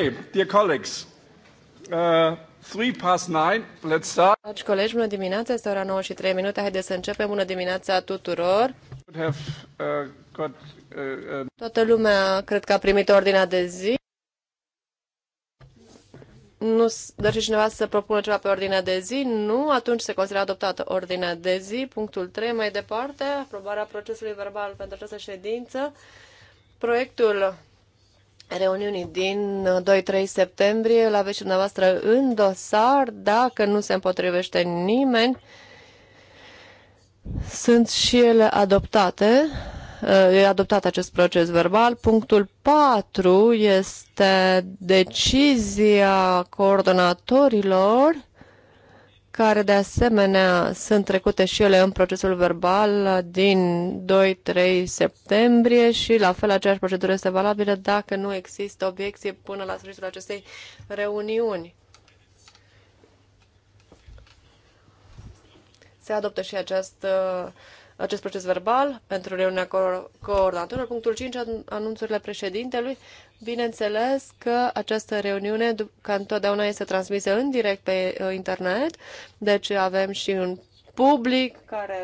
Okay, dear colleagues, uh, three past nine, let's start. Dragi colegi, bună dimineața, este ora 9 și 3 minute, haideți să începem. Bună dimineața tuturor. Have, uh, got, uh, uh... Toată lumea cred că a primit ordinea de zi. Nu dorește cineva să propună ceva pe ordinea de zi? Nu, atunci se consideră adoptată ordinea de zi. Punctul 3, mai departe, aprobarea procesului verbal pentru această ședință. Proiectul reuniunii din 2-3 uh, septembrie. Îl aveți dumneavoastră în dosar. Dacă nu se împotrivește nimeni, sunt și ele adoptate. Uh, e adoptat acest proces verbal. Punctul 4 este decizia coordonatorilor care de asemenea sunt trecute și ele în procesul verbal din 2-3 septembrie și la fel aceeași procedură este valabilă dacă nu există obiecție până la sfârșitul acestei reuniuni. Se adoptă și această uh, acest proces verbal pentru reuniunea coordonatorilor. Punctul 5, anunțurile președintelui. Bineînțeles că această reuniune, ca întotdeauna, este transmisă în direct pe uh, internet, deci avem și un public care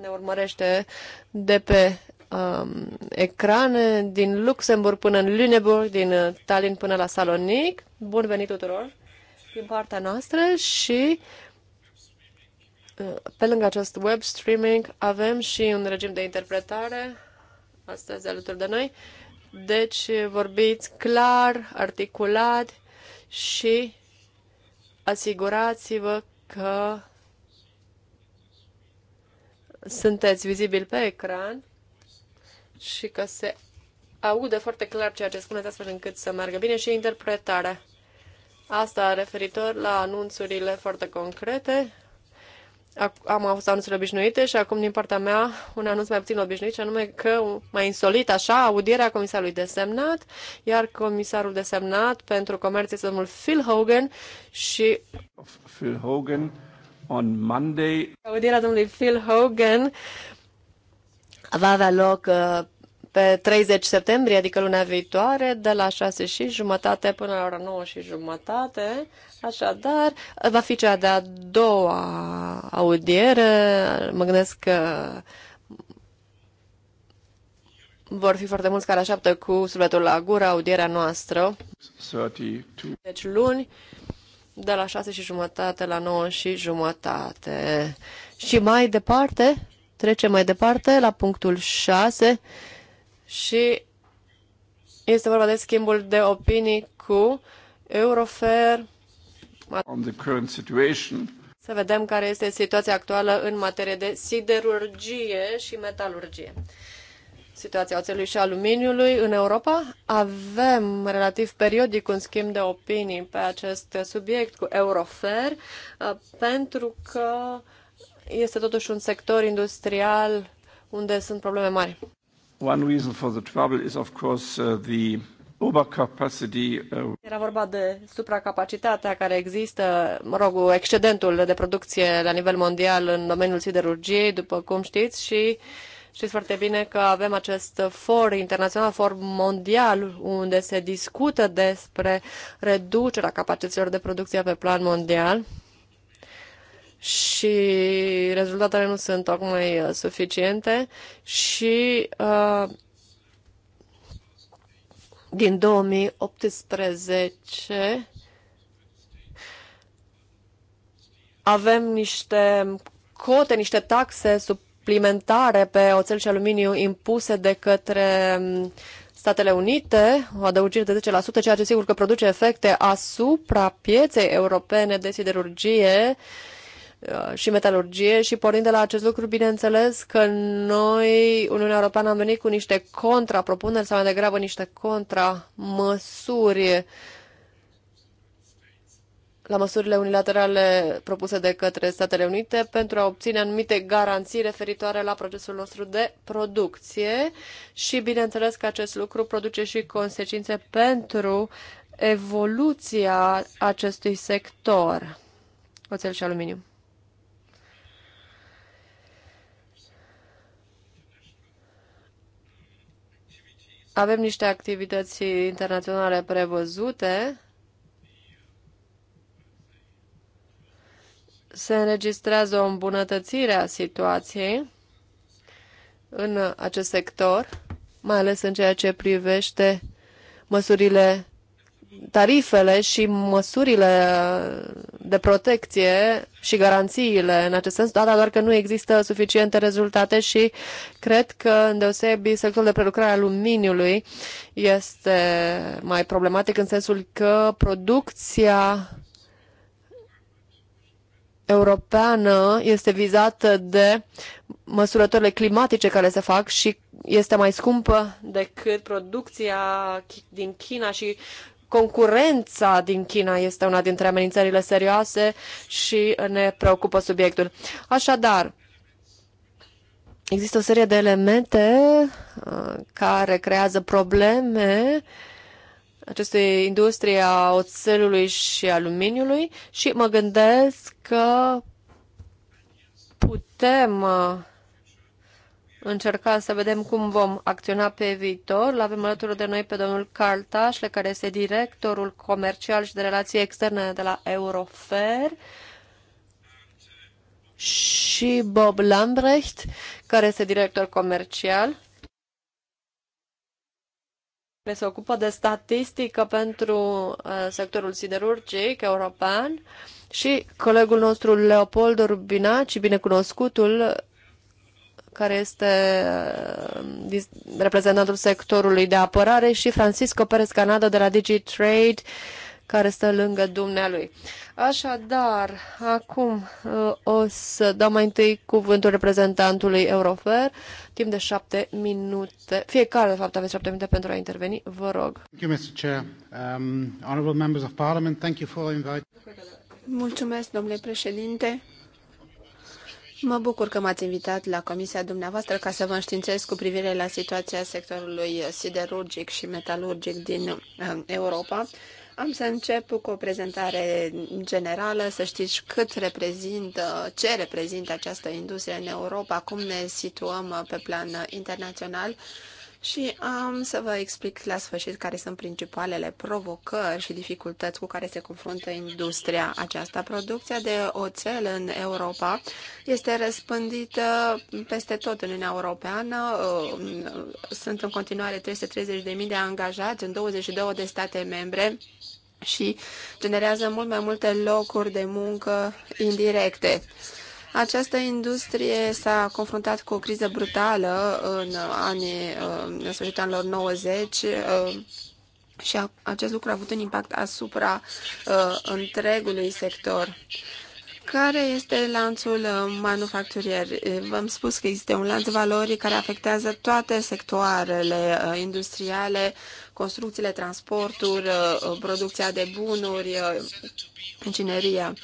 ne urmărește de pe um, ecrane din Luxemburg până în Lüneburg, din uh, Tallinn până la Salonic. Bun venit tuturor din partea noastră și pe lângă acest web streaming avem și un regim de interpretare astăzi alături de noi. Deci vorbiți clar, articulat și asigurați-vă că sunteți vizibil pe ecran și că se aude foarte clar ceea ce spuneți astfel încât să meargă bine și interpretarea. Asta referitor la anunțurile foarte concrete am avut anunțuri obișnuite și acum din partea mea un anunț mai puțin obișnuit, și anume că mai insolit așa, audierea comisarului desemnat, iar comisarul desemnat pentru comerț este domnul Phil Hogan și... Phil Hogan on Monday. Audierea domnului Phil Hogan va avea loc uh, pe 30 septembrie, adică luna viitoare, de la 6 și jumătate până la ora 9 și jumătate. Așadar, va fi cea de-a doua audiere. Mă gândesc că vor fi foarte mulți care așteaptă cu subletul la gură audierea noastră. 32. Deci luni, de la 6 și jumătate la 9 și jumătate. Și mai departe, trecem mai departe la punctul 6 și este vorba de schimbul de opinii cu Eurofer. On the current situation. Să vedem care este situația actuală în materie de siderurgie și metalurgie. Situația oțelului și aluminiului în Europa. Avem relativ periodic un schimb de opinii pe acest subiect cu Eurofer, uh, pentru că este totuși un sector industrial unde sunt probleme mari. One reason for the trouble is, of course, uh, the uh, Era vorba de supracapacitatea care există, mă rog, excedentul de producție la nivel mondial în domeniul siderurgiei, după cum știți, și știți foarte bine că avem acest for internațional, for mondial, unde se discută despre reducerea capacităților de producție pe plan mondial și rezultatele nu sunt tocmai uh, suficiente și uh, din 2018 avem niște cote, niște taxe suplimentare pe oțel și aluminiu impuse de către um, Statele Unite, o adăugire de 10%, ceea ce sigur că produce efecte asupra pieței europene de siderurgie uh, Uh, și metalurgie și pornind de la acest lucru, bineînțeles că noi, Uniunea Europeană, am venit cu niște contrapropuneri sau mai degrabă niște contramăsuri la măsurile unilaterale propuse de către Statele Unite pentru a obține anumite garanții referitoare la procesul nostru de producție și bineînțeles că acest lucru produce și consecințe pentru evoluția acestui sector, oțel și aluminiu. Avem niște activități internaționale prevăzute. Se înregistrează o îmbunătățire a situației în acest sector, mai ales în ceea ce privește măsurile, tarifele și măsurile de protecție și garanțiile în acest sens, dar da, doar că nu există suficiente rezultate și cred că, deosebi, sectorul de prelucrare a luminiului este mai problematic în sensul că producția europeană este vizată de măsurătorile climatice care se fac și este mai scumpă decât producția din China și concurența din China este una dintre amenințările serioase și ne preocupă subiectul. Așadar, există o serie de elemente uh, care creează probleme acestei industrie a oțelului și aluminiului și mă gândesc că putem uh, încerca să vedem cum vom acționa pe viitor. L-avem alături de noi pe domnul Carl Tașle, care este directorul comercial și de relații externe de la Eurofer și Bob Lambrecht, care este director comercial care se ocupă de statistică pentru uh, sectorul siderurgic european și colegul nostru Leopold Rubinaci, binecunoscutul care este uh, reprezentantul sectorului de apărare, și Francisco Perez Canada de la DigiTrade, care stă lângă dumnealui. Așadar, acum uh, o să dau mai întâi cuvântul reprezentantului Eurofer, timp de șapte minute. Fiecare, de fapt, aveți șapte minute pentru a interveni. Vă rog. Um, Mulțumesc, domnule președinte. Mă bucur că m-ați invitat la comisia dumneavoastră ca să vă înștiințez cu privire la situația sectorului siderurgic și metalurgic din uh, Europa. Am să încep cu o prezentare generală, să știți cât reprezintă, ce reprezintă această industrie în Europa, cum ne situăm pe plan internațional și am să vă explic la sfârșit care sunt principalele provocări și dificultăți cu care se confruntă industria aceasta. Producția de oțel în Europa este răspândită peste tot în Uniunea Europeană. Uh, sunt în continuare 330.000 de angajați în 22 de state membre și generează mult mai multe locuri de muncă indirecte. Această industrie s-a confruntat cu o criză brutală în anii, uh, în sfârșitul anilor 90 uh, și acest lucru a avut un impact asupra uh, întregului sector. Care este lanțul manufacturier? V-am spus că există un lanț valorii care afectează toate sectoarele industriale, construcțiile, transporturi, producția de bunuri, ingineria.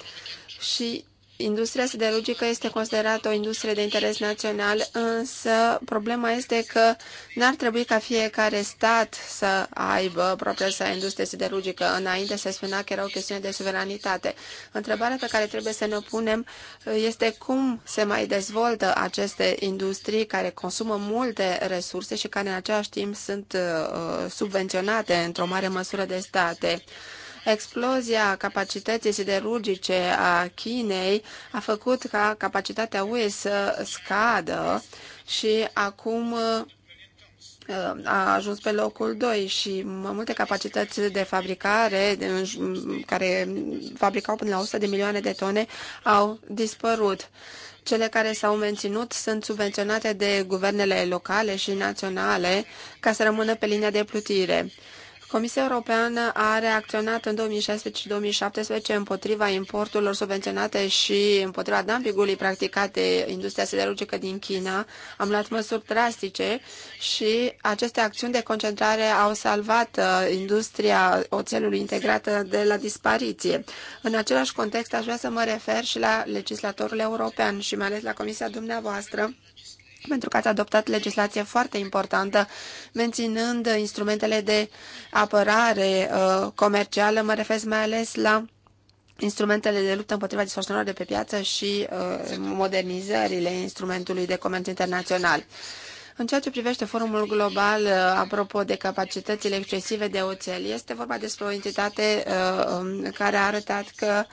Și Industria siderurgică este considerată o industrie de interes național, însă problema este că n-ar trebui ca fiecare stat să aibă propria sa industrie siderurgică. Înainte se spunea că era o chestiune de suveranitate. Întrebarea pe care trebuie să ne punem uh, este cum se mai dezvoltă aceste industrii care consumă multe resurse și care în același timp sunt uh, uh, subvenționate într-o mare măsură de state. Explozia capacității siderurgice a Chinei a făcut ca capacitatea UE să scadă și acum uh, a ajuns pe locul 2 și multe capacități de fabricare care fabricau până la 100 de milioane de tone au dispărut. Cele care s-au menținut sunt subvenționate de guvernele locale și naționale ca să rămână pe linia de plutire. Comisia Europeană a reacționat în 2016 și 2017 împotriva importurilor subvenționate și împotriva dumpingului practicate industria siderurgică din China. Am luat măsuri drastice și aceste acțiuni de concentrare au salvat uh, industria oțelului integrată uh, de la dispariție. În același context, aș vrea să mă refer și la legislatorul european și mai ales la Comisia dumneavoastră pentru că ați adoptat legislație foarte importantă, menținând instrumentele de apărare uh, comercială. Mă refer mai ales la instrumentele de luptă împotriva distorsionării de pe piață și uh, modernizările instrumentului de comerț internațional. În ceea ce privește forumul global, uh, apropo de capacitățile excesive de oțel, este vorba despre o entitate um, care a arătat că uh,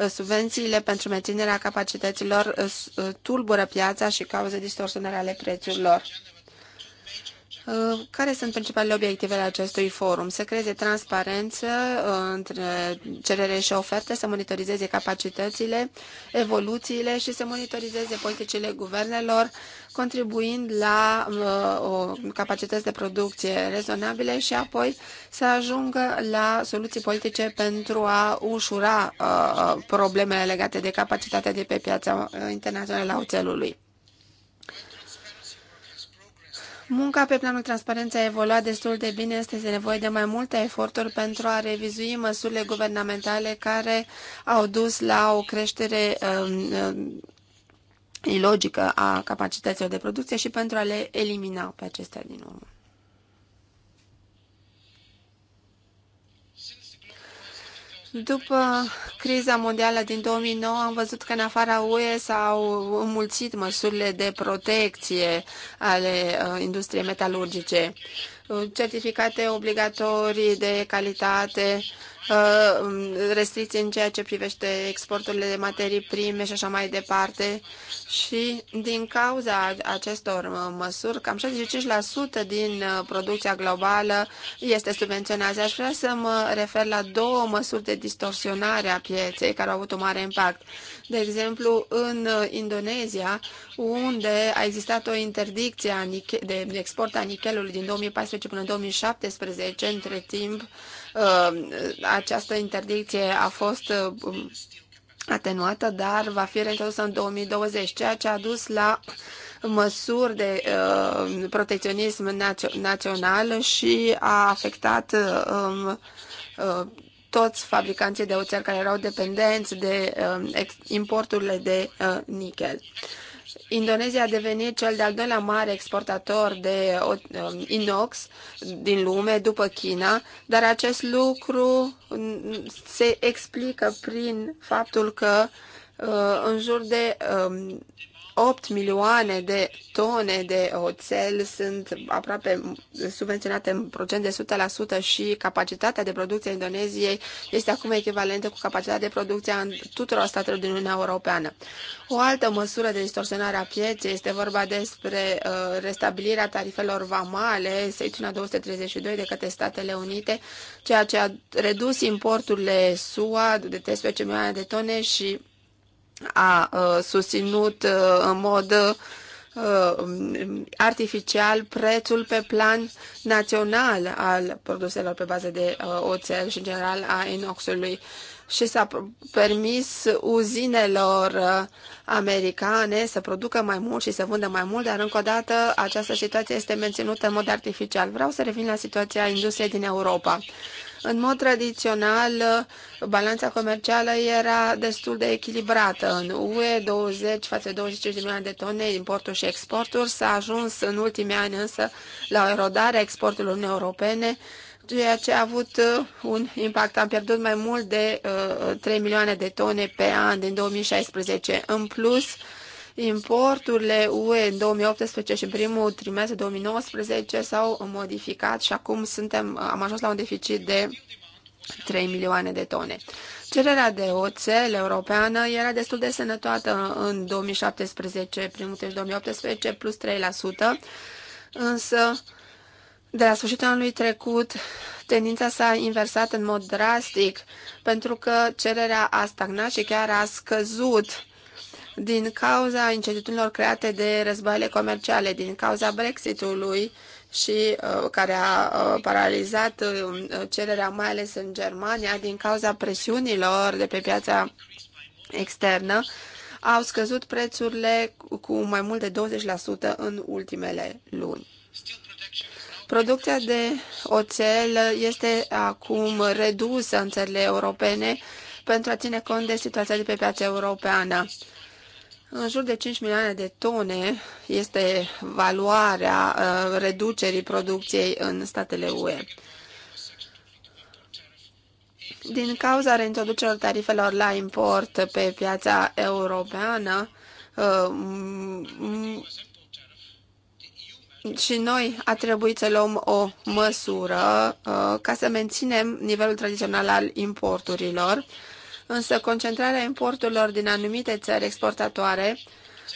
Uh, subvențiile pentru menținerea capacităților uh, uh, tulbură piața și cauză distorsionări ale prețurilor. Care sunt principalele ale acestui forum? Să creeze transparență între cerere și oferte, să monitorizeze capacitățile, evoluțiile și să monitorizeze politicile guvernelor, contribuind la uh, o capacități de producție rezonabile și apoi să ajungă la soluții politice pentru a ușura uh, uh, problemele legate de capacitatea de pe piața internațională a oțelului. Munca pe planul transparenței a evoluat destul de bine, este nevoie de mai multe eforturi pentru a revizui măsurile guvernamentale care au dus la o creștere um, um, ilogică a capacităților de producție și pentru a le elimina pe acestea din urmă. După criza mondială din 2009, am văzut că în afara UE s-au înmulțit măsurile de protecție ale uh, industriei metalurgice, certificate obligatorii de calitate, Uh, restricții în ceea ce privește exporturile de materii prime și așa mai departe. Și din cauza acestor uh, măsuri, cam 65% din uh, producția globală este subvenționată. Aș vrea să mă refer la două măsuri de distorsionare a pieței care au avut un mare impact. De exemplu, în Indonezia, unde a existat o interdicție de export a nichelului din 2014 până în 2017, între timp, Uh, această interdicție a fost uh, atenuată, dar va fi reintrodusă în 2020, ceea ce a dus la măsuri de uh, protecționism națio național și a afectat uh, uh, toți fabricanții de oțel care erau dependenți de uh, importurile de uh, nichel. Uh, Indonezia a devenit cel de-al doilea mare exportator de uh, um, inox din lume după China, dar acest lucru mm, se explică prin faptul că uh, în jur de um, 8 milioane de tone de oțel sunt aproape subvenționate în procent de 100% și capacitatea de producție a Indoneziei este acum echivalentă cu capacitatea de producție a tuturor statelor din Uniunea Europeană. O altă măsură de distorsionare a pieței este vorba despre uh, restabilirea tarifelor vamale, secțiunea 232 de către Statele Unite, ceea ce a redus importurile SUA de 13 milioane de tone și a susținut în mod artificial prețul pe plan național al produselor pe bază de oțel și, în general, a inoxului și s-a permis uzinelor americane să producă mai mult și să vândă mai mult, dar încă o dată această situație este menținută în mod artificial. Vreau să revin la situația industriei din Europa. În mod tradițional, balanța comercială era destul de echilibrată. În UE, 20 față 25 de milioane de tone importuri și exporturi s-a ajuns în ultimii ani însă la a exporturilor Europene, ceea ce a avut uh, un impact. Am pierdut mai mult de 3 uh, milioane de tone pe an din 2016. În plus, Importurile UE în 2018 și în primul trimestru 2019 s-au modificat și acum suntem, am ajuns la un deficit de 3 milioane de tone. Cererea de oțel europeană era destul de sănătoată în 2017, primul trimestru 2018, plus 3%, însă de la sfârșitul anului trecut, tendința s-a inversat în mod drastic, pentru că cererea a stagnat și chiar a scăzut din cauza incertitudinilor create de războaiele comerciale, din cauza Brexitului și uh, care a uh, paralizat uh, cererea mai ales în Germania, din cauza presiunilor de pe piața externă, au scăzut prețurile cu mai mult de 20% în ultimele luni. Producția de oțel este acum redusă în țările europene pentru a ține cont de situația de pe piața europeană. În jur de 5 milioane de tone este valoarea uh, reducerii producției în statele UE. Din cauza reintroducerilor tarifelor la import pe piața europeană, uh, și noi a trebuit să luăm o măsură uh, ca să menținem nivelul tradițional al importurilor însă concentrarea importurilor din anumite țări exportatoare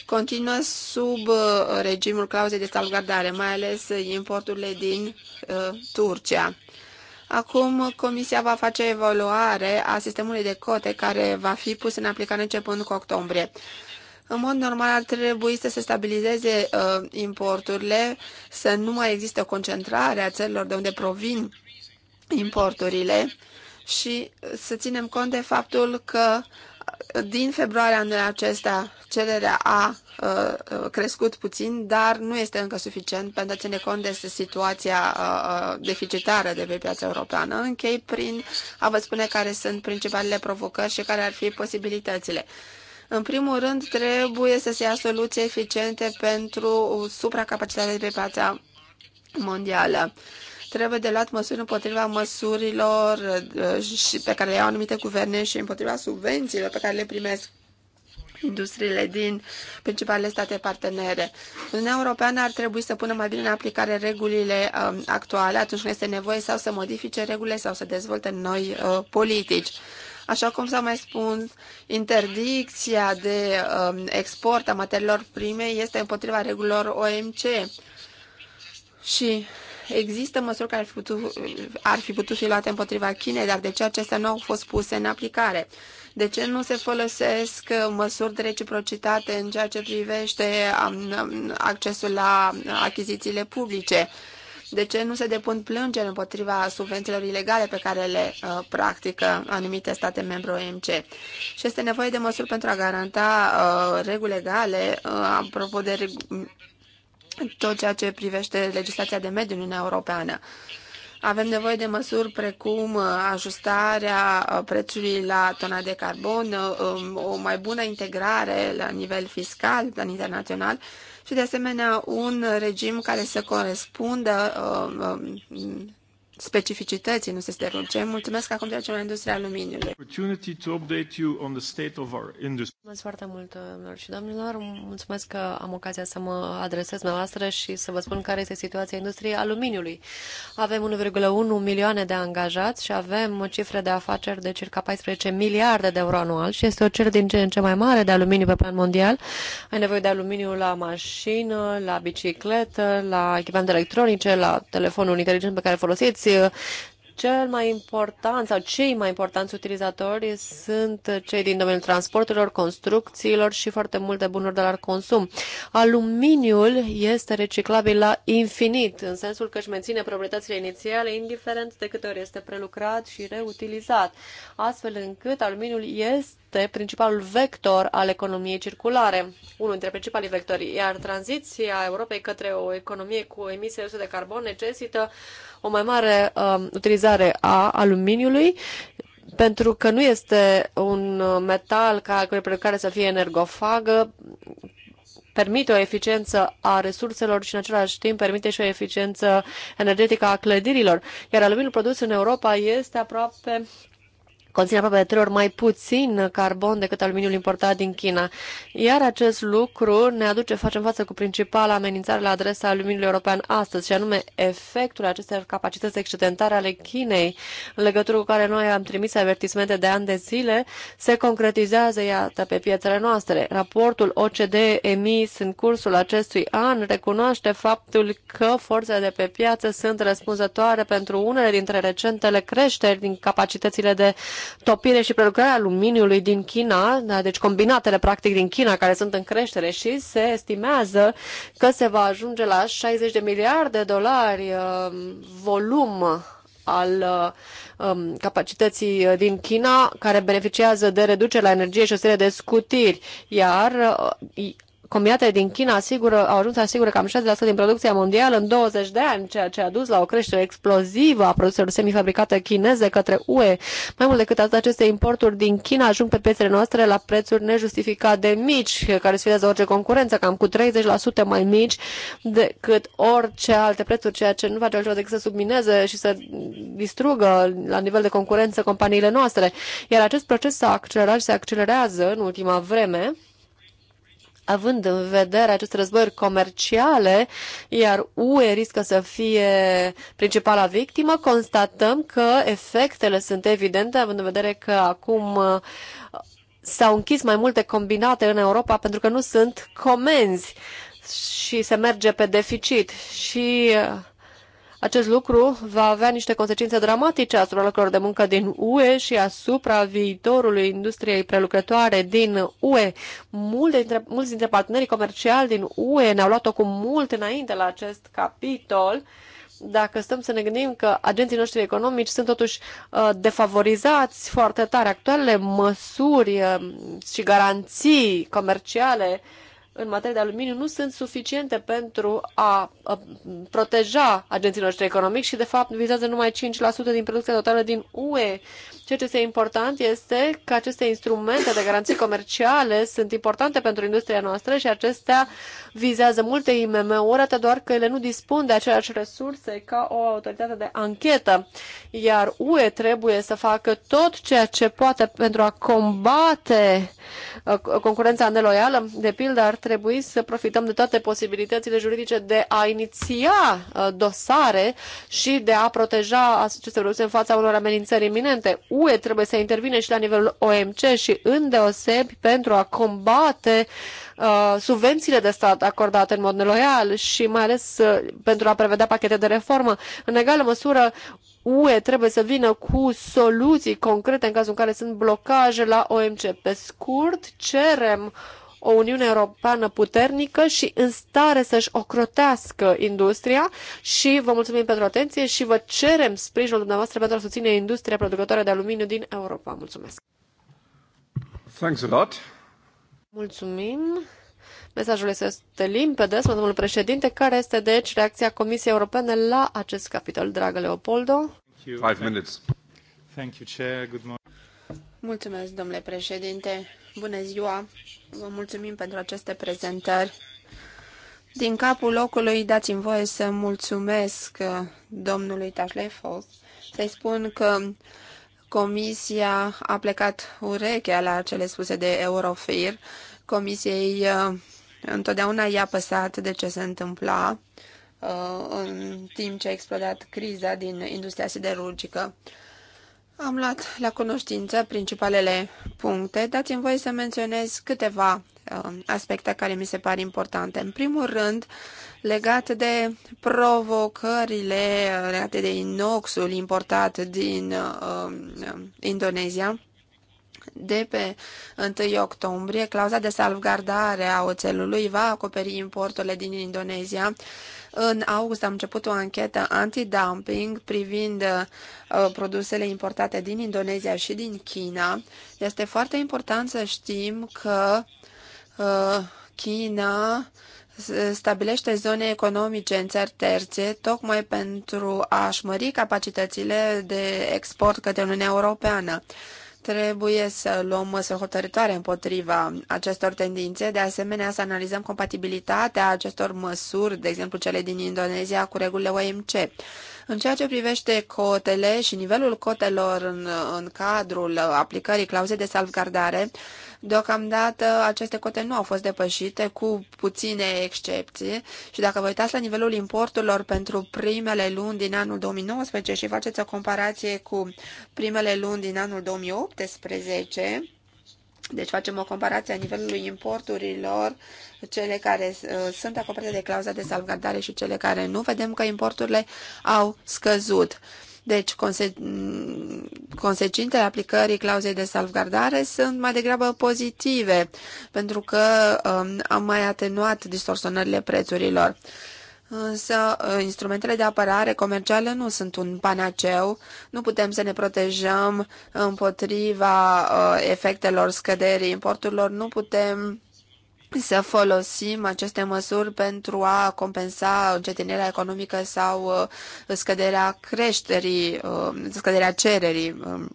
continuă sub uh, regimul clauzei de salvgardare, mai ales importurile din uh, Turcia. Acum Comisia va face evaluare a sistemului de cote care va fi pus în aplicare începând cu octombrie. În mod normal ar trebui să se stabilizeze uh, importurile, să nu mai există o concentrare a țărilor de unde provin importurile și să ținem cont de faptul că din februarie anul acesta cererea a crescut puțin, dar nu este încă suficient pentru a ține cont de situația deficitară de pe piața europeană. Închei prin a vă spune care sunt principalele provocări și care ar fi posibilitățile. În primul rând, trebuie să se ia soluții eficiente pentru supracapacitatea de pe piața mondială trebuie de luat măsuri împotriva măsurilor uh, și pe care le iau anumite guverne și împotriva subvențiilor pe care le primesc industriile din principalele state partenere. Uniunea Europeană ar trebui să pună mai bine în aplicare regulile um, actuale atunci când este nevoie sau să modifice regulile sau să dezvolte noi uh, politici. Așa cum s-a mai spus, interdicția de um, export a materiilor prime este împotriva regulilor OMC. Și Există măsuri care ar fi, putut, ar fi putut fi luate împotriva Chinei, dar de ce acestea nu au fost puse în aplicare? De ce nu se folosesc măsuri de reciprocitate în ceea ce privește accesul la achizițiile publice? De ce nu se depun plângeri împotriva subvențiilor ilegale pe care le uh, practică anumite state membre OMC? Și este nevoie de măsuri pentru a garanta uh, reguli legale uh, apropo de tot ceea ce privește legislația de mediu în Uniunea Europeană. Avem nevoie de măsuri precum uh, ajustarea uh, prețului la tona de carbon, uh, um, o mai bună integrare la nivel fiscal, la internațional și, de asemenea, un regim care să corespundă um, specificității nu se străluce. Mulțumesc acum de la industria aluminiului. Mulțumesc foarte mult, domnilor și domnilor. Mulțumesc că am ocazia să mă adresez noastră și să vă spun care este situația industriei aluminiului. Avem 1,1 milioane de angajați și avem cifre de afaceri de circa 14 miliarde de euro anual și este o cer din ce în ce mai mare de aluminiu pe plan mondial. Ai nevoie de aluminiu la mașină, la bicicletă, la echipamente electronice, la telefonul inteligent pe care folosiți, mulți deci, uh, cel mai important sau cei mai importanți utilizatori sunt cei din domeniul transporturilor, construcțiilor și foarte multe bunuri de la consum. Aluminiul este reciclabil la infinit, în sensul că își menține proprietățile inițiale, indiferent de câte ori este prelucrat și reutilizat, astfel încât aluminiul este este principalul vector al economiei circulare, unul dintre principalii vectori, iar tranziția Europei către o economie cu emisii reduse de carbon necesită o mai mare uh, utilizare a aluminiului, pentru că nu este un metal ca care să fie energofagă, permite o eficiență a resurselor și în același timp permite și o eficiență energetică a clădirilor. Iar aluminiul produs în Europa este aproape conține aproape de trei ori mai puțin carbon decât aluminiul importat din China. Iar acest lucru ne aduce, facem față cu principala amenințare la adresa aluminiului european astăzi, și anume efectul acestei capacități excedentare ale Chinei, în legătură cu care noi am trimis avertismente de ani de zile, se concretizează, iată, pe piețele noastre. Raportul OCD emis în cursul acestui an recunoaște faptul că forțele de pe piață sunt răspunzătoare pentru unele dintre recentele creșteri din capacitățile de topire și prelucrarea aluminiului din China, da, deci combinatele practic din China care sunt în creștere și se estimează că se va ajunge la 60 de miliarde de dolari um, volum al um, capacității uh, din China, care beneficiază de reducere la energie și o serie de scutiri, iar uh, combinate din China asigură, au ajuns să asigură cam 60% din producția mondială în 20 de ani, ceea ce a dus la o creștere explozivă a produselor semifabricate chineze către UE. Mai mult decât atât, aceste importuri din China ajung pe piețele noastre la prețuri nejustificate de mici, care sfidează orice concurență, cam cu 30% mai mici decât orice alte prețuri, ceea ce nu face altceva decât să submineze și să distrugă la nivel de concurență companiile noastre. Iar acest proces s-a accelerat și se accelerează în ultima vreme având în vedere aceste războiuri comerciale, iar UE riscă să fie principala victimă, constatăm că efectele sunt evidente, având în vedere că acum uh, s-au închis mai multe combinate în Europa pentru că nu sunt comenzi și se merge pe deficit și uh, acest lucru va avea niște consecințe dramatice asupra locurilor de muncă din UE și asupra viitorului industriei prelucrătoare din UE. Mulți dintre, mulți dintre partenerii comerciali din UE ne-au luat-o cu mult înainte la acest capitol dacă stăm să ne gândim că agenții noștri economici sunt totuși uh, defavorizați foarte tare. Actualele măsuri uh, și garanții comerciale în materie de aluminiu nu sunt suficiente pentru a, a proteja agenții noștri economic și, de fapt, vizează numai 5% din producția totală din UE. Ceea ce este important este că aceste instrumente de garanții comerciale sunt importante pentru industria noastră și acestea vizează multe IMM-uri, atât doar că ele nu dispun de aceleași resurse ca o autoritate de anchetă. Iar UE trebuie să facă tot ceea ce poate pentru a combate uh, concurența neloială. De pildă, ar trebui să profităm de toate posibilitățile juridice de a iniția uh, dosare și de a proteja aceste produse în fața unor amenințări iminente. UE trebuie să intervine și la nivelul OMC și îndeosebi pentru a combate uh, subvențiile de stat acordate în mod neloial și mai ales uh, pentru a prevedea pachete de reformă. În egală măsură, UE trebuie să vină cu soluții concrete în cazul în care sunt blocaje la OMC. Pe scurt, cerem o Uniune Europeană puternică și în stare să-și ocrotească industria și vă mulțumim pentru atenție și vă cerem sprijinul dumneavoastră pentru a susține industria producătoare de aluminiu din Europa. Mulțumesc! Thanks a lot. Mulțumim! Mesajul este limpede, spune domnul președinte, care este deci reacția Comisiei Europene la acest capitol, dragă Leopoldo? Five minutes. Thank you, Chair. Good morning. Mulțumesc, domnule președinte. Bună ziua! Vă mulțumim pentru aceste prezentări. Din capul locului dați-mi voie să mulțumesc uh, domnului Tașlefov, să-i spun că comisia a plecat urechea la cele spuse de Eurofir. Comisiei uh, întotdeauna i-a păsat de ce se întâmpla uh, în timp ce a explodat criza din industria siderurgică. Am luat la cunoștință principalele puncte. Dați-mi voie să menționez câteva um, aspecte care mi se par importante. În primul rând, legat de provocările legate de inoxul importat din uh, Indonezia, de pe 1 octombrie, clauza de salvgardare a oțelului va acoperi importurile din Indonezia. În august am început o anchetă anti-dumping privind uh, produsele importate din Indonezia și din China. Este foarte important să știm că uh, China stabilește zone economice în țări terțe, tocmai pentru a-și mări capacitățile de export către Uniunea Europeană. Trebuie să luăm măsuri hotărătoare împotriva acestor tendințe. De asemenea, să analizăm compatibilitatea acestor măsuri, de exemplu cele din Indonezia, cu regulile OMC. În ceea ce privește cotele și nivelul cotelor în, în cadrul aplicării clauzei de salvgardare, Deocamdată aceste cote nu au fost depășite, cu puține excepții și dacă vă uitați la nivelul importurilor pentru primele luni din anul 2019 și faceți o comparație cu primele luni din anul 2018, deci facem o comparație a nivelului importurilor, cele care uh, sunt acoperite de clauza de salvgardare și cele care nu, vedem că importurile au scăzut. Deci, conse consecintele aplicării clauzei de salvgardare sunt mai degrabă pozitive, pentru că um, am mai atenuat distorsionările prețurilor. Însă, uh, instrumentele de apărare comercială nu sunt un panaceu. Nu putem să ne protejăm împotriva uh, efectelor scăderii importurilor. Nu putem să folosim aceste măsuri pentru a compensa încetinirea economică sau uh, scăderea creșterii, uh, scăderea cererii um,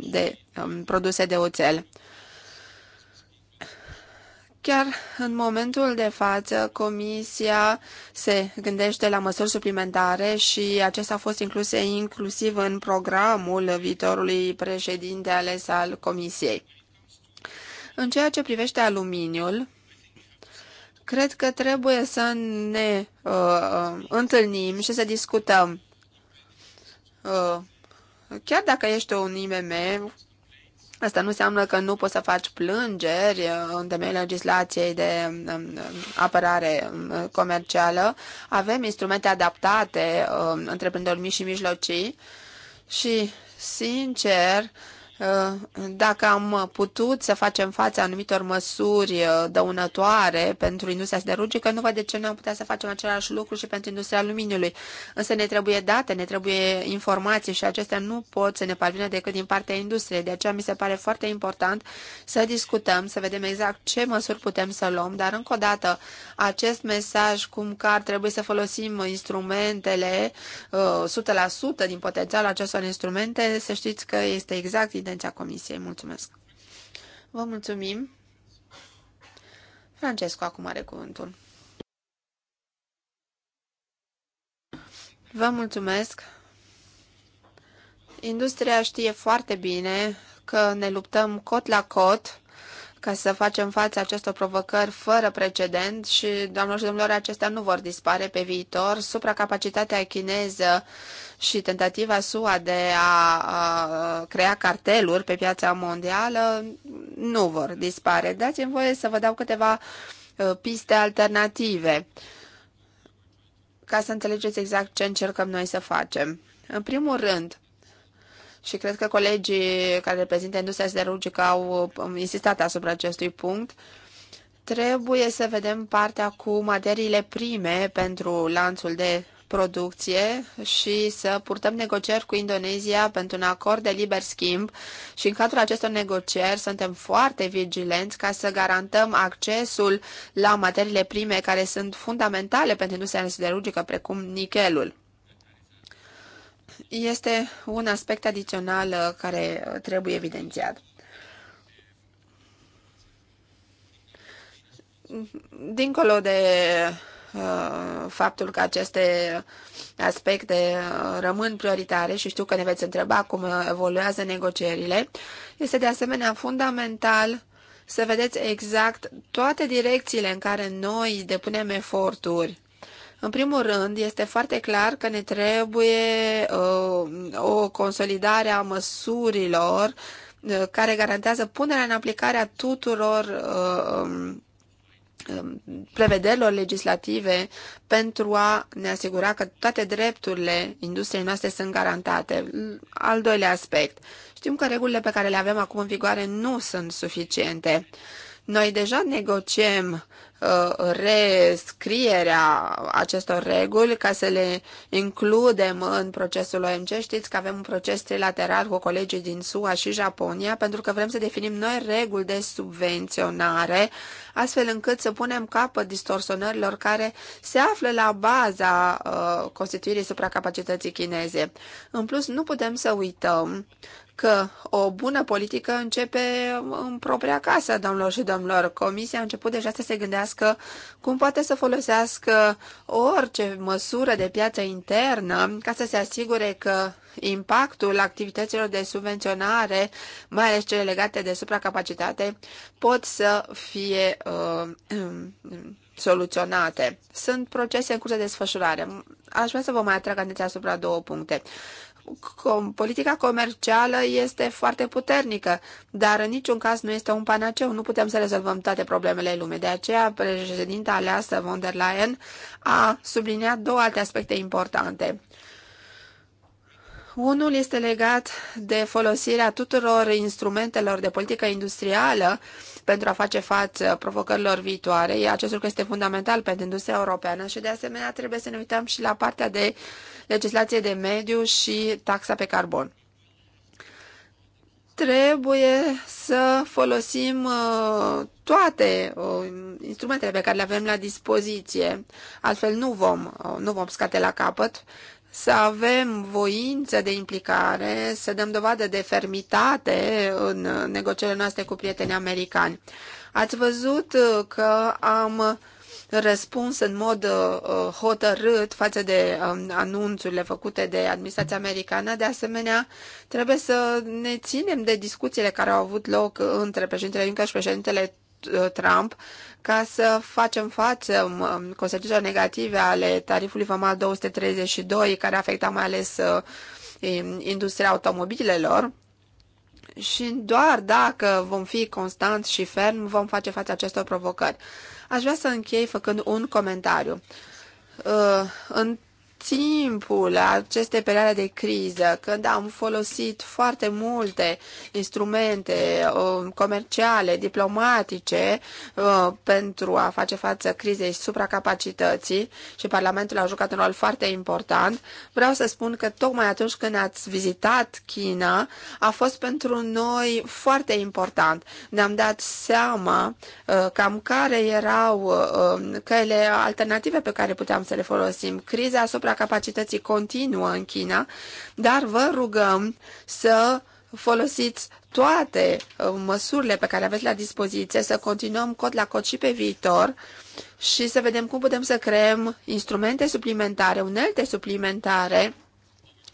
de um, produse de oțel. Chiar în momentul de față, Comisia se gândește la măsuri suplimentare și acestea au fost incluse inclusiv în programul viitorului președinte ales al Comisiei. În ceea ce privește aluminiul, Cred că trebuie să ne uh, uh, întâlnim și să discutăm. Uh, chiar dacă ești un IMM, asta nu înseamnă că nu poți să faci plângeri uh, în temeiul legislației de um, um, apărare um, comercială. Avem instrumente adaptate uh, întreprinderilor mici și mijlocii și, sincer, uh, Uh, dacă am putut să facem față anumitor măsuri uh, dăunătoare pentru industria siderurgică, nu văd de ce nu am putea să facem același lucru și pentru industria aluminiului. Însă ne trebuie date, ne trebuie informații și acestea nu pot să ne parvină decât din partea industriei. De aceea mi se pare foarte important să discutăm, să vedem exact ce măsuri putem să luăm, dar încă o dată acest mesaj cum că ar trebui să folosim instrumentele 100% uh, din potențialul acestor instrumente, să știți că este exact intenția comisiei. Mulțumesc. Vă mulțumim. Francesco acum are cuvântul. Vă mulțumesc. Industria știe foarte bine că ne luptăm cot la cot ca să facem față acestor provocări fără precedent și, doamnelor și domnilor, acestea nu vor dispare pe viitor. Supracapacitatea chineză și tentativa SUA de a, a crea carteluri pe piața mondială nu vor dispare. Dați-mi voie să vă dau câteva uh, piste alternative ca să înțelegeți exact ce încercăm noi să facem. În primul rând, și cred că colegii care reprezintă industria siderurgică au um, insistat asupra acestui punct, trebuie să vedem partea cu materiile prime pentru lanțul de producție și să purtăm negocieri cu Indonezia pentru un acord de liber schimb și în cadrul acestor negocieri suntem foarte vigilenți ca să garantăm accesul la materiile prime care sunt fundamentale pentru industria siderurgică, precum nichelul este un aspect adițional uh, care trebuie evidențiat. Dincolo de uh, faptul că aceste aspecte uh, rămân prioritare și știu că ne veți întreba cum evoluează negocierile, este de asemenea fundamental să vedeți exact toate direcțiile în care noi depunem eforturi în primul rând, este foarte clar că ne trebuie uh, o consolidare a măsurilor uh, care garantează punerea în aplicare a tuturor uh, um, um, prevederilor legislative pentru a ne asigura că toate drepturile industriei noastre sunt garantate. Al doilea aspect. Știm că regulile pe care le avem acum în vigoare nu sunt suficiente. Noi deja negociem Uh, rescrierea acestor reguli ca să le includem în procesul OMC. Știți că avem un proces trilateral cu colegii din SUA și Japonia pentru că vrem să definim noi reguli de subvenționare astfel încât să punem capăt distorsionărilor care se află la baza uh, constituirii supracapacității chineze. În plus, nu putem să uităm că o bună politică începe în propria casă, domnilor și domnilor. Comisia a început deja să se gândească cum poate să folosească orice măsură de piață internă ca să se asigure că impactul activităților de subvenționare, mai ales cele legate de supracapacitate, pot să fie uh, soluționate. Sunt procese în curs de desfășurare. Aș vrea să vă mai atrag atenția asupra două puncte com, politica comercială este foarte puternică, dar în niciun caz nu este un panaceu. Nu putem să rezolvăm toate problemele lumii. De aceea, președinta aleasă von der Leyen a subliniat două alte aspecte importante. Unul este legat de folosirea tuturor instrumentelor de politică industrială pentru a face față provocărilor viitoare. Acest lucru este fundamental pentru industria europeană și, de asemenea, trebuie să ne uităm și la partea de uh, legislație de mediu și taxa pe carbon. Trebuie să folosim uh, toate uh, instrumentele pe care le avem la dispoziție, altfel nu vom, uh, nu vom scate la capăt, să avem voință de implicare, să dăm dovadă de fermitate în negocierile noastre cu prietenii americani. Ați văzut că am răspuns în mod uh, uh, hotărât față de um, anunțurile făcute de administrația americană. De asemenea, trebuie să ne ținem de discuțiile care au avut loc între președintele Juncker și președintele uh, Trump ca să facem față um, um, consecințelor negative ale tarifului vamal 232 care afecta mai ales industria automobilelor și doar dacă vom fi constanți și ferm vom face față acestor provocări. Aș vrea să închei făcând un comentariu. Uh, în timpul acestei perioade de criză, când am folosit foarte multe instrumente uh, comerciale, diplomatice uh, pentru a face față crizei supracapacității și Parlamentul a jucat un rol foarte important, vreau să spun că tocmai atunci când ați vizitat China a fost pentru noi foarte important. Ne-am dat seama uh, cam care erau căile alternative pe care puteam să le folosim. Criza asupra asupra capacității continuă în China, dar vă rugăm să folosiți toate uh, măsurile pe care aveți la dispoziție, să continuăm cod la cod și pe viitor și să vedem cum putem să creăm instrumente suplimentare, unelte suplimentare,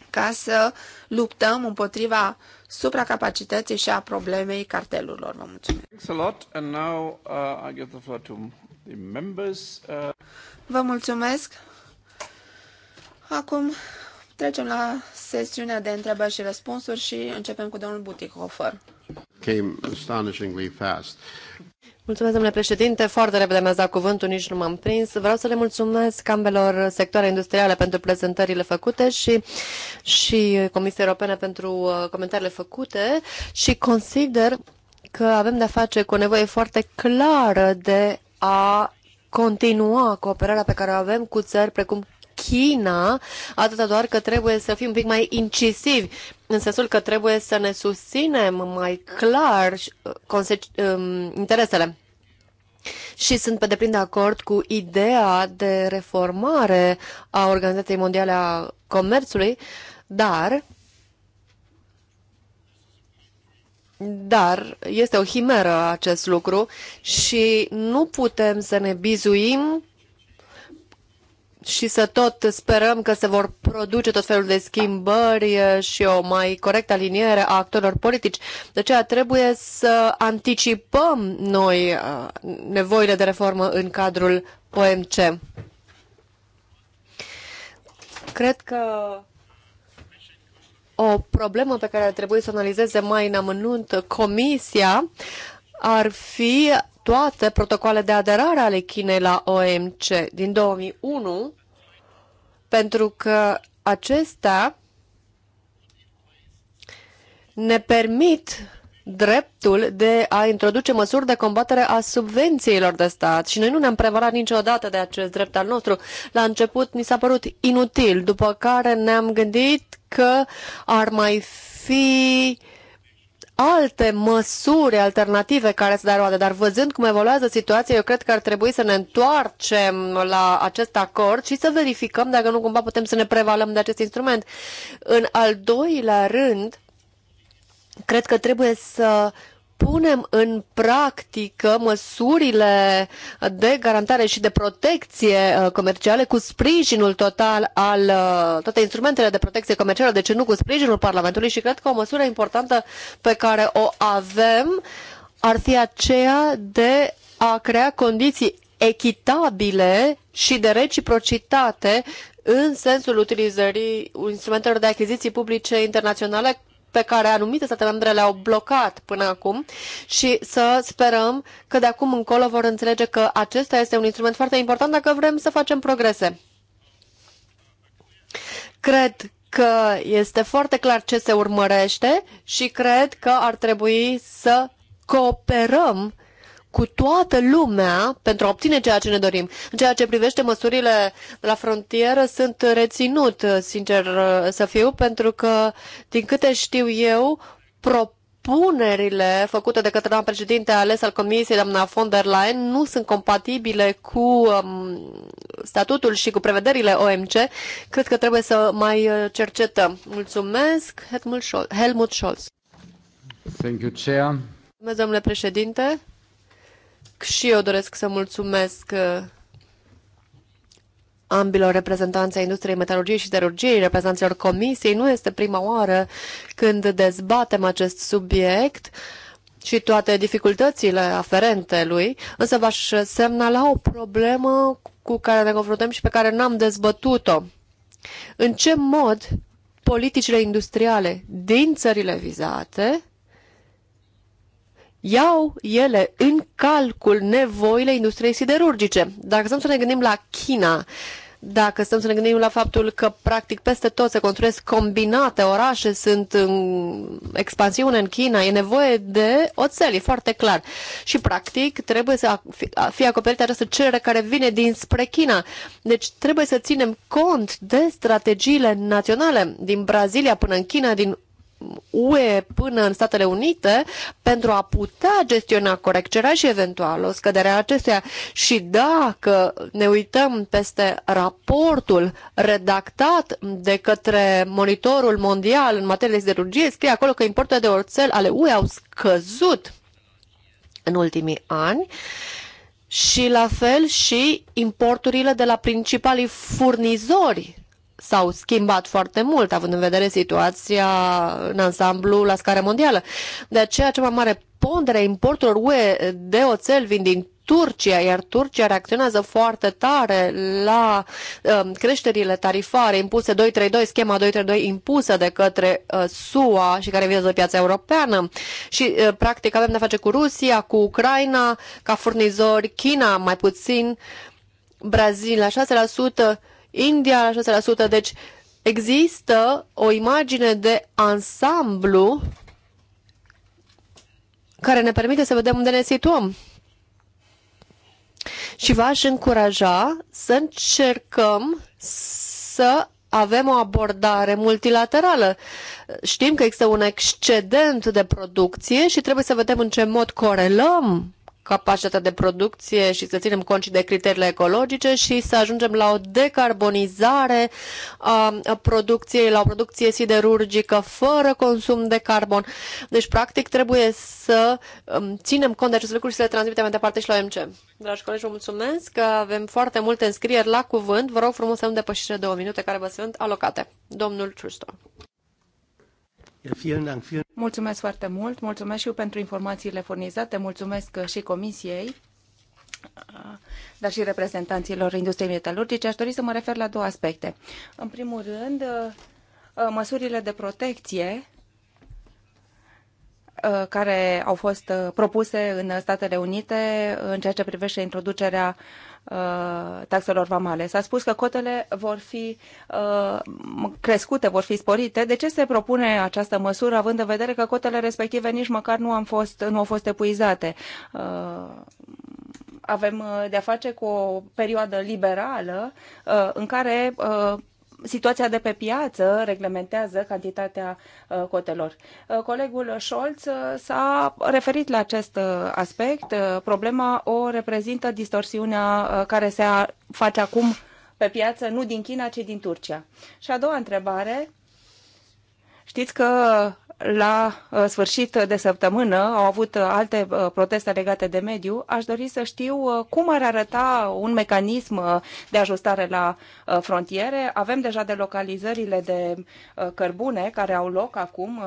ca să luptăm împotriva supracapacității și a problemei cartelurilor. Vă mulțumesc! Uh, uh, vă mulțumesc! Acum trecem la sesiunea de întrebări și răspunsuri și începem cu domnul Butikhofer. Came astonishingly fast. Mulțumesc, domnule președinte. Foarte repede mi-ați dat cuvântul, nici nu m-am prins. Vreau să le mulțumesc ambelor sectoare industriale pentru prezentările făcute și, și Comisiei Europene pentru uh, comentariile făcute și consider că avem de-a face cu o nevoie foarte clară de a continua cooperarea pe care o avem cu țări precum China, atâta doar că trebuie să fim un pic mai incisivi, în sensul că trebuie să ne susținem mai clar uh, um, interesele. Și sunt pe deplin de acord cu ideea de reformare a Organizației Mondiale a Comerțului, dar dar este o himeră acest lucru și nu putem să ne bizuim și să tot sperăm că se vor produce tot felul de schimbări și o mai corectă aliniere a actorilor politici. De aceea trebuie să anticipăm noi nevoile de reformă în cadrul OMC. Cred că o problemă pe care ar trebui să o analizeze mai în amănunt Comisia ar fi toate protocoale de aderare ale Chinei la OMC din 2001, pentru că acestea ne permit dreptul de a introduce măsuri de combatere a subvențiilor de stat și noi nu ne-am prevarat niciodată de acest drept al nostru. La început ni s-a părut inutil, după care ne-am gândit că ar mai fi alte măsuri alternative care să dea roade, dar văzând cum evoluează situația, eu cred că ar trebui să ne întoarcem la acest acord și să verificăm dacă nu cumva putem să ne prevalăm de acest instrument. În al doilea rând, cred că trebuie să punem în practică măsurile de garantare și de protecție uh, comerciale cu sprijinul total al uh, toate instrumentele de protecție comercială, de deci ce nu cu sprijinul Parlamentului și cred că o măsură importantă pe care o avem ar fi aceea de a crea condiții echitabile și de reciprocitate în sensul utilizării instrumentelor de achiziții publice internaționale pe care anumite state membre le-au blocat până acum și să sperăm că de acum încolo vor înțelege că acesta este un instrument foarte important dacă vrem să facem progrese. Cred că este foarte clar ce se urmărește și cred că ar trebui să cooperăm cu toată lumea pentru a obține ceea ce ne dorim. În ceea ce privește măsurile la frontieră, sunt reținut, sincer să fiu, pentru că, din câte știu eu, propunerile făcute de către doamna președinte ales al Comisiei, doamna von der Leyen, nu sunt compatibile cu um, statutul și cu prevederile OMC. Cred că trebuie să mai uh, cercetăm. Mulțumesc, Helmut Scholz. Thank you, Chair. Mulțumesc, domnule președinte și eu doresc să mulțumesc uh, ambilor reprezentanți ai industriei metalurgiei și siderurgiei, reprezentanților comisiei. Nu este prima oară când dezbatem acest subiect și toate dificultățile aferente lui, însă v-aș semnala o problemă cu care ne confruntăm și pe care n-am dezbătut-o. În ce mod politicile industriale din țările vizate iau ele în calcul nevoile industriei siderurgice. Dacă stăm să ne gândim la China, dacă stăm să ne gândim la faptul că practic peste tot se construiesc combinate, orașe sunt în expansiune în China, e nevoie de oțel, e foarte clar. Și practic trebuie să fie acoperită această cerere care vine dinspre China. Deci trebuie să ținem cont de strategiile naționale din Brazilia până în China, din UE până în Statele Unite pentru a putea gestiona corect cererea și eventual o scădere a acesteia. Și dacă ne uităm peste raportul redactat de către monitorul mondial în materie de siderurgie, scrie acolo că importurile de orțel ale UE au scăzut în ultimii ani și la fel și importurile de la principalii furnizori s-au schimbat foarte mult, având în vedere situația în ansamblu la scară mondială. De aceea, cea mai mare pondere a importurilor UE de oțel vin din Turcia, iar Turcia reacționează foarte tare la um, creșterile tarifare impuse 232, schema 232 impusă de către uh, SUA și care vizează piața europeană. Și, uh, practic, avem de face cu Rusia, cu Ucraina, ca furnizori, China mai puțin, la 6%, India la 6%, deci există o imagine de ansamblu care ne permite să vedem unde ne situăm. Și v-aș încuraja să încercăm să avem o abordare multilaterală. Știm că există un excedent de producție și trebuie să vedem în ce mod corelăm capacitatea de producție și să ținem cont și de criteriile ecologice și să ajungem la o decarbonizare a producției, la o producție siderurgică fără consum de carbon. Deci, practic, trebuie să um, ținem cont de aceste lucruri și să le transmitem mai departe și la OMC. Dragi colegi, vă mulțumesc că avem foarte multe înscrieri la cuvânt. Vă rog frumos să nu depășiți două minute care vă sunt alocate. Domnul Ciustor. Mulțumesc foarte mult, mulțumesc și eu pentru informațiile furnizate, mulțumesc și Comisiei dar și reprezentanților industriei metalurgice, aș dori să mă refer la două aspecte. În primul rând, măsurile de protecție care au fost propuse în Statele Unite în ceea ce privește introducerea Uh, taxelor vamale. S-a spus că cotele vor fi uh, crescute, vor fi sporite. De ce se propune această măsură, având în vedere că cotele respective nici măcar nu, am fost, nu au fost epuizate? Uh, avem de-a face cu o perioadă liberală în care situația de pe piață reglementează cantitatea uh, cotelor. Uh, colegul Scholz uh, s-a referit la acest aspect. Problema o reprezintă distorsiunea care se face acum pe piață, nu din China, ci din Turcia. Și a doua întrebare, Știți că la uh, sfârșit de săptămână au avut uh, alte uh, proteste legate de mediu. Aș dori să știu cum ar arăta un mecanism de ajustare la frontiere. Avem deja delocalizările de cărbune care au loc acum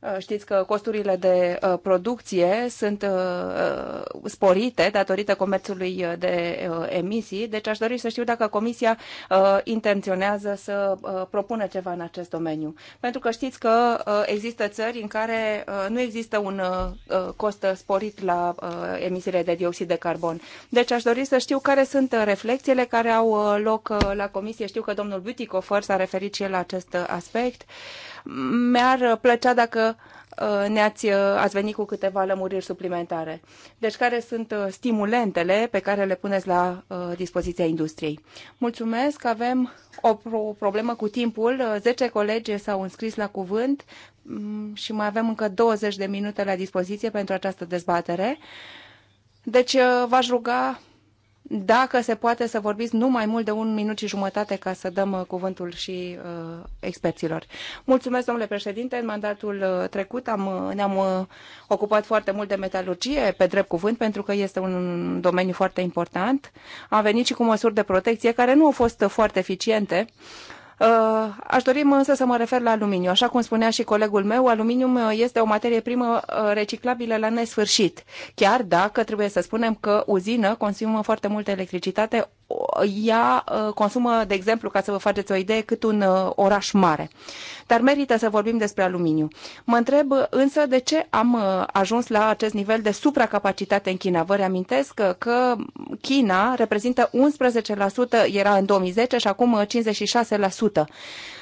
Uh, știți că costurile de uh, producție sunt uh, sporite datorită comerțului de emisii, deci aș dori să știu dacă Comisia intenționează să propună ceva în acest domeniu. Pentru că știți că există țări în care nu există un cost sporit la emisiile de dioxid de carbon. Deci aș dori să știu care sunt reflexiile care au loc la Comisie. Știu că domnul Butikofer s-a referit și el la acest aspect. Uh, mi-ar plăcea dacă uh, ne-ați uh, ați venit cu câteva lămuriri suplimentare. Deci care sunt uh, stimulentele pe care le puneți la dispoziția industriei? Mulțumesc, avem o problemă cu timpul. 10 colegi s-au înscris la cuvânt mm, și mai avem încă 20 de minute la dispoziție pentru această dezbatere. Deci v-aș ruga dacă se poate să vorbiți nu mai mult de un minut și jumătate ca să dăm uh, cuvântul și uh, experților. Mulțumesc, domnule președinte. În mandatul uh, trecut am, uh, ne-am ocupat foarte mult de metalurgie, pe drept cuvânt, pentru că este un domeniu foarte important. Am venit și cu măsuri de protecție care nu au fost foarte eficiente. Uh, Uh, aș dori însă să mă refer la aluminiu. Așa cum spunea și colegul meu, aluminiu uh, este o materie primă uh, reciclabilă la nesfârșit, chiar dacă trebuie să spunem că uzină consumă foarte multă electricitate, ea uh, consumă, de exemplu, ca să vă faceți o idee, cât un uh, oraș mare. Dar merită să vorbim despre aluminiu. Mă întreb uh, însă de ce am ajuns la acest nivel de supracapacitate în China. Vă reamintesc că China reprezintă 11%, era în 2010 și acum 56%.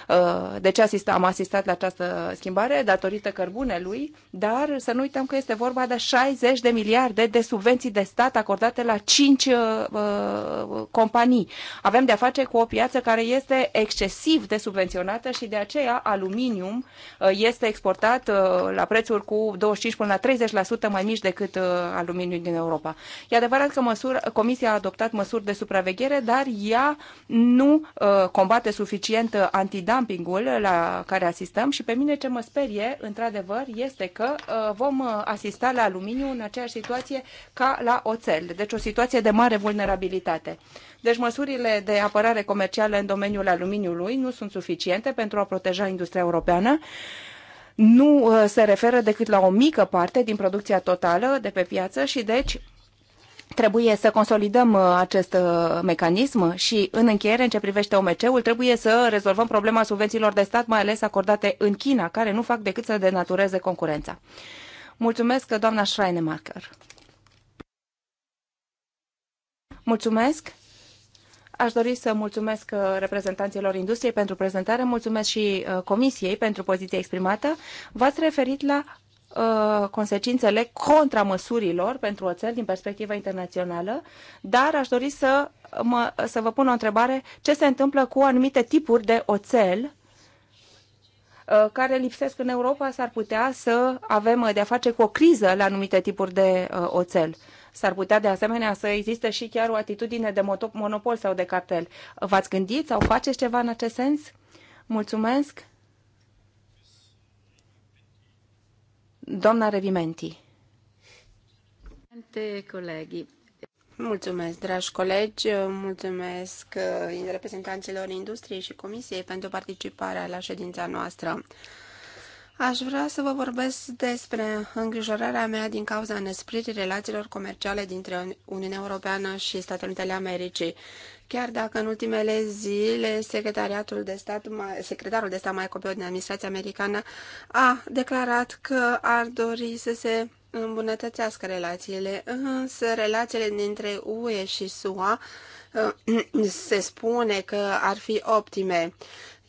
Uh, de ce asista, am asistat la această schimbare datorită cărbunelui, dar să nu uităm că este vorba de 60 de miliarde de subvenții de stat acordate la 5 uh, uh, companii. Avem de-a face cu o piață care este excesiv de subvenționată și de aceea aluminium este exportat la prețuri cu 25 până la 30% mai mici decât aluminiul din Europa. E adevărat că măsur, Comisia a adoptat măsuri de supraveghere, dar ea nu combate suficient antidam dumpingul la care asistăm și pe mine ce mă sperie, într-adevăr, este că uh, vom uh, asista la aluminiu în aceeași situație ca la oțel, deci o situație de mare vulnerabilitate. Deci măsurile de apărare comercială în domeniul aluminiului nu sunt suficiente pentru a proteja industria europeană nu uh, se referă decât la o mică parte din producția totală de pe piață și deci Trebuie să consolidăm uh, acest uh, mecanism și, în încheiere, în ce privește OMC-ul, trebuie să rezolvăm problema subvențiilor de stat, mai ales acordate în China, care nu fac decât să denatureze concurența. Mulțumesc, doamna Schreinemarker. Mulțumesc. Aș dori să mulțumesc uh, reprezentanților industriei pentru prezentare, mulțumesc și comisiei pentru poziția exprimată. V-ați referit la Uh, consecințele contramăsurilor pentru oțel din perspectiva internațională, dar aș dori să, mă, să vă pun o întrebare. Ce se întâmplă cu anumite tipuri de oțel uh, care lipsesc în Europa, s-ar putea să avem de-a face cu o criză la anumite tipuri de uh, oțel. S-ar putea de asemenea să existe și chiar o atitudine de monopol sau de cartel. V-ați gândit sau faceți ceva în acest sens? Mulțumesc! Doamna Revimenti. Colegii. Mulțumesc, dragi colegi, mulțumesc uh, reprezentanților industriei și comisiei pentru participarea la ședința noastră. Aș vrea să vă vorbesc despre îngrijorarea mea din cauza năspririi relațiilor comerciale dintre Uniunea Europeană și Statele Unite ale Americii chiar dacă în ultimele zile secretariatul de stat, secretarul de stat mai copil din administrația americană a declarat că ar dori să se îmbunătățească relațiile, însă relațiile dintre UE și SUA eh, se spune că ar fi optime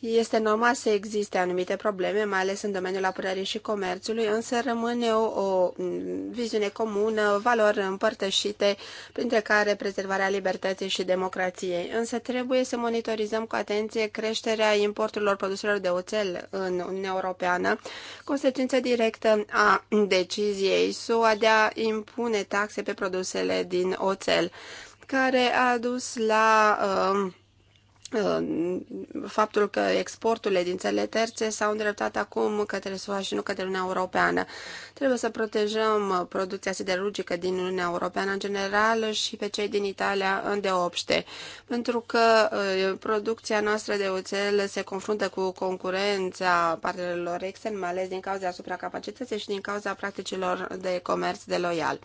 este normal să existe anumite probleme, mai ales în domeniul apărării și comerțului, însă rămâne o, o mm, viziune comună, valori împărtășite, printre care prezervarea libertății și democrației. Însă trebuie să monitorizăm cu atenție creșterea importurilor produselor de oțel în Uniunea Europeană, consecință directă a deciziei SUA de a impune taxe pe produsele din oțel, care a dus la... Uh, Uh, faptul că exporturile din țările terțe s-au îndreptat acum către SUA și nu către Uniunea Europeană. Trebuie să protejăm uh, producția siderurgică din Uniunea Europeană în general și pe cei din Italia deopște, pentru că uh, producția noastră de oțel se confruntă cu concurența partenerilor externi, mai ales din cauza supracapacității și din cauza practicilor de comerț de loial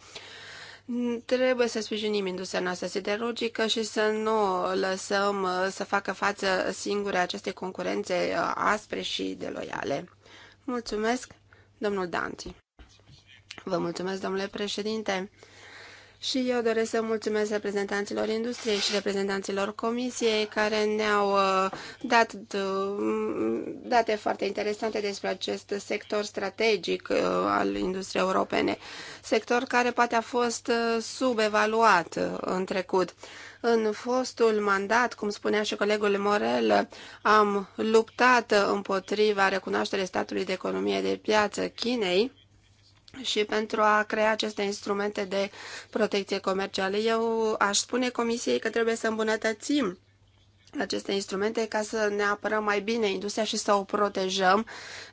Trebuie să sprijinim industria noastră siderurgică și să nu lăsăm uh, să facă față singure aceste concurențe uh, aspre și deloiale. Mulțumesc, domnul Danti. Vă mulțumesc, domnule președinte. Și eu doresc să mulțumesc reprezentanților industriei și reprezentanților comisiei care ne-au uh, dat uh, date foarte interesante despre acest sector strategic uh, al industriei europene, sector care poate a fost subevaluat în trecut. În fostul mandat, cum spunea și colegul Morel, am luptat împotriva recunoașterii statului de economie de piață Chinei, și pentru a crea aceste instrumente de protecție comercială. Eu aș spune Comisiei că trebuie să îmbunătățim aceste instrumente ca să ne apărăm mai bine industria și să o protejăm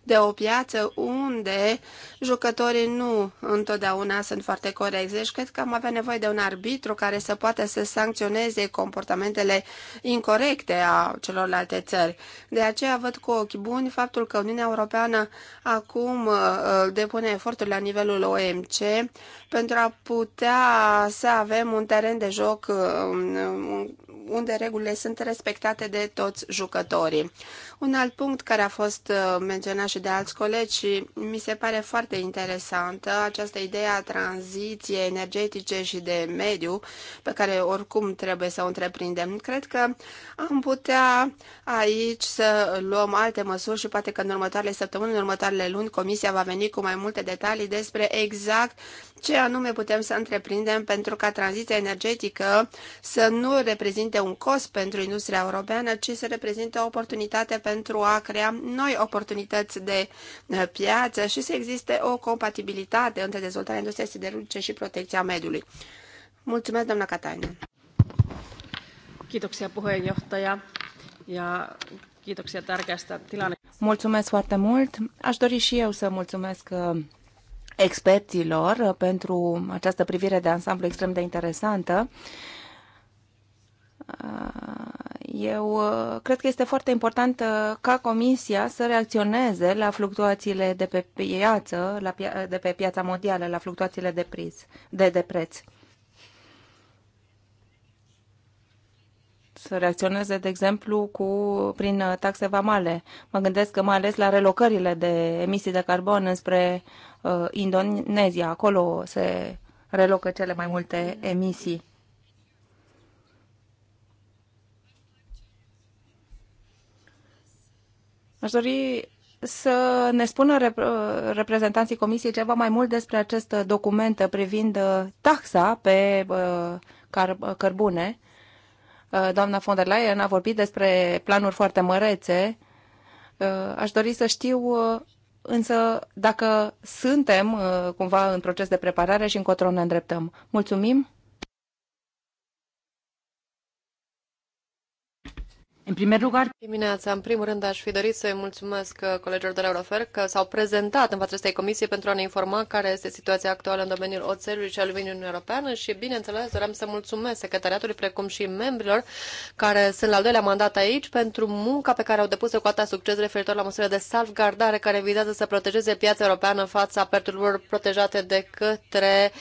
de o piață unde jucătorii nu întotdeauna sunt foarte corecți. Deci cred că am avea nevoie de un arbitru care să poată să sancționeze comportamentele incorrecte a celorlalte țări. De aceea văd cu ochi buni faptul că Uniunea Europeană acum uh, depune eforturi la nivelul OMC pentru a putea să avem un teren de joc uh, unde regulile sunt respectate de toți jucătorii. Un alt punct care a fost uh, menționat și de alți colegi și mi se pare foarte interesantă această idee a tranziției energetice și de mediu pe care oricum trebuie să o întreprindem. Cred că am putea aici să luăm alte măsuri și poate că în următoarele săptămâni, în următoarele luni, Comisia va veni cu mai multe detalii despre exact ce anume putem să întreprindem pentru ca tranziția energetică să nu reprezinte un cost pentru industria europeană, ci să reprezinte o oportunitate pentru pentru a crea noi oportunități de uh, piață și să existe o compatibilitate între dezvoltarea industriei siderurgice și protecția mediului. Mulțumesc, doamna Catania. Kiitoksia puheenjohtaja ja kiitoksia tärkeästä tilanne. Mulțumesc foarte mult. Aș dori și eu să mulțumesc uh, experților uh, pentru această privire de ansamblu extrem de interesantă Uh, eu uh, cred că este foarte important uh, ca Comisia să reacționeze la fluctuațiile de pe piață, la pia- de pe piața mondială, la fluctuațiile de, priz, de, de preț. Să reacționeze, de exemplu, cu, prin taxe vamale. Mă gândesc că mai ales la relocările de emisii de carbon înspre uh, Indonezia. Acolo se relocă cele mai multe emisii. Aș dori să ne spună rep- reprezentanții Comisiei ceva mai mult despre acest document privind uh, taxa pe uh, car- uh, cărbune. Doamna von der Leyen a vorbit despre planuri foarte mărețe. Aș dori să știu însă dacă suntem cumva în proces de preparare și încotro ne îndreptăm. Mulțumim! În primul lugar... Dimineața, în primul rând, aș fi dorit să-i mulțumesc uh, colegilor de la Eurofer că s-au prezentat în fața acestei comisii pentru a ne informa care este situația actuală în domeniul oțelului și aluminiului în Europeană și, bineînțeles, doream să mulțumesc secretariatului precum și membrilor care sunt la al doilea mandat aici pentru munca pe care au depus-o cu atâta succes referitor la măsurile de salvgardare care vizează să protejeze piața europeană în fața perturbărilor protejate de către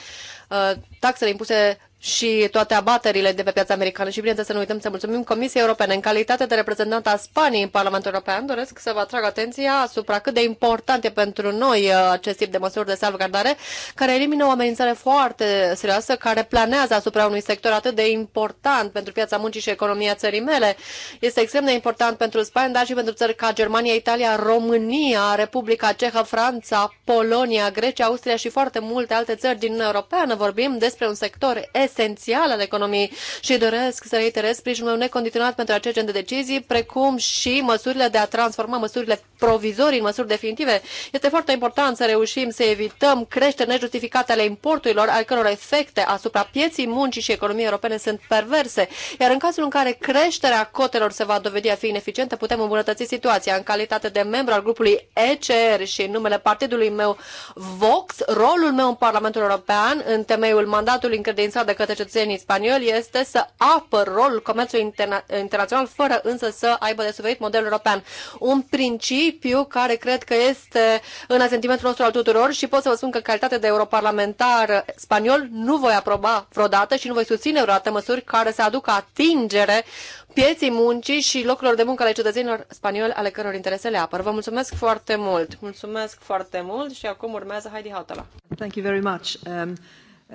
Uh, taxele impuse și toate abaterile de pe piața americană. Și bineînțeles să nu uităm să mulțumim Comisiei Europene. În calitate de reprezentant a Spaniei în Parlamentul European, doresc să vă atrag atenția asupra cât de important e pentru noi uh, acest tip de măsuri de salvgardare, care elimină o amenințare foarte serioasă, care planează asupra unui sector atât de important pentru piața muncii și economia țării mele. Este extrem de important pentru Spania, dar și pentru țări ca Germania, Italia, România, Republica Cehă, Franța, Polonia, Grecia, Austria și foarte multe alte țări din Europeană vorbim despre un sector esențial al economiei și doresc să reiterez sprijinul meu necondiționat pentru acest gen de decizii, precum și măsurile de a transforma măsurile provizorii în măsuri definitive. Este foarte important să reușim să evităm creșteri nejustificate ale importurilor, al căror efecte asupra pieții muncii și economiei europene sunt perverse, iar în cazul în care creșterea cotelor se va dovedi a fi ineficientă, putem îmbunătăți situația. În calitate de membru al grupului ECR și în numele partidului meu Vox, rolul meu în Parlamentul European, în temeiul mandatului încredințat de către cetățenii spanioli este să apără rolul comerțului interna- internațional, fără însă să aibă de suferit modelul european. Un principiu care cred că este în asentimentul nostru al tuturor și pot să vă spun că în calitate de europarlamentar spaniol nu voi aproba vreodată și nu voi susține vreodată măsuri care să aducă atingere pieții muncii și locurilor de muncă ale cetățenilor spanioli ale căror interese le apăr. Vă mulțumesc foarte mult! Mulțumesc foarte mult și acum urmează Heidi Hautala. Thank you very much. Um...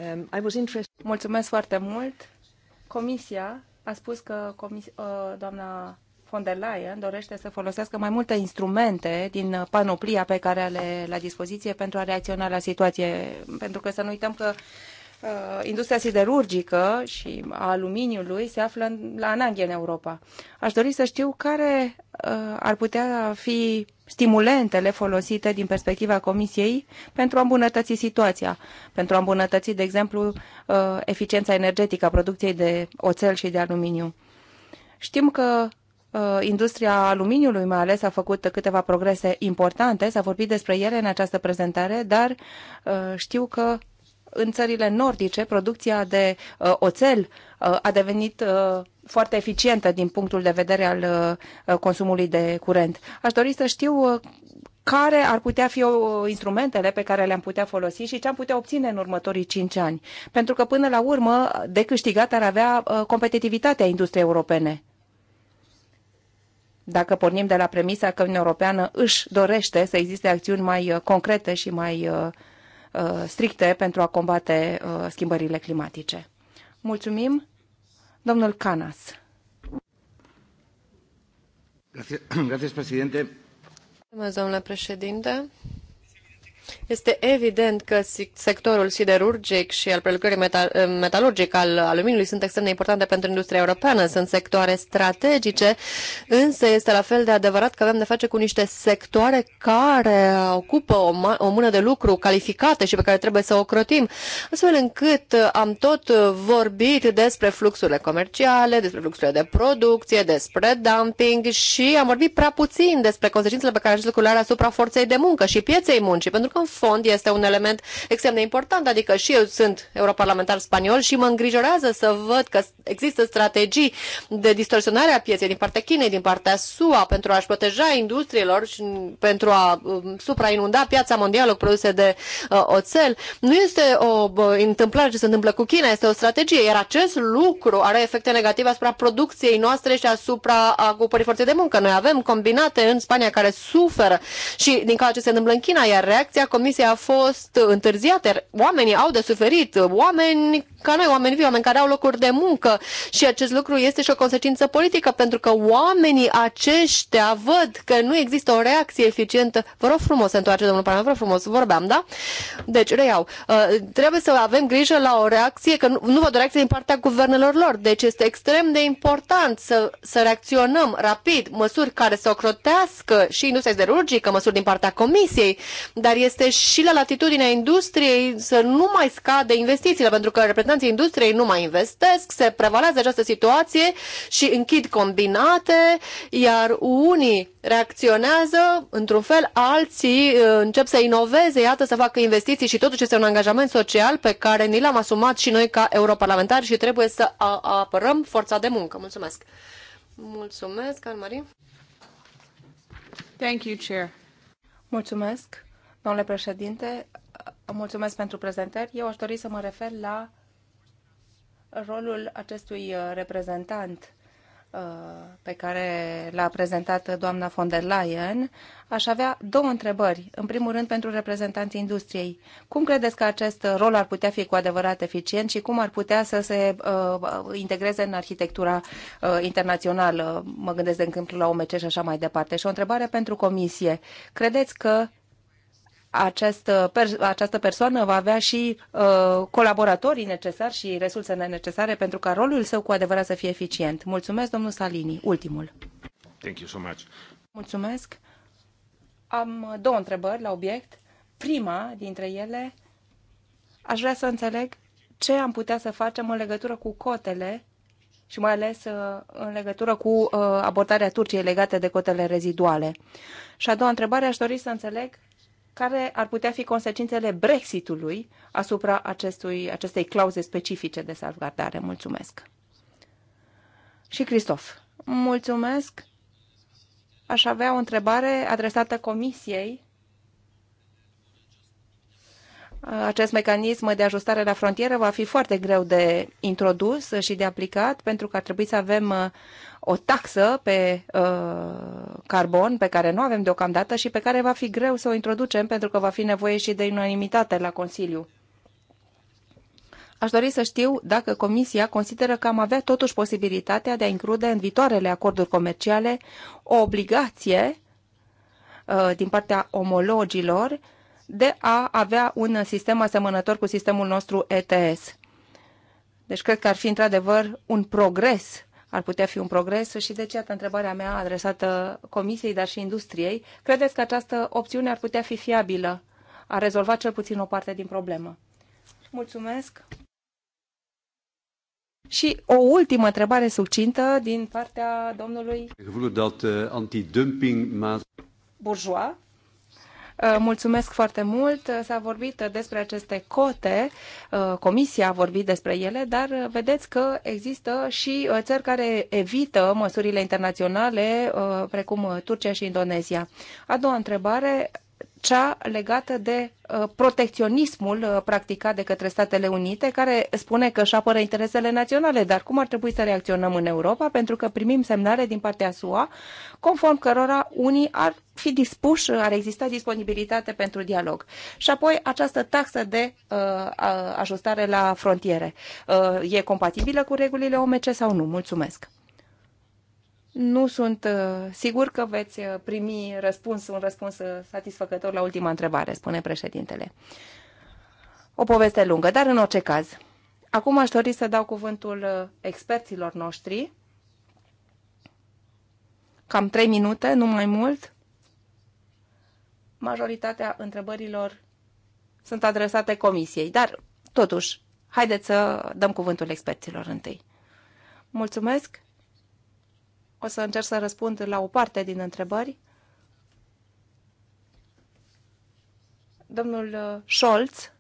Um, I was interested... Mulțumesc foarte mult. Comisia a spus că comis, uh, doamna von der Leyen dorește să folosească mai multe instrumente din panoplia pe care le la dispoziție pentru a reacționa la situație. Pentru că să nu uităm că Uh, industria siderurgică și a aluminiului se află în, la ananghe în Europa. Aș dori să știu care uh, ar putea fi stimulentele folosite din perspectiva Comisiei pentru a îmbunătăți situația, pentru a îmbunătăți, de exemplu, uh, eficiența energetică a producției de oțel și de aluminiu. Știm că industria aluminiului mai ales a făcut câteva progrese importante, s-a vorbit despre ele în această prezentare, dar știu că în țările nordice producția de uh, oțel uh, a devenit uh, foarte eficientă din punctul de vedere al consumului de curent. Aș dori să știu care ar putea fi instrumentele pe care le-am putea folosi și ce am putea obține în următorii cinci ani. Pentru că, până la urmă, de câștigat ar avea competitivitatea industriei europene. Dacă pornim de la premisa că Uniunea Europeană își dorește să existe acțiuni mai concrete și mai uh, Uh, stricte pentru a combate uh, schimbările climatice. Mulțumim, domnul Canas. Gracias, presidente. Mulțumesc, domnule președinte. Este evident că sectorul siderurgic și al prelucrării metal metalurgic al aluminiului sunt extrem de importante pentru industria europeană, sunt sectoare strategice, însă este la fel de adevărat că avem de face cu niște sectoare care ocupă o, o mână de lucru calificată și pe care trebuie să o crotim, astfel încât uh, am tot vorbit despre fluxurile comerciale, despre fluxurile de producție, despre dumping și am vorbit prea puțin despre consecințele pe care acest lucru le are asupra forței de muncă și pieței muncii, pentru că că în fond este un element extrem de important, adică și eu sunt europarlamentar spaniol și mă îngrijorează să văd că există strategii de distorsionare a pieței din partea Chinei, din partea SUA, pentru a-și proteja industriilor și pentru a um, suprainunda piața mondială cu produse de uh, oțel. Nu este o bă, întâmplare ce se întâmplă cu China, este o strategie, iar acest lucru are efecte negative asupra producției noastre și asupra ocupării forței de muncă. Noi avem combinate în Spania care suferă și din cauza ce se întâmplă în China, iar reacția Comisiei a fost întârziată, oamenii au de suferit, oameni ca noi, oameni vii, oameni care au locuri de muncă și acest lucru este și o consecință politică, pentru că oamenii aceștia văd că nu există o reacție eficientă. Vă rog frumos să întoarce, domnul Parlament, vă rog frumos, vorbeam, da? Deci, reiau, uh, trebuie să avem grijă la o reacție, că nu, nu văd o reacție din partea guvernelor lor, deci este extrem de important să, să reacționăm rapid, măsuri care să ocrotească și industria siderurgică, măsuri din partea comisiei, dar este și la latitudinea industriei să nu mai scade investițiile, pentru că reprezintă reprezentanții industriei nu mai investesc, se prevalează această situație și închid combinate, iar unii reacționează într-un fel, alții uh, încep să inoveze, iată, să facă investiții și totuși este un angajament social pe care ni l-am asumat și noi ca europarlamentari și trebuie să apărăm forța de muncă. Mulțumesc! Mulțumesc, Anne-Marie! Thank you, Chair. Mulțumesc, domnule președinte. Mulțumesc pentru prezentări. Eu aș dori să mă refer la rolul acestui uh, reprezentant uh, pe care l-a prezentat doamna von der Leyen, aș avea două întrebări. În primul rând, pentru reprezentanții industriei. Cum credeți că acest rol ar putea fi cu adevărat eficient și cum ar putea să se uh, integreze în arhitectura uh, internațională? Mă gândesc, de exemplu, la OMC și așa mai departe. Și o întrebare pentru comisie. Credeți că acest, uh, per, această persoană va avea și uh, colaboratorii necesari și resursele necesare pentru ca rolul său cu adevărat să fie eficient. Mulțumesc, domnul Salini. Ultimul. Thank you so much. Mulțumesc. Am uh, două întrebări la obiect. Prima dintre ele, aș vrea să înțeleg ce am putea să facem în legătură cu cotele și mai ales uh, în legătură cu abordarea Turciei legate de cotele reziduale. Și a doua întrebare, aș dori să înțeleg care ar putea fi consecințele Brexitului asupra acestui, acestei clauze specifice de salvgardare. Mulțumesc. Și Cristof, mulțumesc. Aș avea o întrebare adresată Comisiei. Acest mecanism de ajustare la frontieră va fi foarte greu de introdus și de aplicat pentru că ar trebui să avem o taxă pe uh, carbon pe care nu avem deocamdată și pe care va fi greu să o introducem pentru că va fi nevoie și de unanimitate la Consiliu. Aș dori să știu dacă Comisia consideră că am avea totuși posibilitatea de a include în viitoarele acorduri comerciale o obligație uh, din partea omologilor de a avea un sistem asemănător cu sistemul nostru ETS. Deci cred că ar fi într-adevăr un progres ar putea fi un progres și deci, ce întrebarea mea adresată Comisiei, dar și industriei, credeți că această opțiune ar putea fi fiabilă? A rezolvat cel puțin o parte din problemă. Mulțumesc! Și o ultimă întrebare succintă din partea domnului Burjoa. Uh, mulțumesc foarte mult. S-a vorbit despre aceste cote, uh, comisia a vorbit despre ele, dar vedeți că există și uh, țări care evită măsurile internaționale, precum Turcia și Indonezia. A doua întrebare cea legată de uh, protecționismul uh, practicat de către Statele Unite, care spune că își apără interesele naționale, dar cum ar trebui să reacționăm în Europa, pentru că primim semnale din partea SUA, conform cărora unii ar fi dispuși, ar exista disponibilitate pentru dialog. Și apoi această taxă de uh, ajustare la frontiere. Uh, e compatibilă cu regulile OMC sau nu? Mulțumesc! Nu sunt uh, sigur că veți uh, primi răspuns, un răspuns uh, satisfăcător la ultima întrebare, spune președintele. O poveste lungă, dar în orice caz. Acum aș dori să dau cuvântul experților noștri. Cam trei minute, nu mai mult. Majoritatea întrebărilor sunt adresate comisiei, dar totuși, haideți să dăm cuvântul experților întâi. Mulțumesc! O să încerc să răspund la o parte din întrebări. Domnul uh, Scholz,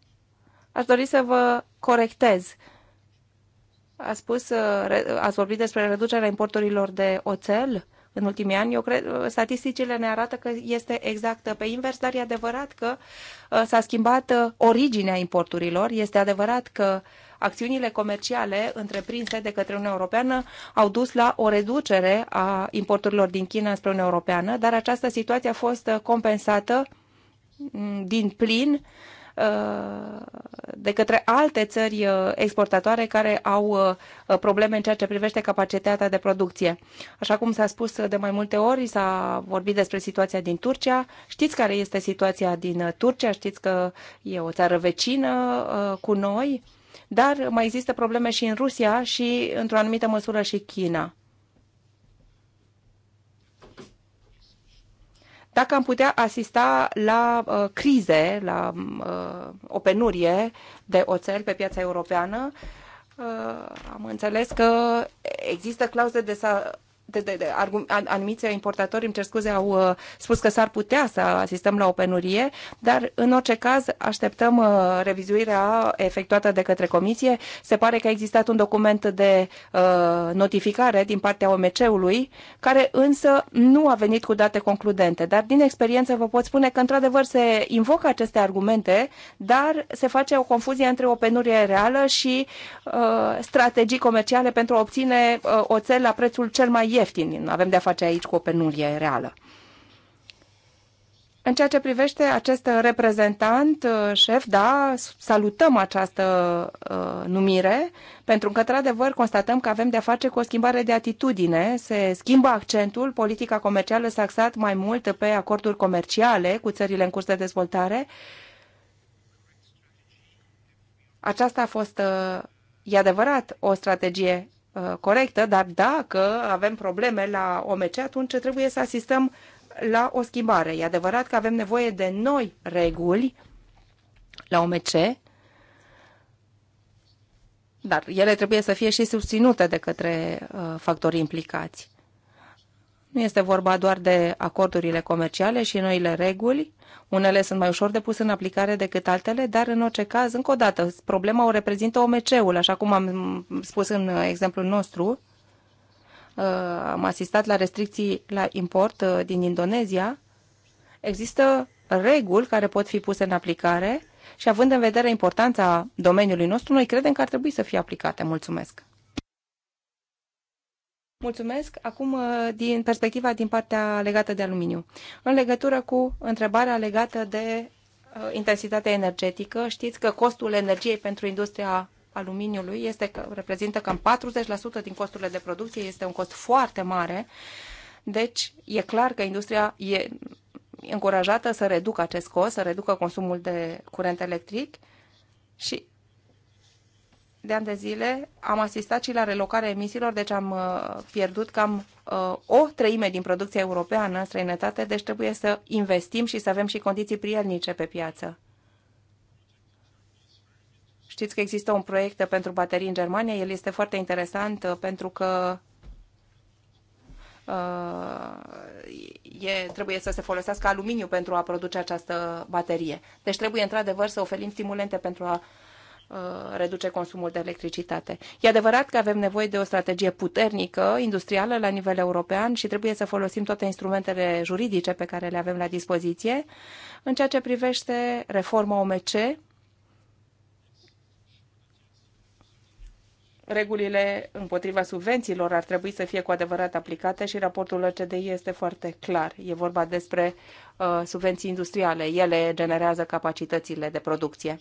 aș dori să vă corectez. A spus, uh, ați vorbit despre reducerea importurilor de oțel în ultimii ani. Eu cred, uh, statisticile ne arată că este exact pe invers, dar e adevărat că s-a schimbat originea importurilor. Este adevărat că uh, acțiunile comerciale întreprinse de către Uniunea Europeană au dus la o reducere a importurilor din China spre Uniunea Europeană, dar această situație a fost compensată mm, din plin uh, de către alte țări uh, exportatoare care au uh, probleme în ceea ce privește capacitatea de producție. Așa cum s-a spus de mai multe ori, s-a vorbit despre situația din Turcia. Știți care este situația din Turcia, știți că e o țară vecină cu noi dar mai există probleme și în Rusia și, într-o anumită măsură, și China. Dacă am putea asista la uh, crize, la uh, o penurie de oțel pe piața europeană, uh, am înțeles că există clauze de sa de, de, de, anumiți importatori, îmi cer scuze, au uh, spus că s-ar putea să asistăm la o penurie, dar în orice caz așteptăm uh, revizuirea efectuată de către comisie. Se pare că a existat un document de uh, notificare din partea OMC-ului, care însă nu a venit cu date concludente. Dar din experiență vă pot spune că într-adevăr se invocă aceste argumente, dar se face o confuzie între o penurie reală și uh, strategii comerciale pentru a obține uh, oțel la prețul cel mai ieftin. Avem de-a face aici cu o penurie reală. În ceea ce privește acest reprezentant, uh, șef, da, salutăm această uh, numire, pentru că, într-adevăr, constatăm că avem de-a face cu o schimbare de atitudine. Se schimbă accentul, politica comercială s-a axat mai mult pe acorduri comerciale cu țările în curs de dezvoltare. Aceasta a fost, uh, e adevărat, o strategie Uh, corectă, dar dacă avem probleme la OMC, atunci trebuie să asistăm la o schimbare. E adevărat că avem nevoie de noi reguli la OMC, dar ele trebuie să fie și susținute de către uh, factorii implicați. Nu este vorba doar de acordurile comerciale și noile reguli, unele sunt mai ușor de pus în aplicare decât altele, dar în orice caz, încă o dată, problema o reprezintă OMC-ul, așa cum am spus în exemplul nostru. Uh, am asistat la restricții la import uh, din Indonezia. Există reguli care pot fi puse în aplicare și având în vedere importanța domeniului nostru, noi credem că ar trebui să fie aplicate. Mulțumesc! Mulțumesc. Acum, uh, din perspectiva din partea legată de aluminiu. În legătură cu întrebarea legată de uh, intensitatea energetică, știți că costul energiei pentru industria aluminiului este că reprezintă cam 40% din costurile de producție, este un cost foarte mare. Deci, e clar că industria e încurajată să reducă acest cost, să reducă consumul de curent electric și de ani de zile am asistat și la relocarea emisiilor, deci am uh, pierdut cam uh, o treime din producția europeană în străinătate, deci trebuie să investim și să avem și condiții prielnice pe piață. Știți că există un proiect pentru baterii în Germania, el este foarte interesant uh, pentru că e, trebuie să se folosească aluminiu pentru a produce această baterie. Deci trebuie într-adevăr să oferim stimulente pentru a Uh, reduce consumul de electricitate. E adevărat că avem nevoie de o strategie puternică, industrială, la nivel european și trebuie să folosim toate instrumentele juridice pe care le avem la dispoziție. În ceea ce privește reforma OMC, regulile împotriva subvențiilor ar trebui să fie cu adevărat aplicate și raportul OCDI este foarte clar. E vorba despre uh, subvenții industriale. Ele generează capacitățile de producție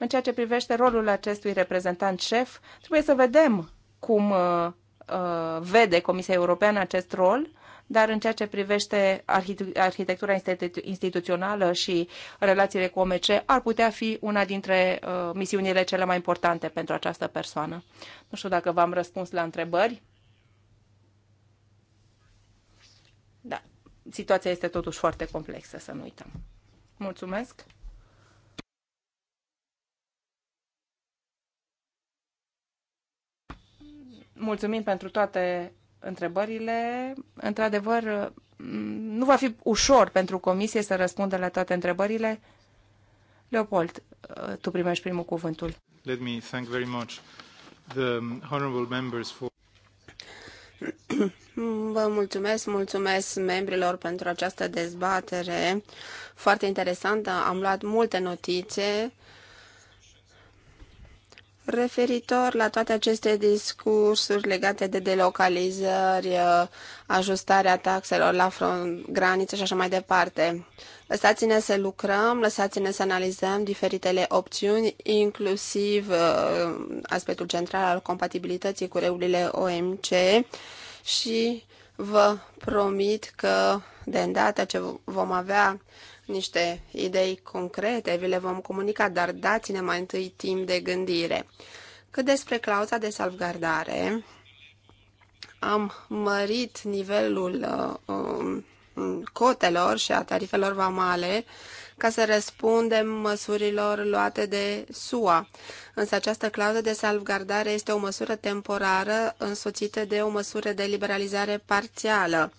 în ceea ce privește rolul acestui reprezentant șef, trebuie să vedem cum uh, uh, vede Comisia Europeană acest rol, dar în ceea ce privește arhitectura institu instituțională și relațiile cu OMC, ar putea fi una dintre uh, misiunile cele mai importante pentru această persoană. Nu știu dacă v-am răspuns la întrebări. Da, situația este totuși foarte complexă, să nu uităm. Mulțumesc! mulțumim pentru toate întrebările. Într-adevăr, nu va fi ușor pentru comisie să răspundă la toate întrebările. Leopold, tu primești primul cuvântul. Let me thank very much the honorable members for Vă mulțumesc, mulțumesc membrilor pentru această dezbatere foarte interesantă. Am luat multe notițe Referitor la toate aceste discursuri legate de delocalizări, ajustarea taxelor la graniță și așa mai departe, lăsați-ne să lucrăm, lăsați-ne să analizăm diferitele opțiuni, inclusiv uh, aspectul central al compatibilității cu regulile OMC și vă promit că de îndată ce vom avea niște idei concrete, vi le vom comunica, dar dați-ne mai întâi timp de gândire. Cât despre clauza de salvgardare, am mărit nivelul uh, uh, cotelor și a tarifelor vamale ca să răspundem măsurilor luate de SUA. Însă această clauză de salvgardare este o măsură temporară însoțită de o măsură de liberalizare parțială.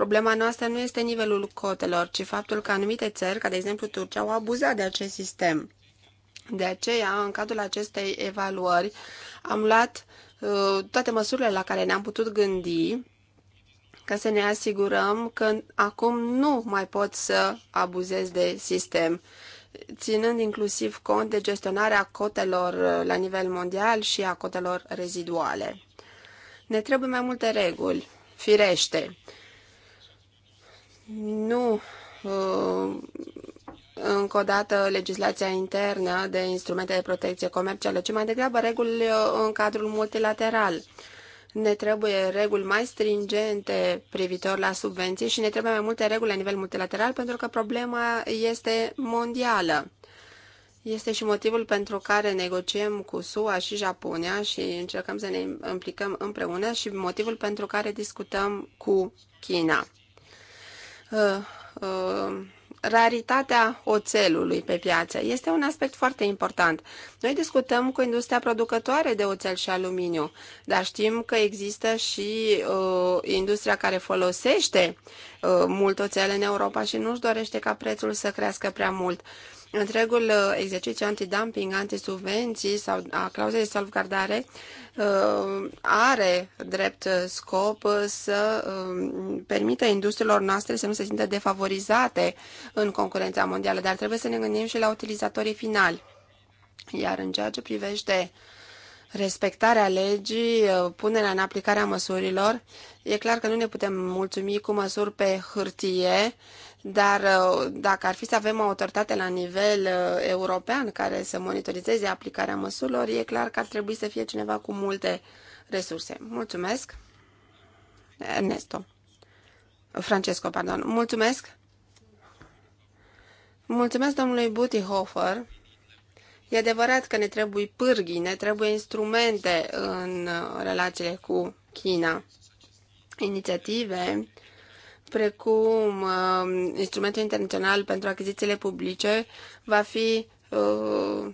Problema noastră nu este nivelul cotelor, ci faptul că anumite țări, ca de exemplu Turcia, au abuzat de acest sistem. De aceea, în cadrul acestei evaluări, am luat uh, toate măsurile la care ne-am putut gândi ca să ne asigurăm că acum nu mai pot să abuzez de sistem, ținând inclusiv cont de gestionarea cotelor uh, la nivel mondial și a cotelor reziduale. Ne trebuie mai multe reguli, firește, nu uh, încă o dată legislația internă de instrumente de protecție comercială, ci mai degrabă reguli uh, în cadrul multilateral. Ne trebuie reguli mai stringente privitor la subvenții și ne trebuie mai multe reguli la nivel multilateral pentru că problema este mondială. Este și motivul pentru care negociem cu SUA și Japonia și încercăm să ne implicăm împreună și motivul pentru care discutăm cu China. Uh, uh, raritatea oțelului pe piață. Este un aspect foarte important. Noi discutăm cu industria producătoare de oțel și aluminiu, dar știm că există și uh, industria care folosește uh, mult oțel în Europa și nu-și dorește ca prețul să crească prea mult. Uh, întregul uh, exercițiu antidumping, antisubvenții sau a clauzei de salvgardare uh, are drept uh, scop să um, permită industriilor noastre să nu se simtă defavorizate în concurența mondială, dar trebuie să ne gândim și la utilizatorii finali. Iar în ceea ce privește respectarea legii, punerea în aplicare a măsurilor, e clar că nu ne putem mulțumi cu măsuri pe hârtie, dar uh, dacă ar fi să avem o autoritate la nivel uh, european care să monitorizeze aplicarea măsurilor, e clar că ar trebui să fie cineva cu multe resurse. Mulțumesc. Ernesto. Francesco, pardon. Mulțumesc. Mulțumesc domnului Butihofer. E adevărat că ne trebuie pârghii, ne trebuie instrumente în uh, relațiile cu China. Inițiative precum uh, instrumentul internațional pentru achizițiile publice, va fi uh,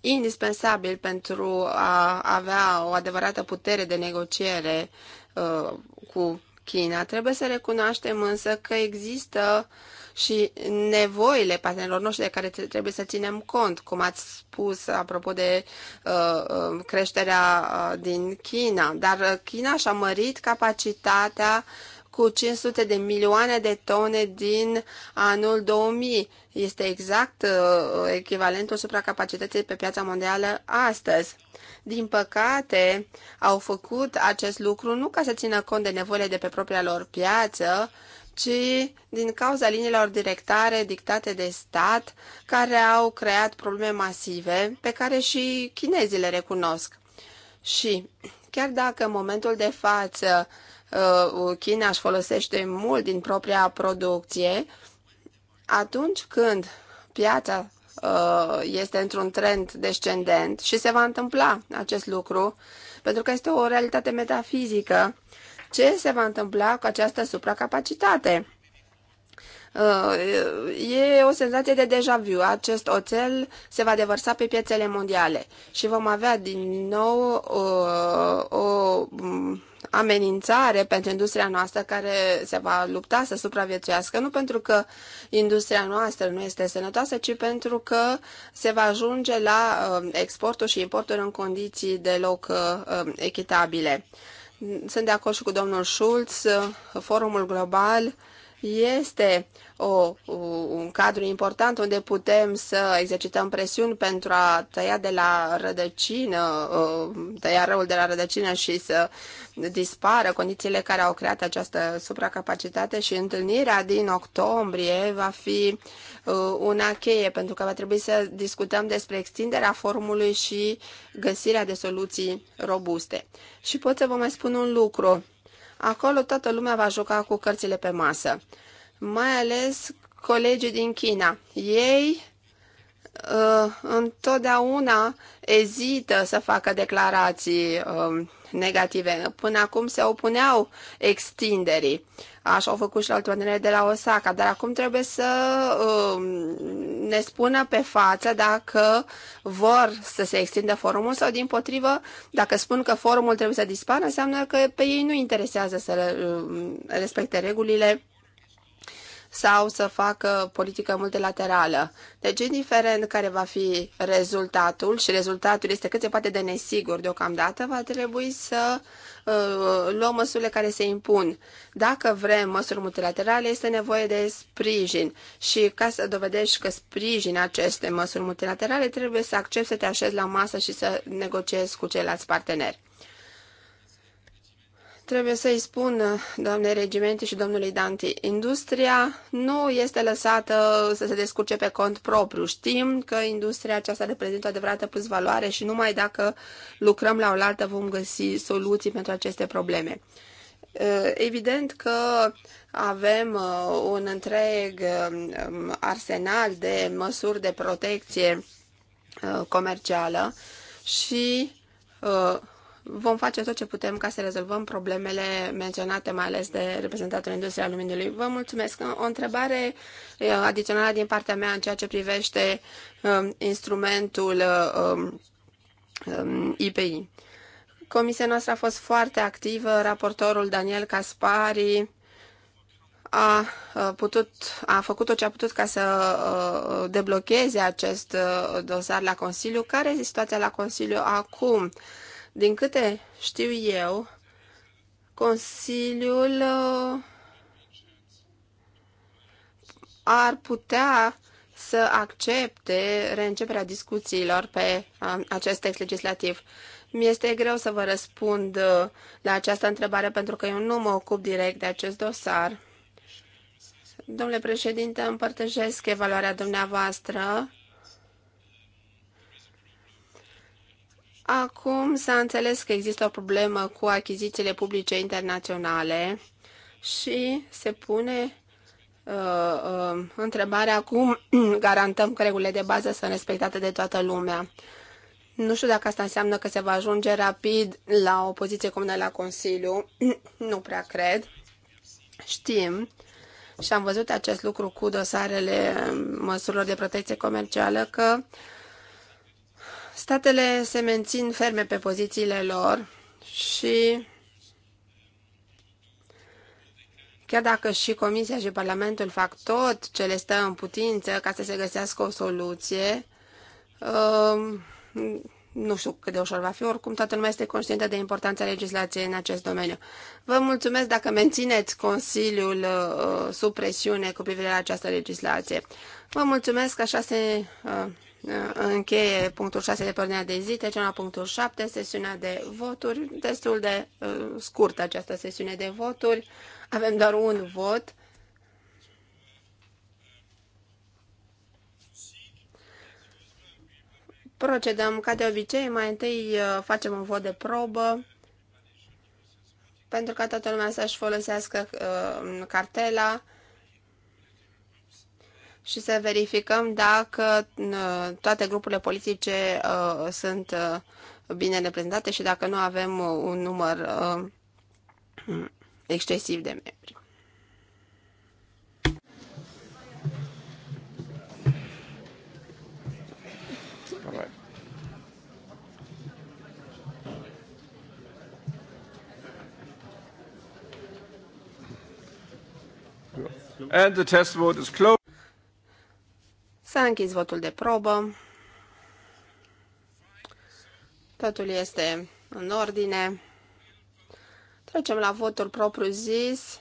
indispensabil pentru a avea o adevărată putere de negociere uh, cu China. Trebuie să recunoaștem însă că există și nevoile partenerilor noștri de care trebuie să ținem cont, cum ați spus apropo de uh, um, creșterea uh, din China. Dar China și-a mărit capacitatea uh, cu 500 de milioane de tone din anul 2000. Este exact uh, echivalentul supracapacității pe piața mondială astăzi. Din păcate, au făcut acest lucru nu ca să țină cont de nevoile de pe propria lor piață, ci din cauza liniilor directare dictate de stat, care au creat probleme masive, pe care și chinezii le recunosc. Și chiar dacă în momentul de față Uh, uh, China își folosește mult din propria producție, atunci când piața uh, este într-un trend descendent și se va întâmpla acest lucru, pentru că este o realitate metafizică, ce se va întâmpla cu această supracapacitate? E o senzație de deja vu. Acest oțel se va devărsa pe piețele mondiale și vom avea din nou o, o amenințare pentru industria noastră care se va lupta să supraviețuiască, nu pentru că industria noastră nu este sănătoasă, ci pentru că se va ajunge la uh, exportul și importul în condiții deloc uh, uh, echitabile. Sunt de acord și cu domnul Schulz, forumul global este o, un cadru important unde putem să exercităm presiuni pentru a tăia de la rădăcină, tăia răul de la rădăcină și să dispară condițiile care au creat această supracapacitate și întâlnirea din octombrie va fi una cheie pentru că va trebui să discutăm despre extinderea formului și găsirea de soluții robuste. Și pot să vă mai spun un lucru Acolo toată lumea va juca cu cărțile pe masă, mai ales colegii din China. Ei Uh, întotdeauna ezită să facă declarații um, negative. Până acum se opuneau extinderii. Așa au făcut și la autonomie de la Osaka, dar acum trebuie să um, ne spună pe față dacă vor să se extindă forumul sau, din potrivă, dacă spun că forumul trebuie să dispară, înseamnă că pe ei nu interesează să um, respecte regulile sau să facă politică multilaterală. Deci, indiferent care va fi rezultatul, și rezultatul este cât se poate de nesigur deocamdată, va trebui să uh, luăm măsurile care se impun. Dacă vrem măsuri multilaterale, este nevoie de sprijin și ca să dovedești că sprijin aceste măsuri multilaterale, trebuie să accepti să te așezi la masă și să negociezi cu ceilalți parteneri. Trebuie să-i spun, doamne regimente și domnului Danti, industria nu este lăsată să se descurce pe cont propriu. Știm că industria aceasta reprezintă o adevărată plus valoare și numai dacă lucrăm la oaltă vom găsi soluții pentru aceste probleme. Evident că avem un întreg arsenal de măsuri de protecție comercială și vom face tot ce putem ca să rezolvăm problemele menționate, mai ales de reprezentatul industriei aluminiului. Vă mulțumesc. O întrebare adițională din partea mea în ceea ce privește um, instrumentul um, um, IPI. Comisia noastră a fost foarte activă, raportorul Daniel Caspari a, putut, a făcut tot ce a putut ca să uh, deblocheze acest uh, dosar la Consiliu. Care este situația la Consiliu acum? Din câte știu eu, Consiliul uh, ar putea să accepte reînceperea discuțiilor pe um, acest text legislativ. Mi-este greu să vă răspund uh, la această întrebare pentru că eu nu mă ocup direct de acest dosar. Domnule președinte, împărtășesc evaluarea dumneavoastră Acum s-a înțeles că există o problemă cu achizițiile publice internaționale și se pune uh, uh, întrebarea cum garantăm că regulile de bază sunt respectate de toată lumea. Nu știu dacă asta înseamnă că se va ajunge rapid la o poziție comună la Consiliu. nu prea cred. Știm și am văzut acest lucru cu dosarele măsurilor de protecție comercială că uh, statele se mențin ferme pe pozițiile lor și chiar dacă și Comisia și Parlamentul fac tot ce le stă în putință ca să se găsească o soluție, um, nu știu cât de ușor va fi, oricum toată lumea este conștientă de importanța legislației în acest domeniu. Vă mulțumesc dacă mențineți Consiliul uh, sub presiune cu privire la această legislație. Vă mulțumesc, așa se uh, încheie punctul 6 de pe ordinea de zi, trecem la punctul 7, sesiunea de voturi. Destul de uh, scurtă această sesiune de voturi. Avem doar un vot. Procedăm ca de obicei, mai întâi uh, facem un vot de probă pentru ca toată lumea să-și folosească uh, cartela și să verificăm dacă toate grupurile politice uh, sunt uh, bine reprezentate și dacă nu avem uh, un număr excesiv de membri. And the test vote is closed. S-a închis votul de probă. Totul este în ordine. Trecem la votul propriu-zis.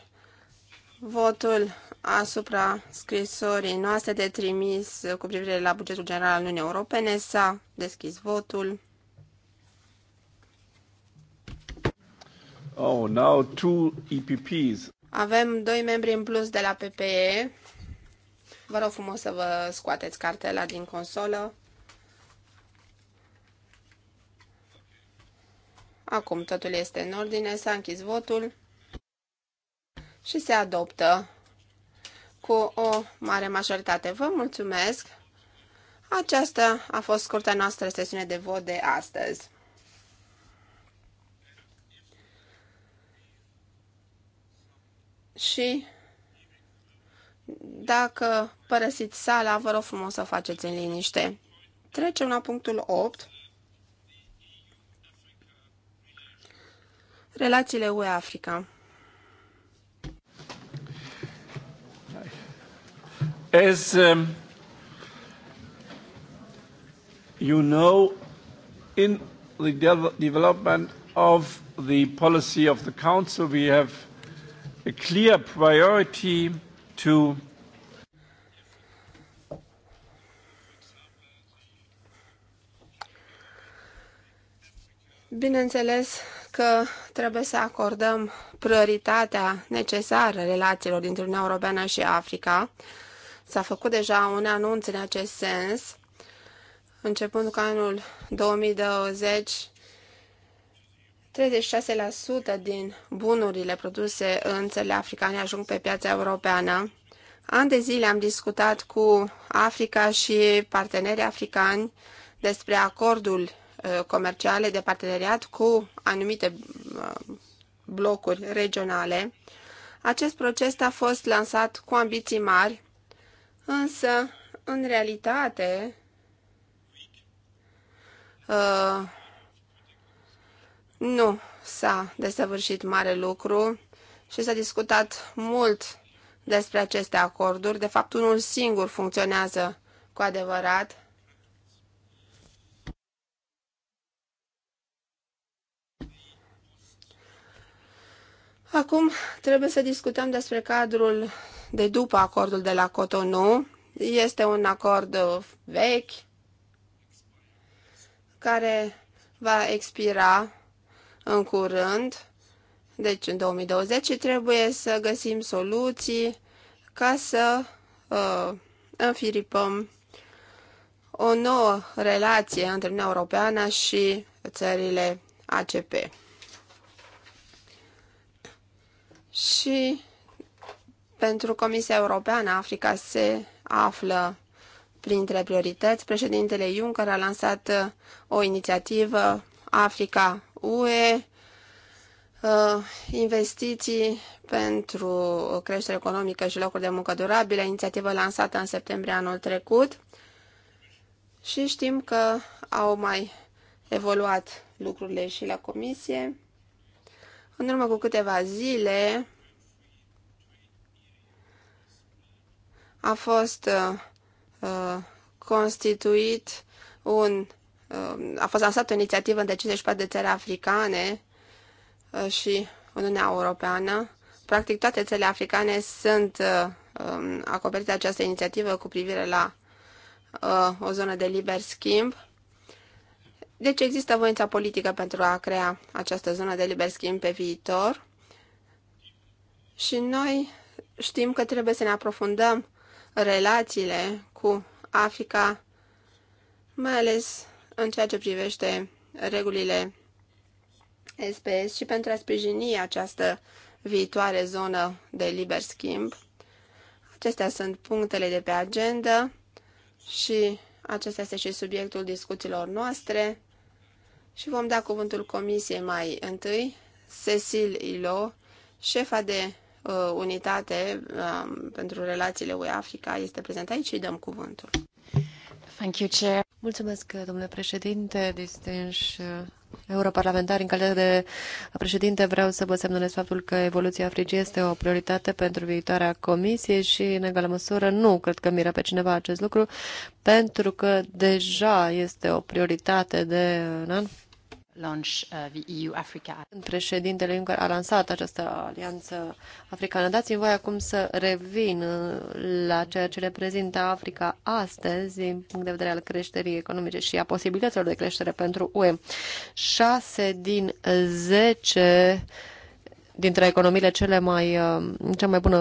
Votul asupra scrisorii noastre de trimis cu privire la bugetul general al Uniunii Europene s-a deschis votul. Oh, now two EPPs. Avem doi membri în plus de la PPE. Vă rog frumos să vă scoateți cartela din consolă. Acum totul este în ordine, s-a închis votul și se adoptă cu o mare majoritate. Vă mulțumesc! Aceasta a fost scurta noastră sesiune de vot de astăzi. Și dacă părăsiți sala, vă rog frumos să faceți în liniște. Trecem la punctul 8. Relațiile UE-Africa. As um, you know, in the de development of the policy of the Council, we have a clear priority to Bineînțeles că trebuie să acordăm prioritatea necesară relațiilor dintre Uniunea Europeană și Africa. S-a făcut deja un anunț în acest sens. Începând cu anul 2020, 36% din bunurile produse în țările africane ajung pe piața europeană. An de zile am discutat cu Africa și partenerii africani despre acordul uh, comerciale de parteneriat cu anumite uh, blocuri regionale. Acest proces a fost lansat cu ambiții mari, însă, în realitate, uh, nu s-a desăvârșit mare lucru și s-a discutat mult despre aceste acorduri. De fapt, unul singur funcționează cu adevărat. Acum trebuie să discutăm despre cadrul de după acordul de la Cotonou. Este un acord vechi care va expira în curând, deci în 2020, și trebuie să găsim soluții ca să uh, înfiripăm o nouă relație între Uniunea Europeană și țările ACP. Și pentru Comisia Europeană, Africa se află printre priorități. Președintele Juncker a lansat o inițiativă Africa UE, uh, investiții pentru creștere economică și locuri de muncă durabile, inițiativă lansată în septembrie anul trecut și știm că au mai evoluat lucrurile și la comisie. În urmă cu câteva zile a fost uh, uh constituit un Um, a fost lansată o inițiativă între 54 de țări africane uh, și Uniunea Europeană. Practic toate țările africane sunt uh, um, acoperite de această inițiativă cu privire la uh, o zonă de liber schimb. Deci există voința politică pentru a crea această zonă de liber schimb pe viitor și noi știm că trebuie să ne aprofundăm relațiile cu Africa, mai ales în ceea ce privește regulile SPS și pentru a sprijini această viitoare zonă de liber schimb. Acestea sunt punctele de pe agenda și acesta este și subiectul discuțiilor noastre și vom da cuvântul comisiei mai întâi, Cecil Ilo, șefa de uh, unitate uh, pentru relațiile UE-Africa, este prezent aici și dăm cuvântul. Thank you, Chair. Mulțumesc, domnule președinte, distinși uh, europarlamentari, în calitate de președinte, vreau să vă semnalez faptul că evoluția Africii este o prioritate pentru viitoarea comisie și, în egală măsură, nu cred că miră pe cineva acest lucru, pentru că deja este o prioritate de un an launch uh, the EU-Africa. Președintele Juncker a lansat această alianță africană. Dați-mi voi acum să revin uh, la ceea ce reprezintă Africa astăzi din punct de vedere al creșterii economice și a posibilităților de creștere pentru UE. 6 din 10 dintre economiile cele mai, uh, cea mai bună,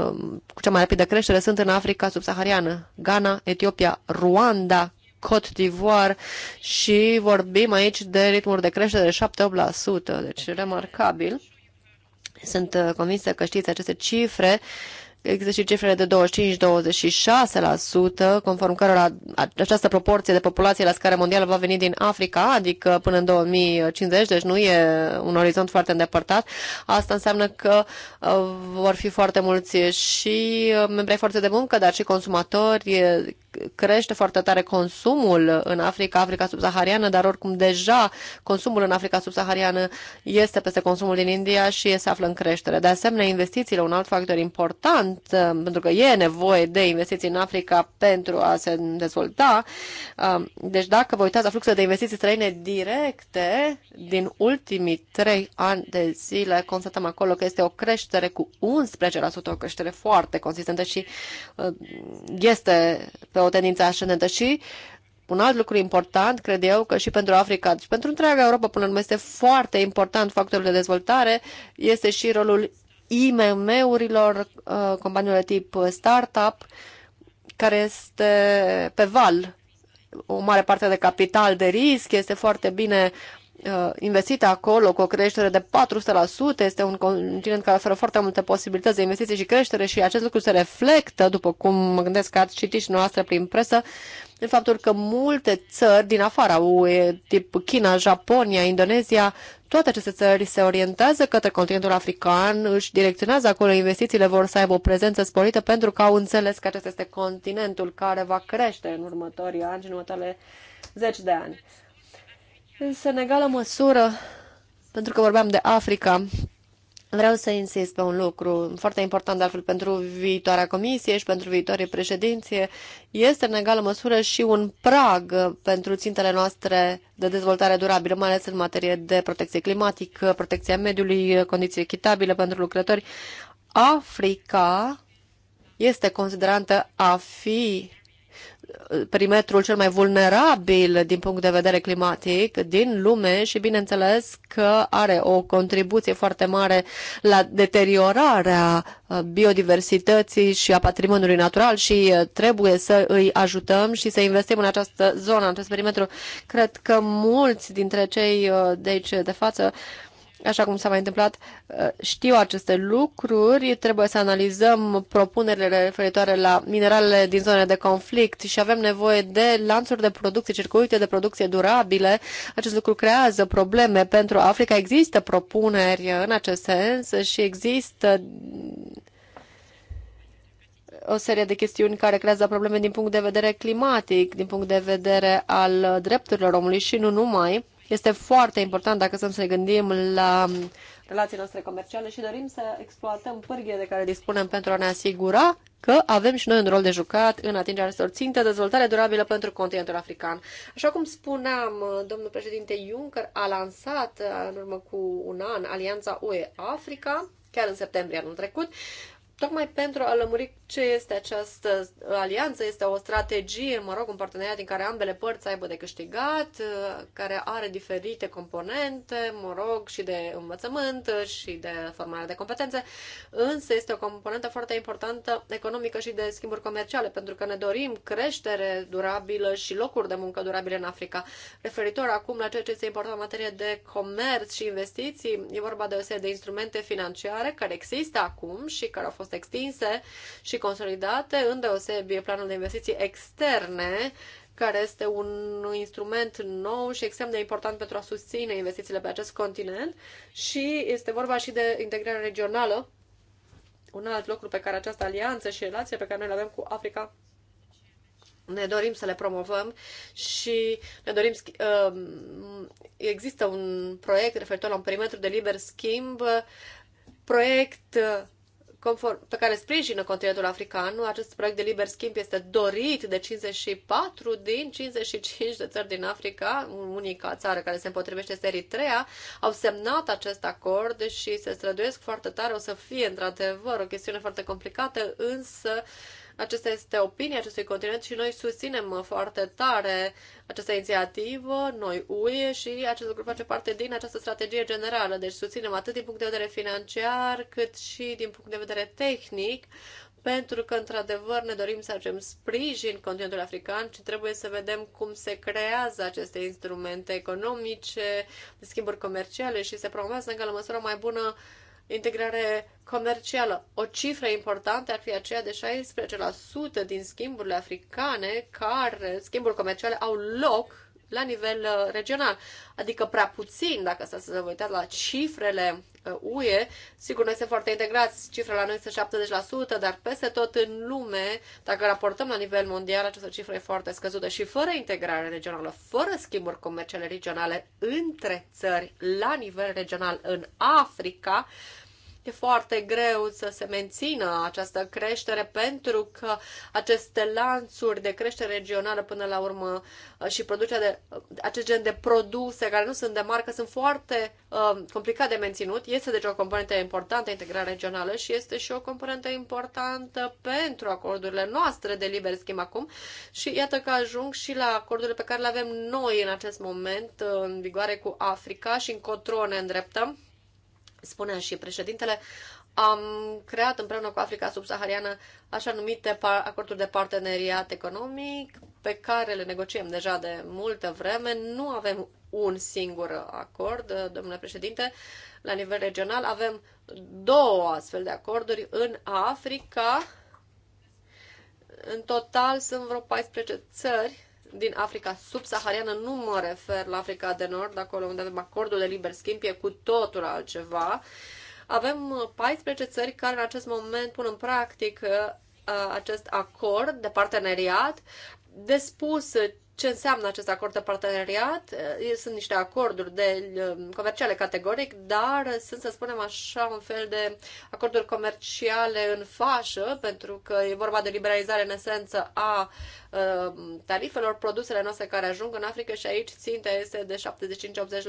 cu cea mai rapidă creștere sunt în Africa subsahariană, Ghana, Etiopia, Ruanda, Côte d'Ivoire și vorbim aici de ritmuri de creștere de 7-8%, deci remarcabil. Sunt convinsă că știți aceste cifre există și cifrele de 25-26%, conform cărora această proporție de populație la scară mondială va veni din Africa, adică până în 2050, deci nu e un orizont foarte îndepărtat. Asta înseamnă că uh, vor fi foarte mulți și uh, membri forțe de muncă, dar și consumatori. Crește foarte tare consumul în Africa, Africa subsahariană, dar oricum deja consumul în Africa subsahariană este peste consumul din India și se află în creștere. De asemenea, investițiile, un alt factor important, sunt, uh, pentru că e nevoie de investiții în Africa pentru a se dezvolta. Um, deci dacă vă uitați la fluxul de investiții străine directe din ultimii trei ani de zile, constatăm acolo că este o creștere cu 11%, o creștere foarte consistentă și uh, este pe o tendință ascendentă și un alt lucru important, cred eu, că și pentru Africa și deci pentru întreaga Europa, până la urmă, este foarte important factorul de dezvoltare, este și rolul IMM-urilor, uh, companiilor tip startup, care este pe val. O mare parte de capital de risc este foarte bine uh, investită acolo cu o creștere de 400%, este un continent care oferă foarte multe posibilități de investiții și creștere și acest lucru se reflectă, după cum mă gândesc că ați citit și noastră prin presă, în faptul că multe țări din afara UE, tip China, Japonia, Indonezia, toate aceste țări se orientează către continentul african, își direcționează acolo investițiile, vor să aibă o prezență sporită pentru că au înțeles că acesta este continentul care va crește în următorii ani, în următoarele zeci de ani. Însă, în egală măsură, pentru că vorbeam de Africa, Vreau să insist pe un lucru foarte important, de altfel, pentru viitoarea comisie și pentru viitoare președinție. Este, în egală măsură, și un prag pentru țintele noastre de dezvoltare durabilă, mai ales în materie de protecție climatică, protecția mediului, condiții echitabile pentru lucrători. Africa este considerată a fi perimetrul cel mai vulnerabil din punct de vedere climatic din lume și bineînțeles că are o contribuție foarte mare la deteriorarea uh, biodiversității și a patrimoniului natural și uh, trebuie să îi ajutăm și să investim în această zonă, în acest perimetru. Cred că mulți dintre cei uh, de aici de față așa cum s-a mai întâmplat, uh, știu aceste lucruri, trebuie să analizăm propunerile referitoare la mineralele din zone de conflict și avem nevoie de lanțuri de producție, circuite de producție durabile. Acest lucru creează probleme pentru Africa. Există propuneri în acest sens și există o serie de chestiuni care creează probleme din punct de vedere climatic, din punct de vedere al drepturilor omului și nu numai este foarte important dacă să ne gândim la um, relații noastre comerciale și dorim să exploatăm pârghile de care dispunem pentru a ne asigura că avem și noi un rol de jucat în atingerea acestor ținte, dezvoltare durabilă pentru continentul african. Așa cum spuneam, uh, domnul președinte Juncker a lansat uh, în urmă cu un an Alianța UE-Africa, chiar în septembrie anul trecut, tocmai pentru a lămuri ce este această alianță, este o strategie, mă rog, un parteneriat din care ambele părți aibă de câștigat, care are diferite componente, mă rog, și de învățământ și de formare de competențe, însă este o componentă foarte importantă economică și de schimburi comerciale, pentru că ne dorim creștere durabilă și locuri de muncă durabile în Africa. Referitor acum la ceea ce este important în materie de comerț și investiții, e vorba de o serie de instrumente financiare care există acum și care au fost fost extinse și consolidate, îndeosebi planul de investiții externe, care este un instrument nou și extrem de important pentru a susține investițiile pe acest continent și este vorba și de integrare regională, un alt lucru pe care această alianță și relație pe care noi le avem cu Africa ne dorim să le promovăm și ne dorim. Um, există un proiect referitor la un perimetru de liber schimb, proiect conform, pe care sprijină continentul african. Acest proiect de liber schimb este dorit de 54 din 55 de țări din Africa. Unica țară care se împotrivește este Eritrea. Au semnat acest acord și se străduiesc foarte tare. O să fie, într-adevăr, o chestiune foarte complicată, însă aceasta este opinia acestui continent și noi susținem foarte tare această inițiativă, noi UE și acest lucru face parte din această strategie generală. Deci susținem atât din punct de vedere financiar cât și din punct de vedere tehnic pentru că, într-adevăr, ne dorim să facem sprijin continentul african și trebuie să vedem cum se creează aceste instrumente economice, schimburi comerciale și se promovează în egală măsură mai bună integrare comercială. O cifră importantă ar fi aceea de 16% din schimburile africane care, schimburi comerciale, au loc la nivel uh, regional. Adică prea puțin, dacă să vă uitați la cifrele UE. Uh, Sigur, noi suntem foarte integrați, cifra la noi este 70%, dar peste tot în lume, dacă raportăm la nivel mondial, această cifră e foarte scăzută și fără integrare regională, fără schimburi comerciale regionale între țări la nivel regional în Africa, E foarte greu să se mențină această creștere pentru că aceste lanțuri de creștere regională până la urmă uh, și producerea de uh, acest gen de produse care nu sunt de marcă sunt foarte uh, complicat de menținut. Este deci o componentă importantă integrarea regională și este și o componentă importantă pentru acordurile noastre de liber schimb acum și iată că ajung și la acordurile pe care le avem noi în acest moment uh, în vigoare cu Africa și încotro ne îndreptăm spunea și președintele, am creat împreună cu Africa subsahariană așa numite acorduri de parteneriat economic pe care le negociem deja de multă vreme. Nu avem un singur acord, domnule președinte, la nivel regional. Avem două astfel de acorduri în Africa. În total sunt vreo 14 țări din Africa subsahariană, nu mă refer la Africa de Nord, acolo unde avem acordul de liber schimb, e cu totul altceva. Avem 14 țări care în acest moment pun în practică uh, acest acord de parteneriat, de spus ce înseamnă acest acord de parteneriat. Sunt niște acorduri de comerciale categoric, dar sunt, să spunem așa, un fel de acorduri comerciale în fașă, pentru că e vorba de liberalizare în esență a tarifelor, produsele noastre care ajung în Africa și aici ținta este de 75-80%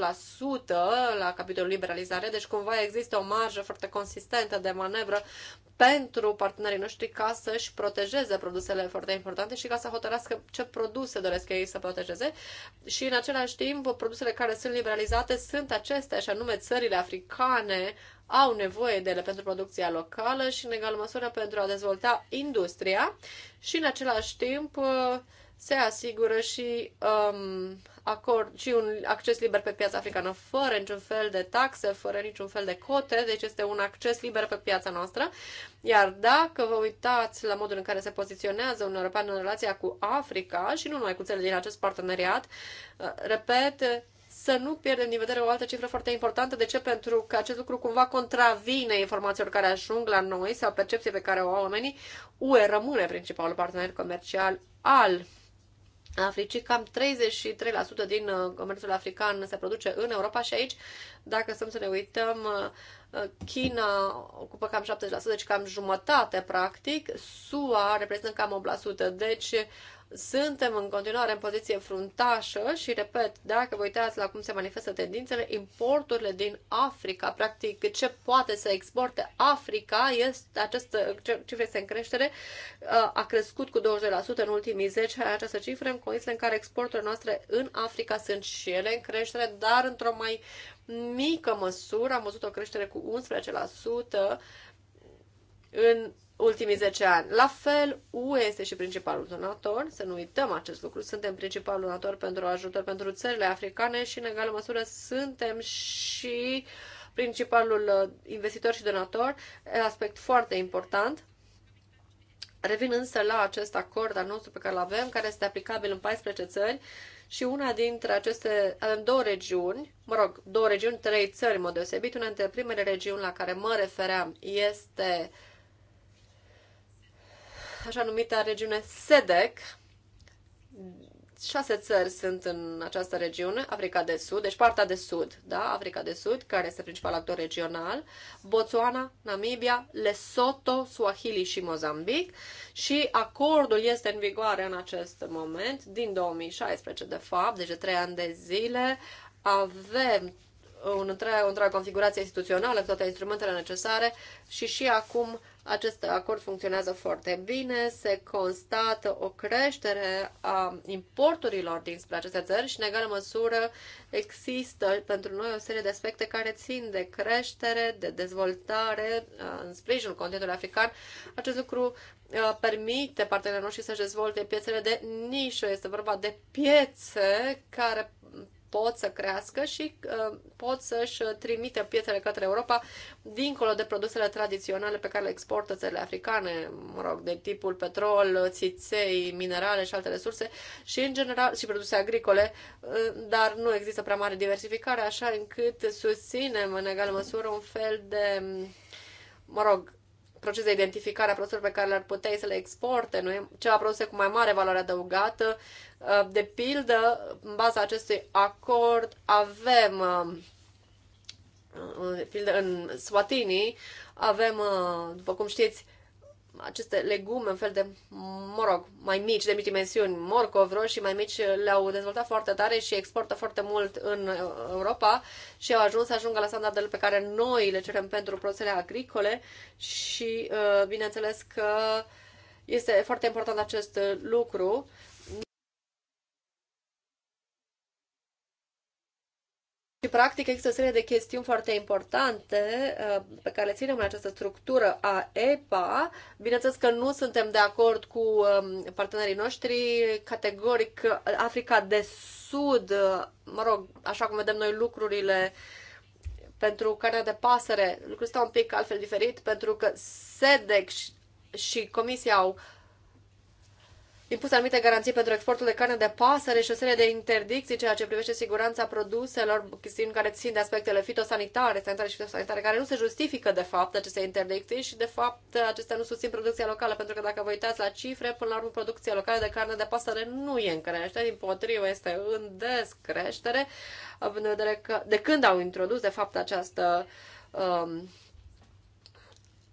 la capitolul liberalizare, deci cumva există o marjă foarte consistentă de manevră pentru partenerii noștri ca să-și protejeze produsele foarte importante și ca să hotărească ce produse doresc ei să protejeze. Și în același timp, produsele care sunt liberalizate sunt acestea, și anume țările africane au nevoie de ele pentru producția locală și în egală măsură pentru a dezvolta industria și în același timp se asigură și, um, acord, și un acces liber pe piața africană, fără niciun fel de taxe, fără niciun fel de cote, deci este un acces liber pe piața noastră. Iar dacă vă uitați la modul în care se poziționează un european în relația cu Africa și nu numai cu țările din acest parteneriat, uh, repet, să nu pierdem din vedere o altă cifră foarte importantă. De ce? Pentru că acest lucru cumva contravine informațiilor care ajung la noi sau percepției pe care o au oamenii. UE rămâne principalul partener comercial al Africii. Cam 33% din uh, comerțul african se produce în Europa și aici, dacă stăm să ne uităm, uh, uh, China ocupă cam 70%, deci cam jumătate practic, SUA reprezintă cam 8%, deci suntem în continuare în poziție fruntașă și, repet, dacă vă uitați la cum se manifestă tendințele, importurile din Africa, practic ce poate să exporte Africa, este, această cifră este în creștere, a crescut cu 20% în ultimii 10 ani această cifră, în condițiile în care exporturile noastre în Africa sunt și ele în creștere, dar într-o mai mică măsură, am văzut o creștere cu 11%, în ultimii 10 ani. La fel, UE este și principalul donator, să nu uităm acest lucru, suntem principalul donator pentru ajutor pentru țările africane și, în egală măsură, suntem și principalul uh, investitor și donator, aspect foarte important. Revin însă la acest acord al nostru pe care îl avem, care este aplicabil în 14 țări și una dintre aceste, avem două regiuni, mă rog, două regiuni, trei țări, în mod deosebit. Una dintre primele regiuni la care mă refeream este uh, așa numita regiune SEDEC. Șase țări sunt în această regiune, Africa de Sud, deci partea de sud, da, Africa de Sud, care este principal actor regional, Botswana, Namibia, Lesotho, Swahili și Mozambic și acordul este în vigoare în acest moment, din 2016 de fapt, deci de trei ani de zile, avem o întreagă configurație instituțională toate instrumentele necesare și și acum acest acord funcționează foarte bine, se constată o creștere a importurilor dinspre aceste țări și, în egală măsură, există pentru noi o serie de aspecte care țin de creștere, de dezvoltare în sprijinul continentului african. Acest lucru permite partenerilor noștri să-și dezvolte piețele de nișă. Este vorba de piețe care pot să crească și uh, pot să-și trimite pietrele către Europa dincolo de produsele tradiționale pe care le exportă țările africane, mă rog, de tipul petrol, țiței, minerale și alte resurse și, în general, și produse agricole, uh, dar nu există prea mare diversificare, așa încât susținem în egală măsură un fel de mă rog, proces de identificare a produselor pe care le-ar putea să le exporte, nu? ceva produse cu mai mare valoare adăugată. Uh, de pildă, în baza acestui acord avem uh, uh, de pildă în Swatini avem, după cum știți, aceste legume, un fel de, mă rog, mai mici, de mici dimensiuni, morcov, roșii mai mici, le-au dezvoltat foarte tare și exportă foarte mult în uh, Europa și au ajuns să ajungă la standardele pe care noi le cerem pentru produsele agricole și, uh, bineînțeles, că este foarte important acest uh, lucru Și, practic, există o serie de chestiuni foarte importante uh, pe care le ținem în această structură a EPA. Bineînțeles că nu suntem de acord cu um, partenerii noștri, categoric Africa de Sud, uh, mă rog, așa cum vedem noi lucrurile, pentru carnea de pasăre, lucrurile stau un pic altfel diferit, pentru că SEDEC și Comisia au impuse anumite garanții pentru exportul de carne de pasăre și o serie de interdicții ceea ce privește siguranța produselor, chestiuni care țin de aspectele fitosanitare, sanitare și fitosanitare, care nu se justifică de fapt aceste interdicții și de fapt acestea nu susțin producția locală, pentru că dacă vă uitați la cifre, până la urmă producția locală de carne de pasăre nu e în creștere, din potrivă este în descreștere, având în vedere că de când au introdus de fapt această, um,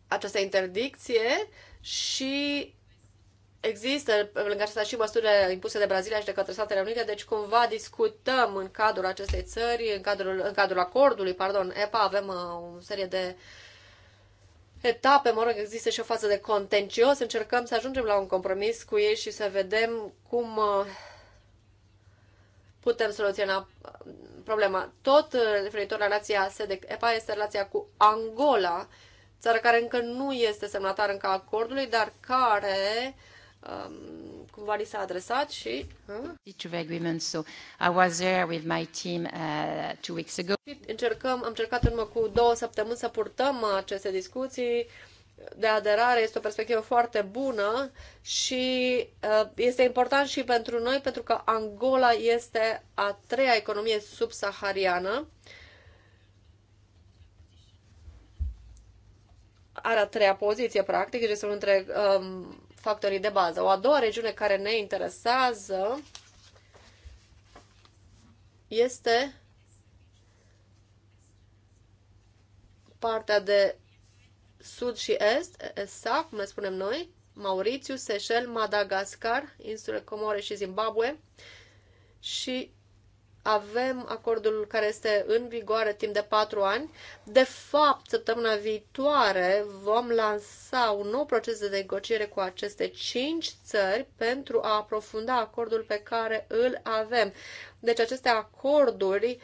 această interdicție și Există, lângă asta, și măsurile impuse de Brazilia și de către Statele Unite, deci cumva discutăm în cadrul acestei țări, în cadrul, în cadrul acordului, pardon, EPA, avem uh, o serie de etape, mă rog, există și o fază de contencios, încercăm să ajungem la un compromis cu ei și să vedem cum uh, putem soluționa uh, problema. Tot referitor la relația SEDEC-EPA este relația cu Angola, țară care încă nu este semnatar încă acordului, dar care Um, cumva li s-a adresat și... Uh? Agreement, so I was there with my team uh, two weeks ago. Încercăm, am încercat în urmă cu două săptămâni să purtăm aceste discuții de aderare este o perspectivă foarte bună și uh, este important și pentru noi pentru că Angola este a treia economie subsahariană. Are a treia poziție, practic, deci este unul dintre um, factorii de bază. O a doua regiune care ne interesează este partea de sud și est, ESA, cum le spunem noi, Mauritius, Seychelles, Madagascar, insule Comore și Zimbabwe și avem acordul care este în vigoare timp de patru ani. De fapt, săptămâna viitoare vom lansa un nou proces de negociere cu aceste cinci țări pentru a aprofunda acordul pe care îl avem. Deci aceste acorduri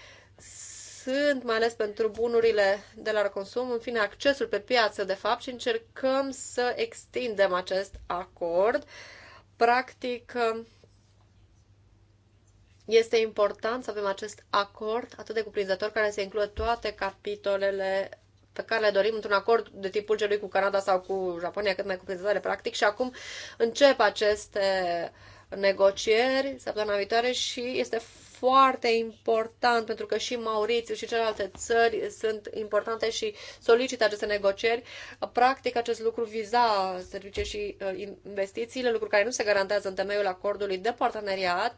sunt, mai ales pentru bunurile de la consum, în fine, accesul pe piață, de fapt, și încercăm să extindem acest acord. Practic, este important să avem acest acord atât de cuprinzător care să includă toate capitolele pe care le dorim într-un acord de tipul celui cu Canada sau cu Japonia, cât mai cuprinzătoare practic. Și acum încep aceste negocieri săptămâna viitoare și este foarte important, pentru că și Maurițiu și celelalte țări sunt importante și solicită aceste negocieri. Practic, acest lucru viza servicii și uh, investițiile, lucruri care nu se garantează în temeiul acordului de parteneriat,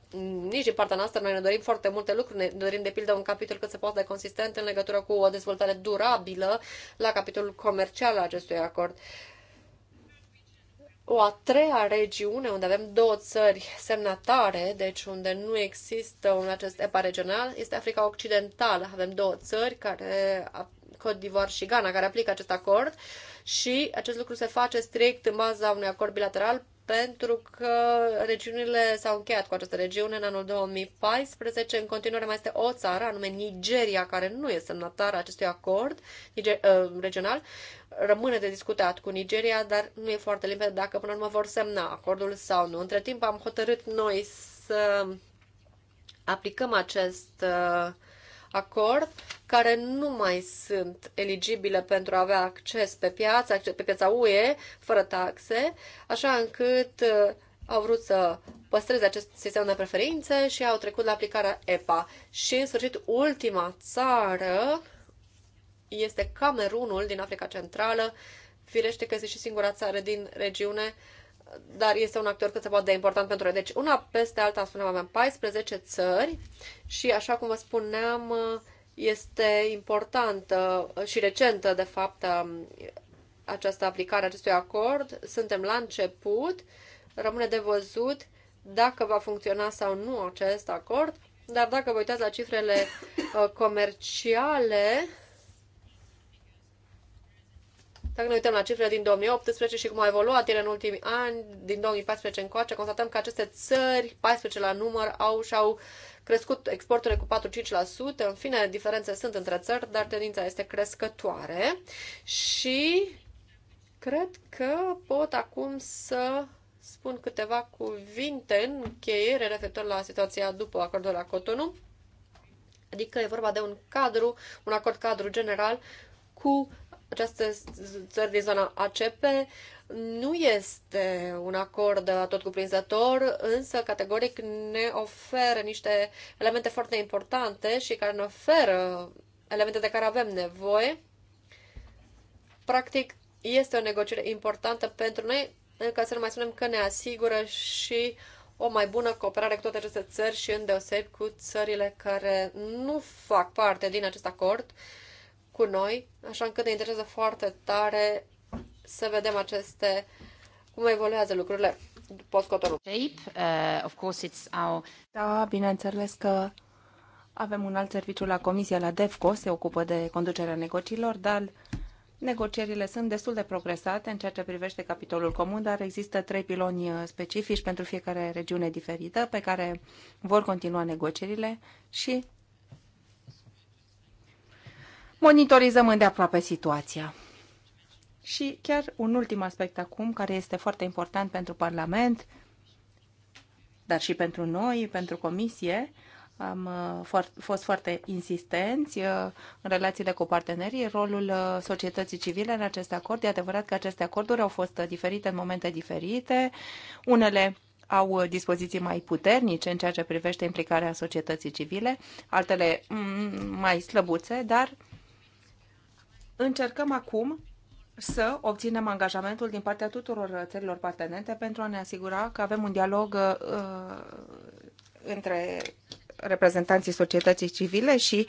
nici din partea noastră. Noi ne dorim foarte multe lucruri. Ne dorim, de pildă, un capitol cât se poate de consistent în legătură cu o dezvoltare durabilă la capitolul comercial al acestui acord. Uh, o a treia regiune unde avem două țări semnatare, deci unde nu există un acest EPA regional, este Africa Occidentală. Avem două țări care Côte d'Ivoire și Ghana, care aplică acest acord și acest lucru se face strict în baza unui acord bilateral pentru că regiunile s-au încheiat cu această regiune în anul 2014. În continuare mai este o țară, anume Nigeria, care nu este semnatară acestui acord Niger, uh, regional. Rămâne de discutat cu Nigeria, dar nu e foarte limpede dacă până la urmă vor semna acordul sau nu. Între timp am hotărât noi să aplicăm acest uh, acord care nu mai sunt eligibile pentru a avea acces pe piață, acces pe piața UE, fără taxe, așa încât uh, au vrut să păstreze acest sistem de preferințe și au trecut la aplicarea EPA. Și, în sfârșit, ultima țară este Camerunul din Africa Centrală. Firește că este și singura țară din regiune uh, dar este un actor cât se poate de important pentru noi. Deci, una peste alta, spuneam, avem 14 țări și, așa cum vă spuneam, este importantă și recentă, de fapt, această aplicare acestui acord. Suntem la început, rămâne de văzut dacă va funcționa sau nu acest acord, dar dacă vă uitați la cifrele uh, comerciale, dacă ne uităm la cifrele din 2018 și cum au evoluat ele în ultimii ani, din 2014 încoace, constatăm că aceste țări, 14 la număr, au și-au crescut exporturile cu 4-5%. În fine, diferențe sunt între țări, dar tendința este crescătoare și cred că pot acum să spun câteva cuvinte în încheiere referitor la situația după acordul la Cotonou. Adică e vorba de un cadru, un acord cadru general cu aceste țări din zona ACP nu este un acord tot cuprinzător, însă categoric ne oferă niște elemente foarte importante și care ne oferă elemente de care avem nevoie. Practic, este o negociere importantă pentru noi, ca să nu mai spunem că ne asigură și o mai bună cooperare cu toate aceste țări și îndeosebi cu țările care nu fac parte din acest acord cu noi, așa încât ne interesează foarte tare să vedem aceste, cum evoluează lucrurile post cotonul. Shape, uh, of course it's our... Da, bineînțeles că avem un alt serviciu la Comisia, la DEFCO, se ocupă de conducerea negocierilor, dar Negocierile sunt destul de progresate în ceea ce privește capitolul comun, dar există trei piloni uh, specifici pentru fiecare regiune diferită pe care vor continua negocierile și monitorizăm îndeaproape situația. Și chiar un ultim aspect acum, care este foarte important pentru Parlament, dar și pentru noi, pentru Comisie, am uh, fost foarte insistenți uh, în relațiile cu partenerii, rolul uh, societății civile în acest acord. E adevărat că aceste acorduri au fost diferite în momente diferite. Unele au dispoziții mai puternice în ceea ce privește implicarea societății civile, altele mm, mai slăbuțe, dar Încercăm acum să obținem angajamentul din partea tuturor țărilor partenente pentru a ne asigura că avem un dialog uh, între reprezentanții societății civile și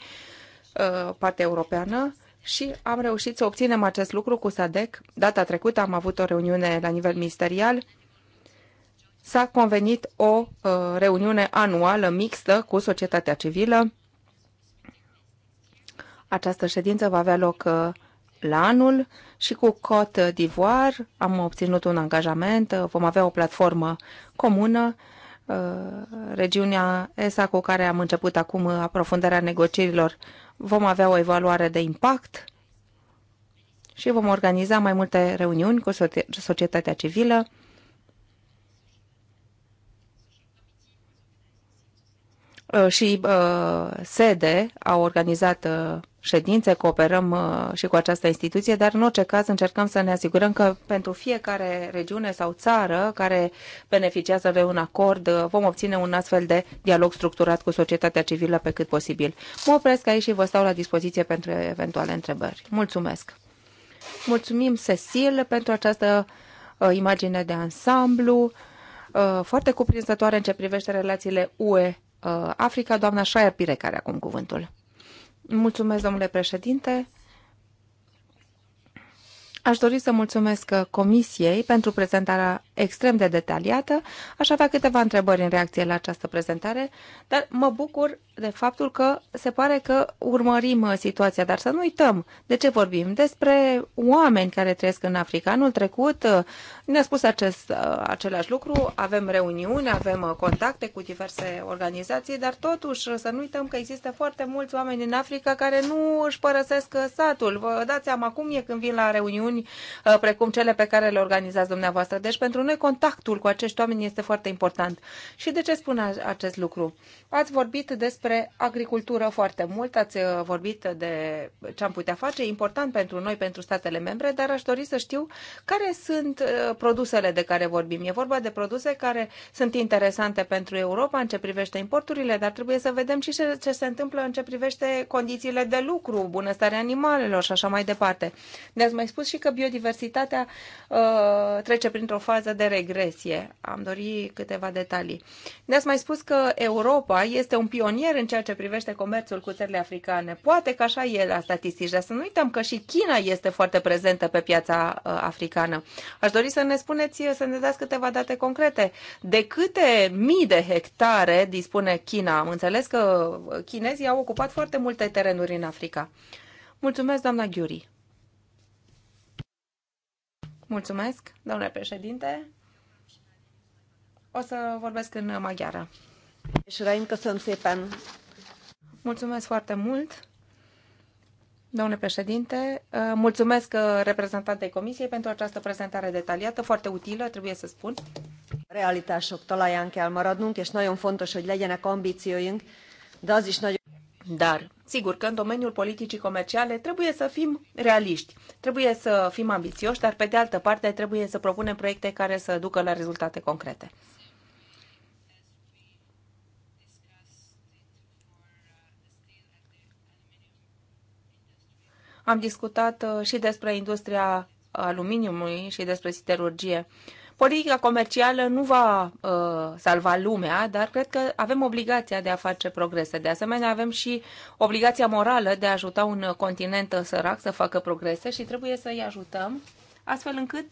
uh, partea europeană și am reușit să obținem acest lucru cu SADEC. Data trecută am avut o reuniune la nivel ministerial. S-a convenit o uh, reuniune anuală mixtă cu societatea civilă. Această ședință va avea loc uh, la anul și cu Cote d'Ivoire am obținut un angajament, vom avea o platformă comună, uh, regiunea ESA cu care am început acum aprofundarea negocierilor, vom avea o evaluare de impact și vom organiza mai multe reuniuni cu societatea civilă Uh, și uh, sede au organizat uh, ședințe, cooperăm și cu această instituție, dar în orice caz încercăm să ne asigurăm că pentru fiecare regiune sau țară care beneficiază de un acord vom obține un astfel de dialog structurat cu societatea civilă pe cât posibil. Mă opresc aici și vă stau la dispoziție pentru eventuale întrebări. Mulțumesc! Mulțumim, Cecil, pentru această imagine de ansamblu foarte cuprinzătoare în ce privește relațiile UE Uh, Africa, doamna Șoaia Pire, care acum cuvântul. Mulțumesc, domnule președinte. Aș dori să mulțumesc uh, Comisiei pentru prezentarea extrem de detaliată. Aș avea câteva întrebări în reacție la această prezentare, dar mă bucur de faptul că se pare că urmărim uh, situația, dar să nu uităm de ce vorbim. Despre oameni care trăiesc în Africa. Anul trecut uh, ne-a spus acest, uh, același lucru, avem reuniuni, avem contacte cu diverse organizații, dar totuși să nu uităm că există foarte mulți oameni în Africa care nu își părăsesc satul. Vă dați seama cum e când vin la reuniuni precum cele pe care le organizați dumneavoastră. Deci pentru noi noi contactul cu acești oameni este foarte important. Și de ce spun acest lucru? Ați vorbit despre agricultură foarte mult, ați uh, vorbit de ce am putea face, e important pentru noi, pentru statele membre, dar aș dori să știu care sunt uh, produsele de care vorbim. E vorba de produse care sunt interesante pentru Europa în ce privește importurile, dar trebuie să vedem și ce, ce se întâmplă în ce privește condițiile de lucru, bunăstarea animalelor și așa mai departe. Ne-ați mai spus și că biodiversitatea uh, trece printr-o fază față de regresie. Am dorit câteva detalii. Ne-ați mai spus că Europa este un pionier în ceea ce privește comerțul cu țările africane. Poate că așa e la statistici, dar să nu uităm că și China este foarte prezentă pe piața uh, africană. Aș dori să ne spuneți, să ne dați câteva date concrete. De câte mii de hectare dispune China? Am înțeles că chinezii au ocupat foarte multe terenuri în Africa. Mulțumesc, doamna Ghiurii. Mulțumesc, domnule președinte. O să vorbesc în maghiară. că sunt sepen. Mulțumesc foarte mult, domnule președinte. Uh, mulțumesc uh, reprezentantei Comisiei pentru această prezentare detaliată, foarte utilă, trebuie să spun. Realitások talaján kell maradnunk, és nagyon fontos, hogy legyenek ambícióink, de az is nagyon dar, sigur că în domeniul politicii comerciale trebuie să fim realiști, trebuie să fim ambițioși, dar pe de altă parte trebuie să propunem proiecte care să ducă la rezultate concrete. Am discutat uh, și despre industria aluminiumului și despre siderurgie. Uh, politica comercială nu va uh, salva lumea, dar cred că avem obligația de a face progrese. De asemenea, avem și obligația morală de a ajuta un continent sărac să facă progrese și trebuie să îi ajutăm astfel încât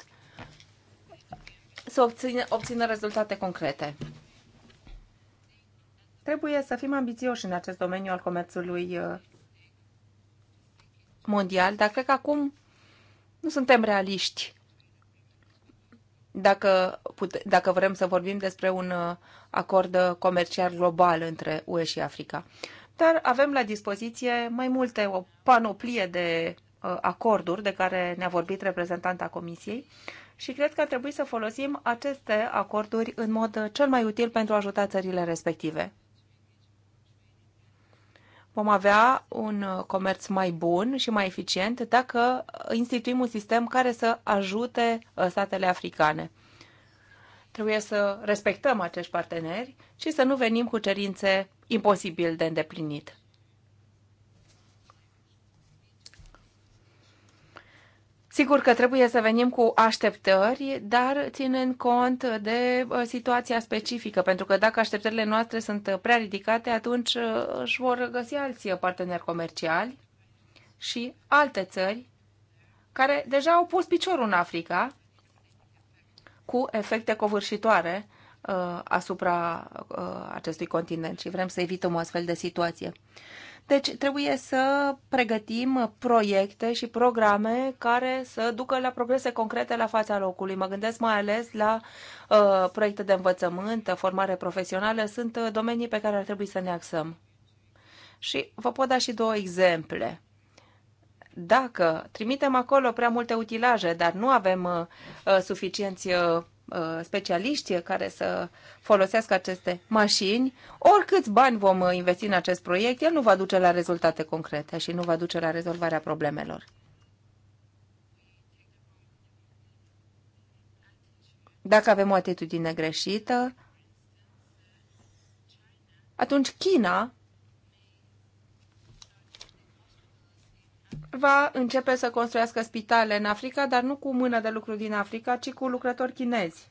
să obțină, obțină rezultate concrete. Trebuie să fim ambițioși în acest domeniu al comerțului uh, mondial, dar cred că acum nu suntem realiști dacă, pute- dacă vrem să vorbim despre un uh, acord comercial global între UE și Africa. Dar avem la dispoziție mai multe, o panoplie de uh, acorduri de care ne-a vorbit reprezentanta Comisiei și cred că ar trebui să folosim aceste acorduri în mod uh, cel mai util pentru a ajuta țările respective vom avea un uh, comerț mai bun și mai eficient dacă instituim un sistem care să ajute uh, statele africane. Trebuie să respectăm acești parteneri și să nu venim cu cerințe imposibil de îndeplinit. Sigur că trebuie să venim cu așteptări, dar ținând cont de uh, situația specifică, pentru că dacă așteptările noastre sunt prea ridicate, atunci uh, își vor găsi alții parteneri comerciali și alte țări care deja au pus piciorul în Africa cu efecte covârșitoare Uh, asupra uh, acestui continent și vrem să evităm o astfel de situație. Deci trebuie să pregătim proiecte și programe care să ducă la progrese concrete la fața locului. Mă gândesc mai ales la uh, proiecte de învățământ, formare profesională, sunt uh, domenii pe care ar trebui să ne axăm. Și vă pot da și două exemple. Dacă trimitem acolo prea multe utilaje, dar nu avem uh, suficienți uh, Uh, specialiști care să folosească aceste mașini, oricâți bani vom uh, investi în acest proiect, el nu va duce la rezultate concrete și nu va duce la rezolvarea problemelor. Dacă avem o atitudine greșită, atunci China va începe să construiască spitale în Africa, dar nu cu mână de lucru din Africa, ci cu lucrători chinezi.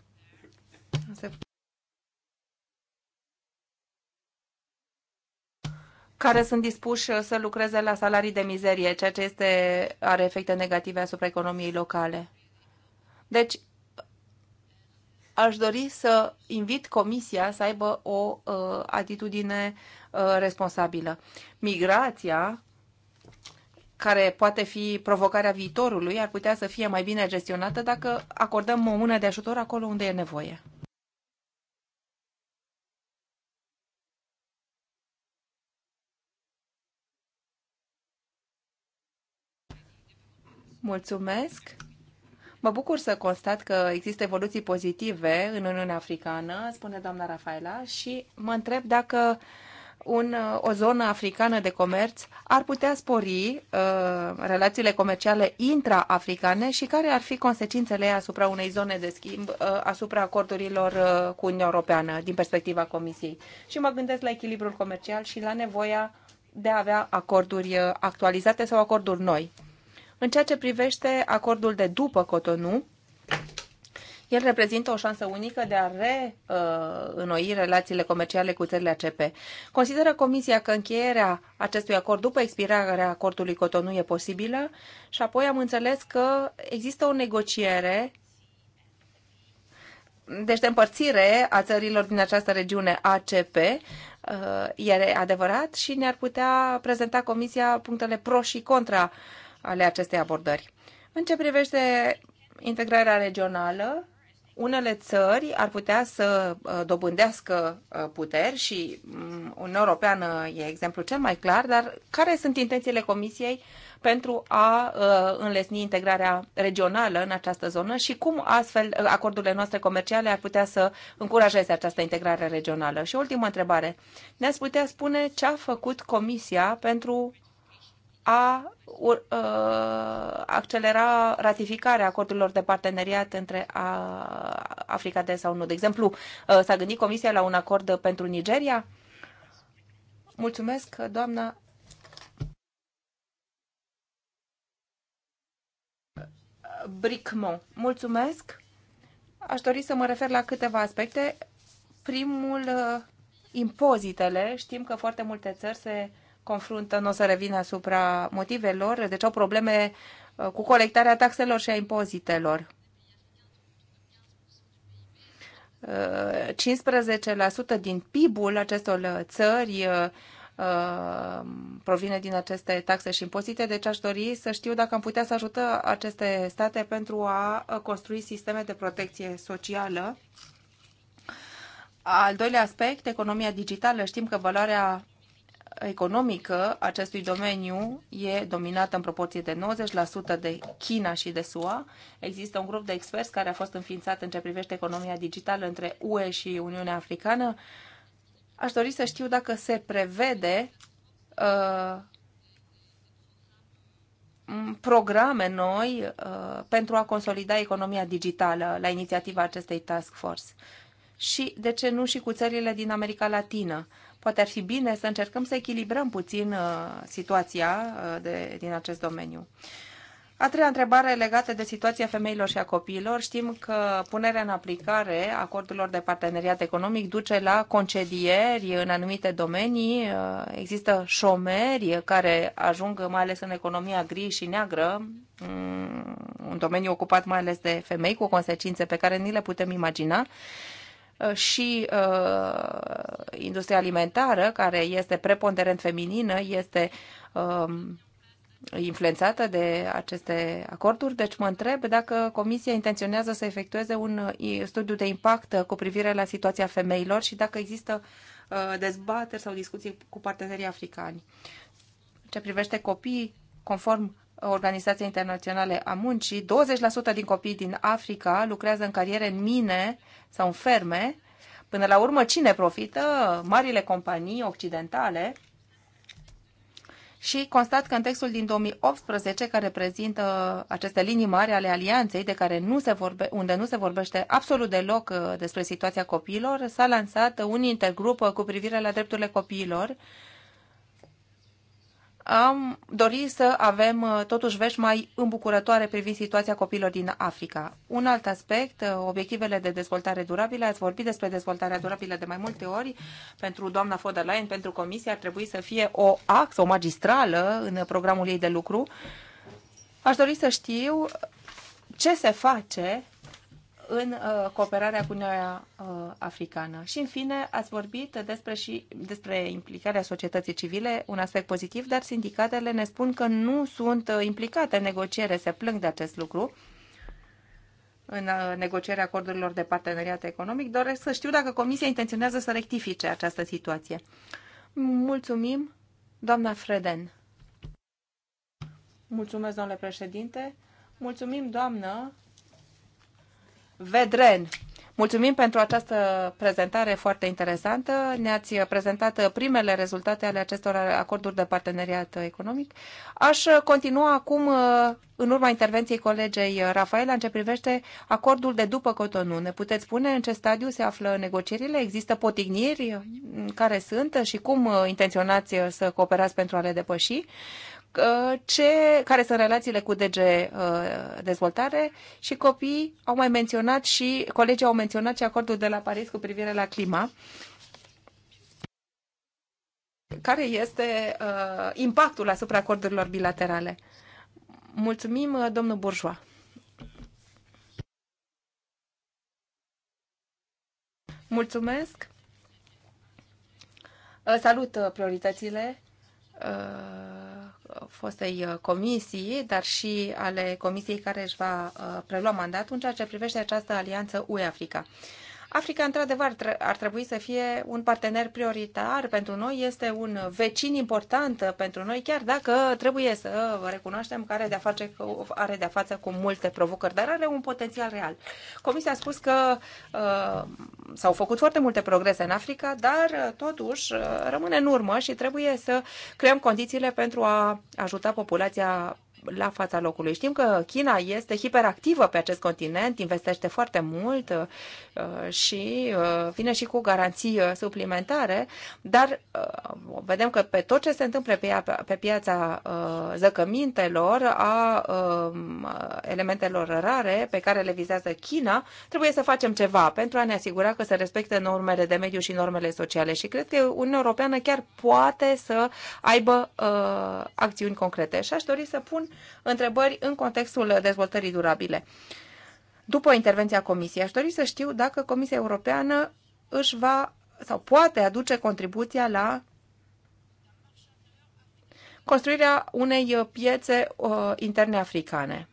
care sunt dispuși să lucreze la salarii de mizerie, ceea ce este, are efecte negative asupra economiei locale. Deci, aș dori să invit Comisia să aibă o uh, atitudine uh, responsabilă. Migrația care poate fi provocarea viitorului, ar putea să fie mai bine gestionată dacă acordăm o mână de ajutor acolo unde e nevoie. Mulțumesc! Mă bucur să constat că există evoluții pozitive în Uniunea Africană, spune doamna Rafaela, și mă întreb dacă uh, un, o zonă africană de comerț ar putea spori uh, relațiile comerciale intra-africane și care ar fi consecințele asupra unei zone de schimb, uh, asupra acordurilor uh, cu Uniunea Europeană din perspectiva Comisiei. Și mă gândesc la echilibrul comercial și la nevoia de a avea acorduri uh, actualizate sau acorduri noi. În ceea ce privește acordul de după Cotonou, el reprezintă o șansă unică de a reînnoi relațiile comerciale cu țările ACP. Consideră Comisia că încheierea acestui acord după expirarea acordului Cotonou e posibilă și apoi am înțeles că există o negociere deci de împărțire a țărilor din această regiune ACP, uh, e adevărat și ne-ar putea prezenta Comisia punctele pro și contra ale acestei abordări. În ce privește integrarea regională, unele țări ar putea să uh, dobândească uh, puteri și mm, Uniunea Europeană e exemplu cel mai clar, dar care sunt intențiile Comisiei pentru a uh, înlesni integrarea regională în această zonă și cum astfel acordurile noastre comerciale ar putea să încurajeze această integrare regională? Și ultima întrebare. Ne-ați putea spune ce a făcut Comisia pentru a ă, accelera ratificarea acordurilor de parteneriat între Africa de sau nu. De exemplu, ă, s-a gândit Comisia la un acord pentru Nigeria? Mulțumesc, doamna. Bricmo. Mulțumesc. Aș dori să mă refer la câteva aspecte. Primul, ă, impozitele. Știm că foarte multe țări se uh, confruntă, nu o să revin asupra motivelor, deci au probleme uh, cu colectarea taxelor și a impozitelor. 15% uh, din PIB-ul acestor uh, țări provine din aceste taxe și impozite, deci aș dori să știu dacă am putea să ajută aceste state pentru a construi sisteme de protecție socială. Al doilea aspect, economia digitală. Știm că valoarea economică acestui domeniu e dominată în proporție de 90% de China și de SUA. Există un grup de experți care a fost înființat în ce privește economia digitală între UE și Uniunea Africană. Aș dori să știu dacă se prevede uh, programe noi uh, pentru a consolida economia digitală la inițiativa acestei task force și, de ce nu, și cu țările din America Latină. Poate ar fi bine să încercăm să echilibrăm puțin uh, situația uh, de, din acest domeniu. A treia întrebare legată de situația femeilor și a copiilor. Știm că punerea în aplicare acordurilor de parteneriat economic duce la concedieri în anumite domenii. Uh, există șomeri care ajung mai ales în economia gri și neagră, mm, un domeniu ocupat mai ales de femei, cu consecințe pe care ni le putem imagina. Uh, și uh, industria alimentară, care este preponderent feminină, este uh, influențată de aceste acorduri. Deci mă întreb dacă Comisia intenționează să efectueze un studiu de impact cu privire la situația femeilor și dacă există uh, dezbateri sau discuții cu partenerii africani. Ce privește copiii, conform Organizația Internaționale a Muncii, 20% din copiii din Africa lucrează în cariere în mine sau în ferme. Până la urmă, cine profită? Marile companii occidentale. Și constat că în textul din 2018, care prezintă aceste linii mari ale alianței, de care nu se vorbe, unde nu se vorbește absolut deloc uh, despre situația copiilor, s-a lansat un intergrup uh, cu privire la drepturile copiilor, uh, am dorit să avem uh, totuși vești mai îmbucurătoare privind situația copiilor din Africa. Un alt aspect, uh, obiectivele de dezvoltare durabilă, ați vorbit despre dezvoltarea durabilă de mai multe ori. Pentru doamna von pentru comisie, ar trebui să fie o axă, o magistrală în programul ei de lucru. Aș dori să știu ce se face în uh, cooperarea cu Uniunea uh, Africană. Și, în fine, ați vorbit despre, și, despre implicarea societății civile, un aspect pozitiv, dar sindicatele ne spun că nu sunt uh, implicate în negociere, se plâng de acest lucru în negocierea acordurilor de parteneriat economic. Doresc să știu dacă Comisia intenționează să rectifice această situație. Mulțumim, doamna Freden. Mulțumesc, domnule președinte. Mulțumim, doamnă, Vedren. Mulțumim pentru această prezentare foarte interesantă. Ne-ați prezentat primele rezultate ale acestor acorduri de parteneriat economic. Aș continua acum, uh, în urma intervenției colegei Rafaela, în ce privește acordul de după Cotonou. Ne puteți spune în ce stadiu se află negocierile? Există potigniri care sunt și cum uh, intenționați să cooperați pentru a le depăși? ce, care sunt relațiile cu DG uh, Dezvoltare și copiii au mai menționat și colegii au menționat și acordul de la Paris cu privire la clima care este uh, impactul asupra acordurilor bilaterale. Mulțumim, uh, domnul Burjoa. Mulțumesc. Uh, salut prioritățile fostei uh, comisii, dar și ale comisiei care își va uh, prelua mandatul în ceea ce privește această alianță UE-Africa. Africa, într-adevăr, ar trebui să fie un partener prioritar pentru noi, este un vecin important pentru noi, chiar dacă trebuie să recunoaștem că are de-a, face, are de-a față cu multe provocări, dar are un potențial real. Comisia a spus că uh, s-au făcut foarte multe progrese în Africa, dar uh, totuși uh, rămâne în urmă și trebuie să creăm condițiile pentru a ajuta populația la fața locului. Știm că China este hiperactivă pe acest continent, investește foarte mult uh, și uh, vine și cu garanții uh, suplimentare, dar vedem că pe tot ce se întâmplă pe piața zăcămintelor, a um, elementelor rare pe care le vizează China, trebuie să facem ceva pentru a ne asigura că se respectă normele de mediu și normele sociale și cred că Uniunea Europeană chiar poate să aibă acțiuni concrete. Și aș dori să pun întrebări în contextul dezvoltării durabile. După intervenția Comisiei, aș dori să știu dacă Comisia Europeană își va sau poate aduce contribuția la construirea unei piețe uh, interne africane.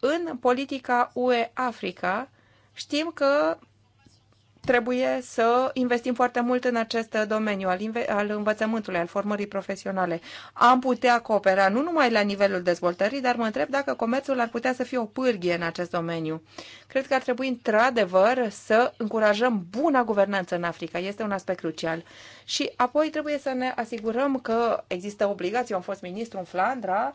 În politica UE-Africa știm că trebuie să investim foarte mult în acest domeniu al, al învățământului, al formării profesionale. Am putea coopera nu numai la nivelul dezvoltării, dar mă întreb dacă comerțul ar putea să fie o pârghie în acest domeniu. Cred că ar trebui într-adevăr să încurajăm buna guvernanță în Africa. Este un aspect crucial. Și apoi trebuie să ne asigurăm că există obligații. Eu am fost ministru în Flandra,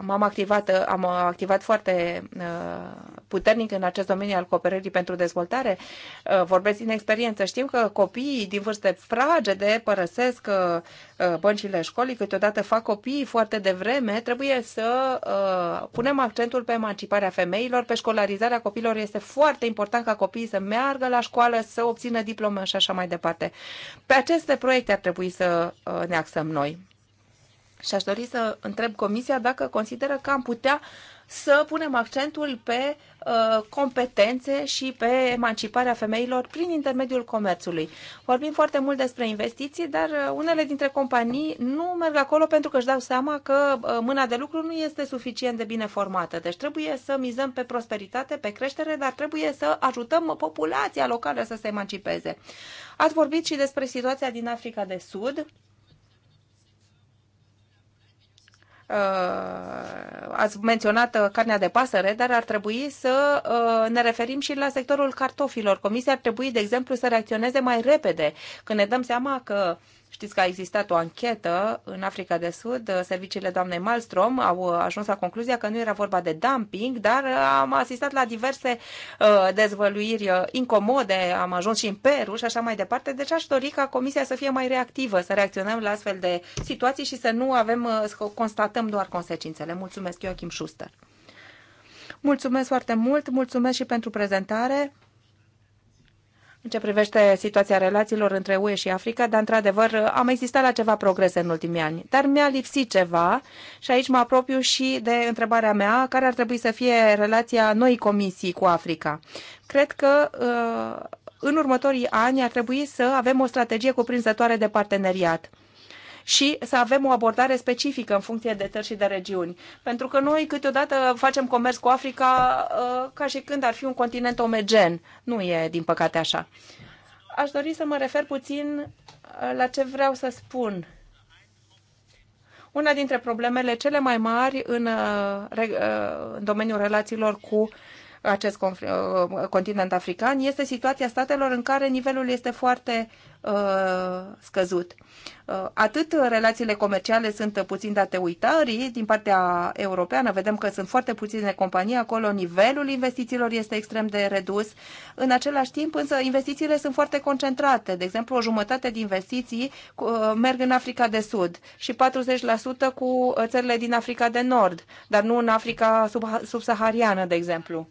m-am uh, activat, am activat foarte uh, puternic în acest domeniu al cooperării pentru dezvoltare. Uh, vorbesc din experiență, știm că copiii din vârste fragede părăsesc uh, uh, băncile școlii, câteodată fac copiii foarte devreme, trebuie să punem accentul pe emanciparea femeilor, pe școlarizarea copiilor. Este foarte important ca copiii să meargă la școală, să obțină diplome și așa mai departe. Pe aceste proiecte ar trebui să ne axăm noi. Și aș dori să întreb Comisia dacă consideră că am putea să punem accentul pe uh, competențe și pe emanciparea femeilor prin intermediul comerțului. Vorbim foarte mult despre investiții, dar uh, unele dintre companii nu merg acolo pentru că își dau seama că uh, mâna de lucru nu este suficient de bine formată. Deci trebuie să mizăm pe prosperitate, pe creștere, dar trebuie să ajutăm populația locală să se emancipeze. Ați vorbit și despre situația din Africa de Sud Uh, ați menționat uh, carnea de pasăre, dar ar trebui să uh, ne referim și la sectorul cartofilor. Comisia ar trebui, de exemplu, să reacționeze mai repede când ne dăm seama că uh, Știți că a existat o anchetă în Africa de Sud, serviciile doamnei Malmström au uh, ajuns la concluzia că nu era vorba de dumping, dar uh, am asistat la diverse uh, dezvăluiri incomode, am ajuns și în Peru și așa mai departe, deci aș dori ca Comisia să fie mai reactivă, să reacționăm la astfel de situații și să nu avem, să constatăm doar consecințele. Mulțumesc, Joachim Schuster. Mulțumesc foarte mult, mulțumesc și pentru prezentare în ce privește situația relațiilor între UE și Africa, dar într-adevăr am existat la ceva progrese în ultimii ani. Dar mi-a lipsit ceva și aici mă apropiu și de întrebarea mea, care ar trebui să fie relația noii comisii cu Africa. Cred că uh, în următorii ani ar trebui să avem o strategie cuprinzătoare de parteneriat și să avem o abordare specifică în funcție de țări și de regiuni. Pentru că noi câteodată facem comerț cu Africa uh, ca și când ar fi un continent omegen. Nu e, din păcate, așa. Aș dori să mă refer puțin uh, la ce vreau să spun. Una dintre problemele cele mai mari în, uh, în domeniul relațiilor cu acest uh, continent african este situația statelor în care nivelul este foarte uh, scăzut. Uh, atât relațiile comerciale sunt puțin date uitării din partea europeană, vedem că sunt foarte puține companii acolo, nivelul investițiilor este extrem de redus. În același timp, însă, investițiile sunt foarte concentrate. De exemplu, o jumătate din investiții uh, merg în Africa de Sud și 40% cu țările din Africa de Nord, dar nu în Africa subsahariană, de exemplu.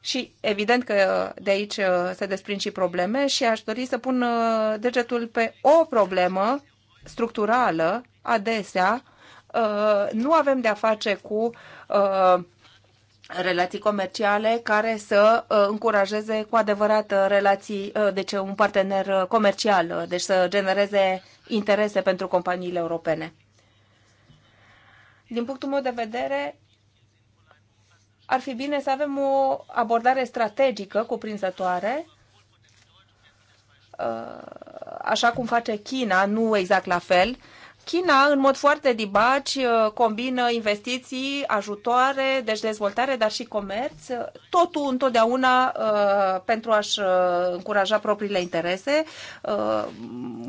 Și evident că de aici uh, se desprind și probleme și aș dori să pun uh, degetul pe o problemă structurală, adesea, uh, nu avem de-a face cu relații comerciale care să încurajeze cu adevărat relații, deci un partener comercial, deci să genereze interese pentru companiile europene. Din punctul meu de vedere, ar fi bine să avem o abordare strategică cuprinzătoare, uh, așa cum face China, nu exact la fel. China, în mod foarte dibaci, uh, combină investiții, ajutoare, deci dezvoltare, dar și comerț, totul întotdeauna uh, pentru a-și încuraja propriile interese,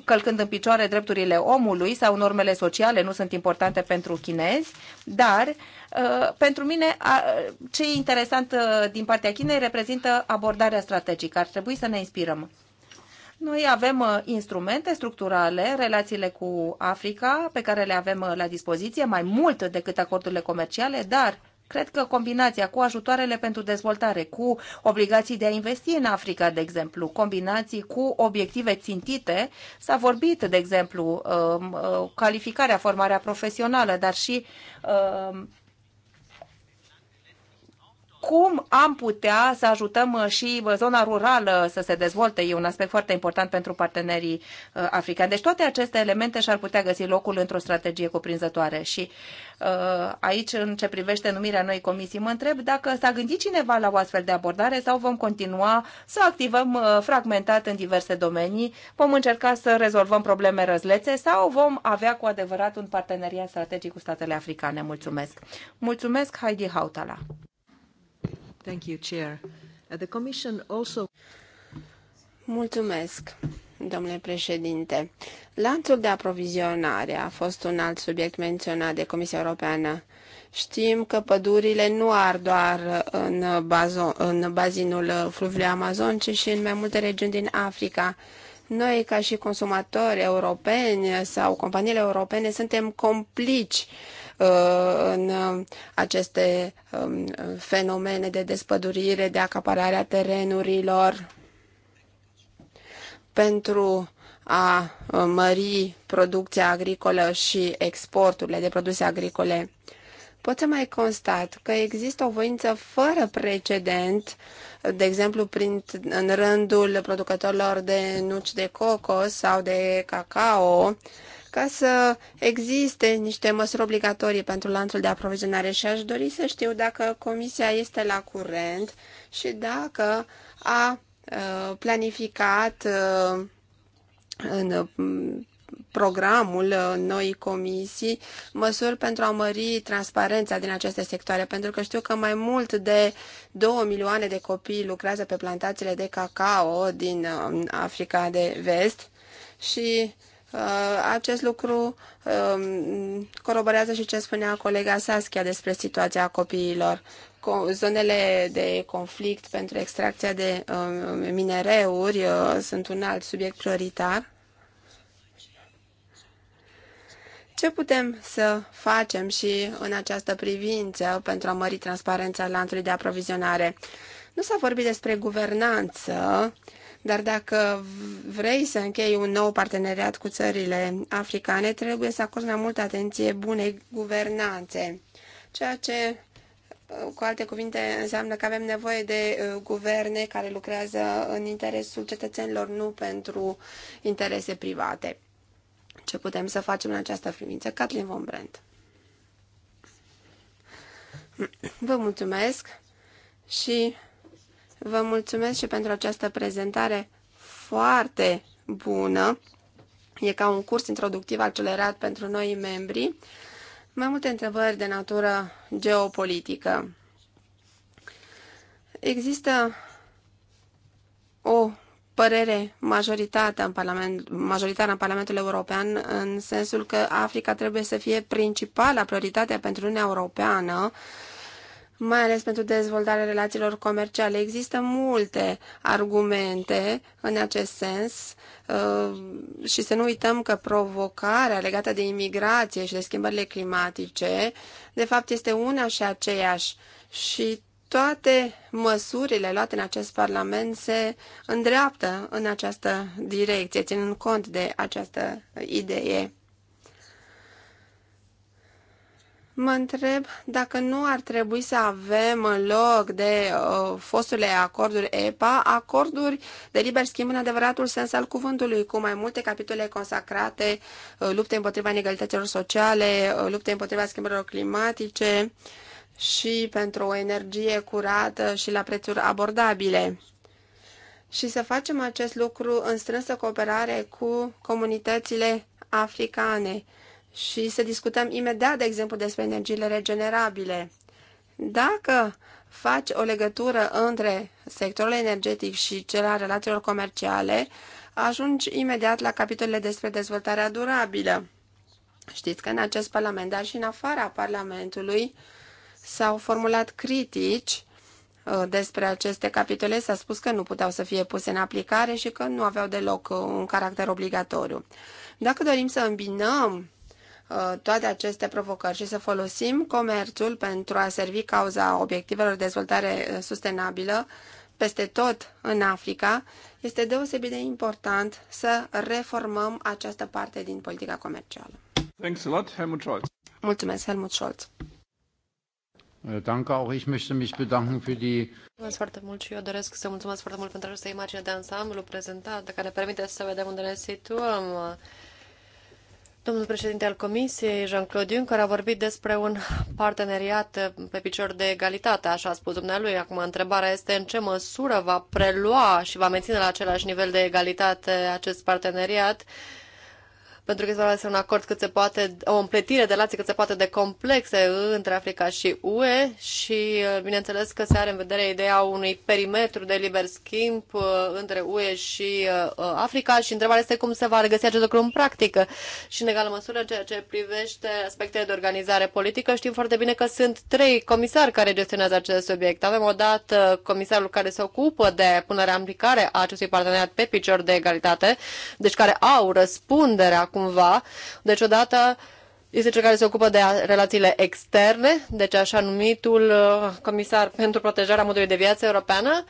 călcând în picioare drepturile omului sau normele sociale, nu sunt importante pentru chinezi, dar uh, Uh, pentru mine, ce e interesant uh, din partea Chinei reprezintă abordarea strategică. Ar trebui să ne inspirăm. Noi avem uh, instrumente structurale, relațiile cu Africa, pe care le avem la dispoziție, mai mult decât acordurile comerciale, dar cred că combinația cu ajutoarele pentru dezvoltare, cu obligații de a investi în Africa, de exemplu, combinații cu obiective țintite, s-a vorbit, de exemplu, um, calificarea, formarea profesională, dar și um, cum am putea să ajutăm uh, și uh, zona rurală să se dezvolte. E un aspect foarte important pentru partenerii uh, africani. Deci toate aceste elemente și-ar putea găsi locul într-o strategie cuprinzătoare. Și aici, în ce privește numirea noi comisii, mă întreb dacă s-a gândit cineva la o astfel de abordare sau vom continua să activăm fragmentat în diverse domenii, vom încerca să rezolvăm probleme răzlețe sau vom avea cu adevărat un parteneriat strategic cu statele africane. Mulțumesc! Mulțumesc, Heidi Hautala! Uh, Mulțumesc, domnule președinte. Lanțul de aprovizionare a fost un alt subiect menționat de Comisia Europeană. Știm că pădurile nu ar doar în, bazo- în bazinul fluviului Amazon, ci și în mai multe regiuni din Africa. Noi, ca și consumatori europeni sau companiile europene, suntem complici uh, Uh, în uh, aceste um, fenomene de despădurire, de acaparare a terenurilor, pentru a uh, mări producția agricolă și exporturile de produse agricole. Pot să mai constat că există o voință fără precedent, de exemplu prin, în rândul producătorilor de nuci de cocos sau de cacao, ca să existe niște măsuri obligatorii pentru lanțul de aprovizionare și aș dori să știu dacă Comisia este la curent și dacă a uh, planificat uh, în mm, programul uh, noi comisii măsuri pentru a mări transparența din aceste sectoare, pentru că știu că mai mult de 2 milioane de copii lucrează pe plantațiile de cacao din Africa de Vest și Uh, acest lucru um, coroborează și ce spunea colega Saskia despre situația copiilor. Zonele de conflict pentru extracția de um, minereuri uh, sunt un alt subiect prioritar. Ce putem să facem și în această privință pentru a mări transparența lanțului de aprovizionare? Nu s-a vorbit despre guvernanță dar dacă vrei să închei un nou parteneriat cu țările africane, trebuie să acorzi mai multă atenție bunei guvernanțe, ceea ce cu alte cuvinte, înseamnă că avem nevoie de uh, guverne care lucrează în interesul cetățenilor, nu pentru interese private. Ce putem să facem în această privință? Catlin von Brandt. Vă mulțumesc și Vă mulțumesc și pentru această prezentare foarte bună. E ca un curs introductiv accelerat pentru noi membri. Mai multe întrebări de natură geopolitică. Există o părere majoritară în, Parlament, majoritară în Parlamentul European în sensul că Africa trebuie să fie principala prioritate pentru Uniunea Europeană mai ales pentru dezvoltarea relațiilor comerciale. Există multe argumente în acest sens uh, și să nu uităm că provocarea legată de imigrație și de schimbările climatice, de fapt, este una și aceeași și toate măsurile luate în acest Parlament se îndreaptă în această direcție, ținând cont de această idee. Mă întreb dacă nu ar trebui să avem în loc de uh, fostele acorduri EPA, acorduri de liber schimb în adevăratul sens al cuvântului, cu mai multe capitole consacrate, uh, lupte împotriva inegalităților sociale, uh, lupte împotriva schimbărilor climatice și pentru o energie curată și la prețuri abordabile. Și să facem acest lucru în strânsă cooperare cu comunitățile africane și să discutăm imediat, de exemplu, despre energiile regenerabile. Dacă faci o legătură între sectorul energetic și cel al relațiilor comerciale, ajungi imediat la capitolele despre dezvoltarea durabilă. Știți că în acest parlament, dar și în afara parlamentului, s-au formulat critici uh, despre aceste capitole s-a spus că nu puteau să fie puse în aplicare și că nu aveau deloc uh, un caracter obligatoriu. Dacă dorim să îmbinăm Uh, toate aceste provocări și să folosim comerțul pentru a servi cauza obiectivelor de dezvoltare uh, sustenabilă peste tot în Africa, este deosebit de important să reformăm această parte din politica comercială. Thanks a lot, Helmut Scholz. Mulțumesc, Helmut Scholz. Äh, danke auch. Ich möchte mich bedanken für die Mulțumesc foarte mult și eu doresc să mulțumesc foarte mult pentru această imagine de ansamblu prezentată care permite să vedem unde ne situăm Domnul președinte al Comisiei, Jean-Claude Juncker, a vorbit despre un parteneriat pe picior de egalitate, așa a spus dumnealui. Acum, întrebarea este în ce măsură va prelua și va menține la același nivel de egalitate acest parteneriat pentru că este un acord cât se poate, o împletire de relații cât se poate de complexe între Africa și UE și uh, bineînțeles că se are în vedere ideea unui perimetru de liber schimb uh, între UE și uh, Africa și întrebarea este cum se va regăsi acest lucru în practică și în egală măsură în ceea ce privește aspectele de organizare politică. Știm foarte bine că sunt trei comisari care gestionează acest subiect. Avem odată comisarul care se ocupă de punerea în aplicare a acestui parteneriat pe picior de egalitate, deci care au răspunderea acum cumva. Deci odată este cel care se ocupă de relațiile externe, deci așa numitul uh, comisar pentru protejarea modului de viață europeană,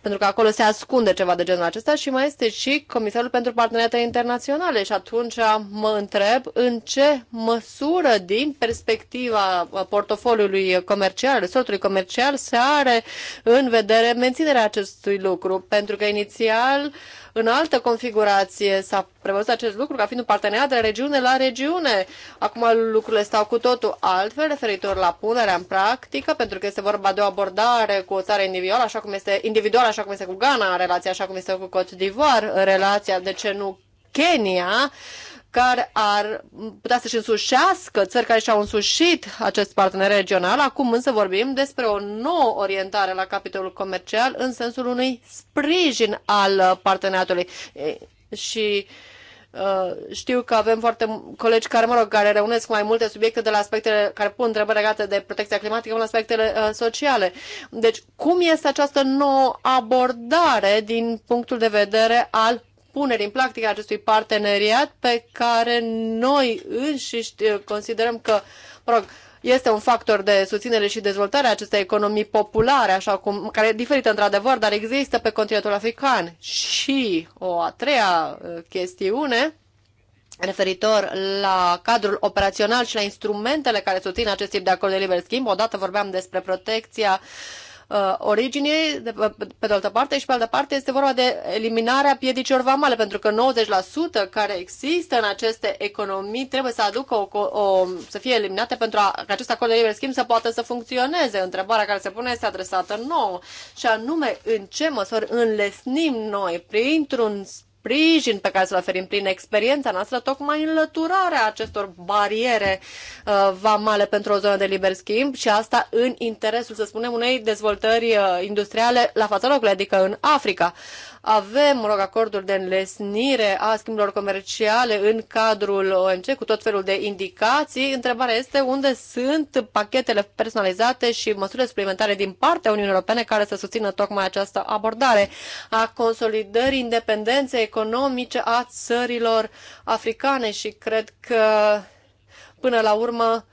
pentru că acolo se ascunde ceva de genul acesta și mai este și comisarul pentru parteneriate internaționale și atunci mă întreb în ce măsură din perspectiva uh, portofoliului comercial, resortului comercial, se are în vedere menținerea acestui lucru, pentru că inițial uh, în altă configurație. S-a prevăzut acest lucru ca fiind un parteneriat de regiune la regiune. Acum lucrurile stau cu totul altfel referitor la punerea în practică, pentru că este vorba de o abordare cu o țară individuală, așa cum este, individual, așa cum este cu Ghana, în relația așa cum este cu Cote d'Ivoire, în relația, de ce nu, Kenya, care ar putea să-și însușească țări care și-au însușit acest partener regional. Acum însă vorbim despre o nouă orientare la capitolul comercial în sensul unui sprijin al parteneriatului. Și Uh, știu că avem foarte colegi care, mă rog, care reunesc mai multe subiecte de la aspectele care pun întrebări legate de protecția climatică la aspectele uh, sociale. Deci, cum este această nouă abordare din punctul de vedere al punerii în practică acestui parteneriat pe care noi înșiși eh, considerăm că, mă rog, este un factor de susținere și dezvoltare a acestei economii populare, așa cum, care e diferită într-adevăr, dar există pe continentul african. Și o a treia eh, chestiune referitor la cadrul operațional și la instrumentele care susțin acest tip de acord de liber schimb. Odată vorbeam despre protecția uh, uh, de, pe, de altă parte, și pe altă parte este vorba de eliminarea piedicilor vamale, pentru că 90% care există în aceste economii trebuie să aducă o, o, să fie eliminate pentru a, ca acest acord de liber schimb să poată să funcționeze. Întrebarea care se pune este adresată nouă, și anume în ce măsori înlesnim noi printr-un sprijin pe care să-l oferim prin experiența noastră, tocmai înlăturarea acestor bariere uh, vamale pentru o zonă de liber schimb și asta în interesul, să spunem, unei dezvoltări uh, industriale la fața locului, adică în Africa. Avem, mă rog, acorduri de înlesnire a schimburilor comerciale în cadrul OMC cu tot felul de indicații. Întrebarea este unde sunt pachetele personalizate și măsurile suplimentare din partea Uniunii Europene care să susțină tocmai această abordare a consolidării independenței economice a țărilor africane și cred că până la urmă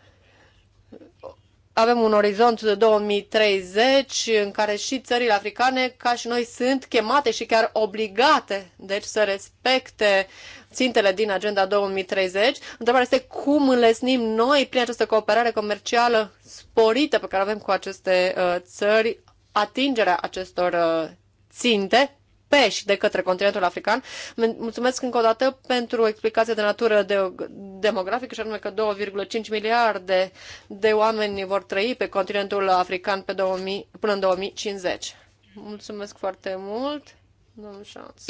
avem un orizont de 2030 în care și țările africane, ca și noi, sunt chemate și chiar obligate, deci să respecte țintele din Agenda 2030. Întrebarea este cum înlesnim noi, prin această cooperare comercială sporită pe care avem cu aceste uh, țări, atingerea acestor uh, ținte pești de către continentul african. Mulțumesc încă o dată pentru explicația de natură de, demografică și anume că 2,5 miliarde de oameni vor trăi pe continentul african pe 2000, până în 2050. Mulțumesc foarte mult. Domnul Șanț.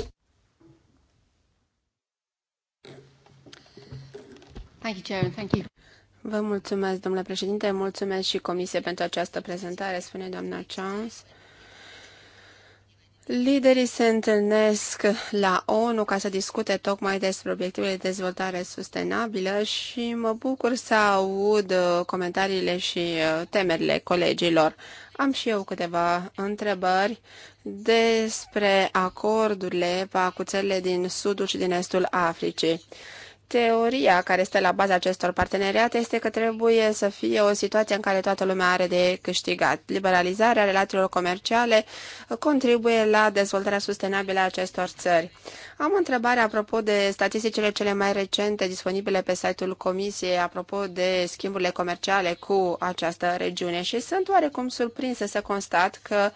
Thank you, Chair, thank you. Vă mulțumesc, domnule președinte, mulțumesc și comisie pentru această prezentare, spune doamna Chance. Liderii se întâlnesc la ONU ca să discute tocmai despre obiectivele de dezvoltare sustenabilă și mă bucur să aud uh, comentariile și uh, temerile colegilor. Am și eu câteva întrebări despre acordurile cu țările din sudul și din estul Africii. Teoria care stă la baza acestor parteneriate este că trebuie să fie o situație în care toată lumea are de câștigat. Liberalizarea relațiilor comerciale contribuie la dezvoltarea sustenabilă a acestor țări. Am o întrebare apropo de statisticile cele mai recente disponibile pe site-ul Comisiei, apropo de schimburile comerciale cu această regiune și sunt oarecum surprinsă să constat că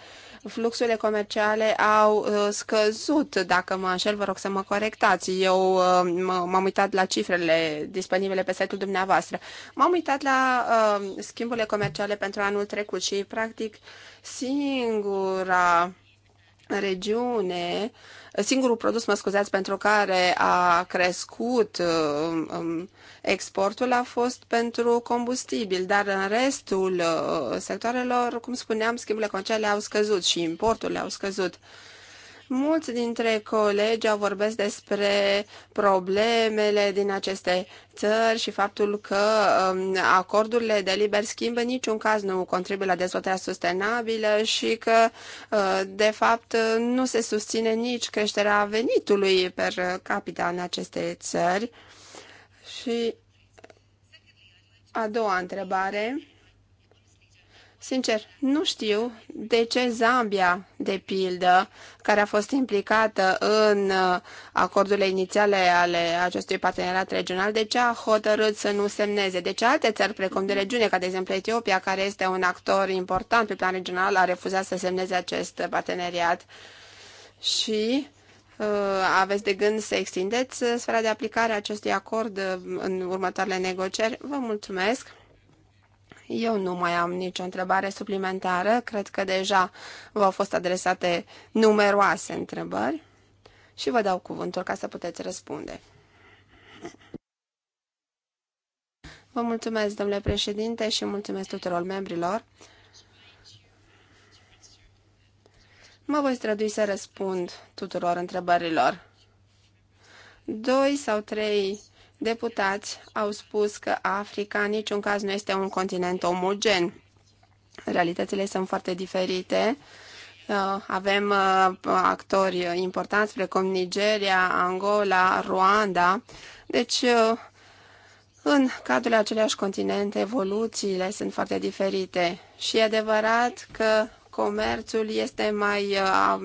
fluxurile comerciale au uh, scăzut. Dacă mă înșel, vă rog să mă corectați. Eu uh, m-am uitat la cifrele disponibile pe site-ul dumneavoastră. M-am uitat la uh, schimburile comerciale pentru anul trecut și, practic, singura regiune uh, singurul produs, mă scuzați, pentru care a crescut uh, um, um, exportul a fost pentru combustibil, dar în restul uh, sectoarelor, cum spuneam, schimburile comerciale au scăzut și importurile au scăzut. Mulți dintre colegi au vorbesc despre problemele din aceste țări și faptul că um, acordurile de liber schimb în niciun caz nu contribuie la dezvoltarea sustenabilă și că, uh, de fapt, nu se susține nici creșterea venitului per capita în aceste țări. Și a doua întrebare. Sincer, nu știu de ce Zambia, de pildă, care a fost implicată în uh, acordurile inițiale ale acestui parteneriat regional, de ce a hotărât să nu semneze. De ce alte țări, precum de regiune, ca de exemplu Etiopia, care este un actor important pe plan regional, a refuzat să semneze acest parteneriat. Și uh, aveți de gând să extindeți sfera de aplicare a acestui acord uh, în următoarele negocieri. Vă mulțumesc! Eu nu mai am nicio întrebare suplimentară. Cred că deja v-au fost adresate numeroase întrebări și vă dau cuvântul ca să puteți răspunde. Vă mulțumesc, domnule președinte, și mulțumesc tuturor membrilor. Mă voi strădui să răspund tuturor întrebărilor. Doi sau trei Deputați au spus că Africa în niciun caz nu este un continent omogen. Realitățile sunt foarte diferite. Uh, avem uh, actori importanți precum Nigeria, Angola, Ruanda. Deci, uh, în cadrul aceleași continente, evoluțiile sunt foarte diferite și e adevărat că comerțul este mai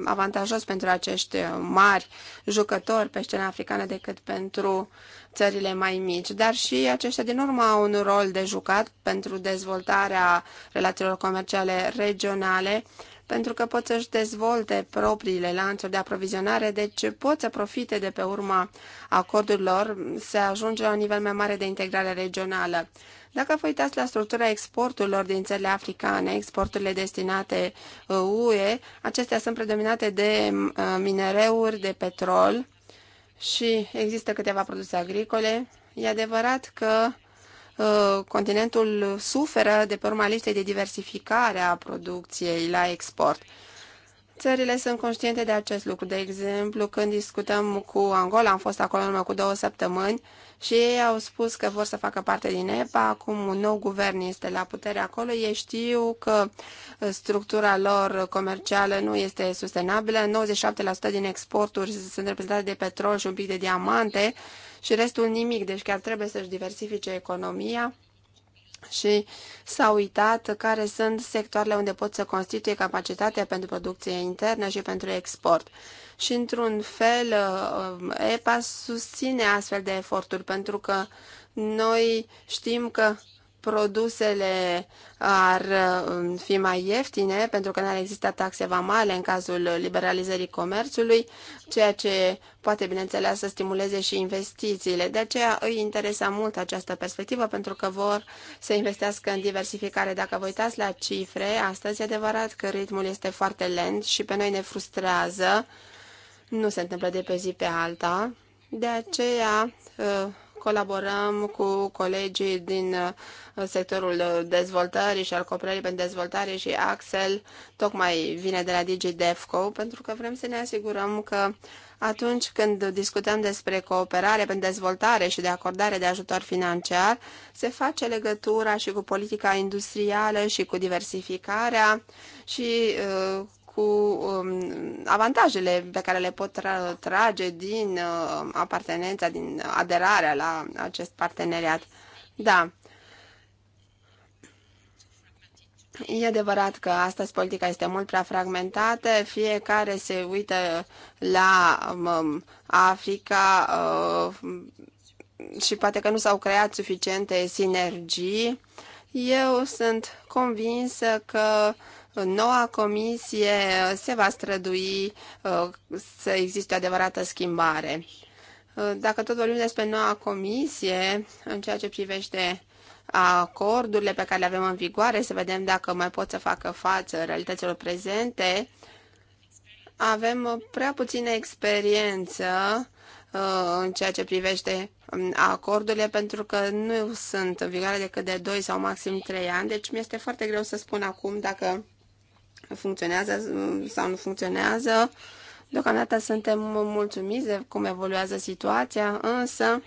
avantajos pentru acești mari jucători pe scena africană decât pentru țările mai mici, dar și aceștia din urmă au un rol de jucat pentru dezvoltarea relațiilor comerciale regionale, pentru că pot să-și dezvolte propriile lanțuri de aprovizionare, deci pot să profite de pe urma acordurilor, să ajunge la un nivel mai mare de integrare regională. Dacă vă uitați la structura exporturilor din țările africane, exporturile destinate UE, uh, acestea sunt predominate de uh, minereuri, de petrol, și există câteva produse agricole. E adevărat că uh, continentul suferă de pe urma listei de diversificare a producției la export. Țările sunt conștiente de acest lucru. De exemplu, când discutăm cu Angola, am fost acolo numai cu două săptămâni, și ei au spus că vor să facă parte din EPA, acum un nou guvern este la putere acolo, ei știu că structura lor comercială nu este sustenabilă, 97% din exporturi sunt reprezentate de petrol și un pic de diamante și restul nimic, deci chiar trebuie să-și diversifice economia și s-a uitat care sunt sectoarele unde pot să constituie capacitatea pentru producție internă și pentru export și, într-un fel, uh, EPA susține astfel de eforturi, pentru că noi știm că produsele ar uh, fi mai ieftine, pentru că n-ar exista taxe vamale în cazul liberalizării comerțului, ceea ce poate, bineînțeles, să stimuleze și investițiile. De aceea îi interesa mult această perspectivă, pentru că vor să investească în diversificare. Dacă vă uitați la cifre, astăzi e adevărat că ritmul este foarte lent și pe noi ne frustrează nu se întâmplă de pe zi pe alta. De aceea uh, colaborăm cu colegii din uh, sectorul dezvoltării și al cooperării pentru dezvoltare și Axel tocmai vine de la DigiDevCo pentru că vrem să ne asigurăm că atunci când discutăm despre cooperare pentru dezvoltare și de acordare de ajutor financiar, se face legătura și cu politica industrială și cu diversificarea și uh, cu um, avantajele pe care le pot tra- trage din uh, apartenența, din aderarea la acest parteneriat. Da. E adevărat că astăzi politica este mult prea fragmentată, fiecare se uită la um, um Africa uh, și poate că nu s-au creat suficiente sinergii. Eu sunt convinsă că noua comisie uh, se va strădui uh, să existe o adevărată schimbare. Uh, dacă tot vorbim despre noua comisie, în ceea ce privește acordurile pe care le avem în vigoare, să vedem dacă mai pot să facă față realităților prezente, avem prea puțină experiență în ceea ce privește um, acordurile, pentru că nu sunt în vigoare decât de 2 sau maxim 3 ani, deci mi-este foarte greu să spun acum dacă funcționează sau nu funcționează. Deocamdată suntem mulțumiți de cum evoluează situația, însă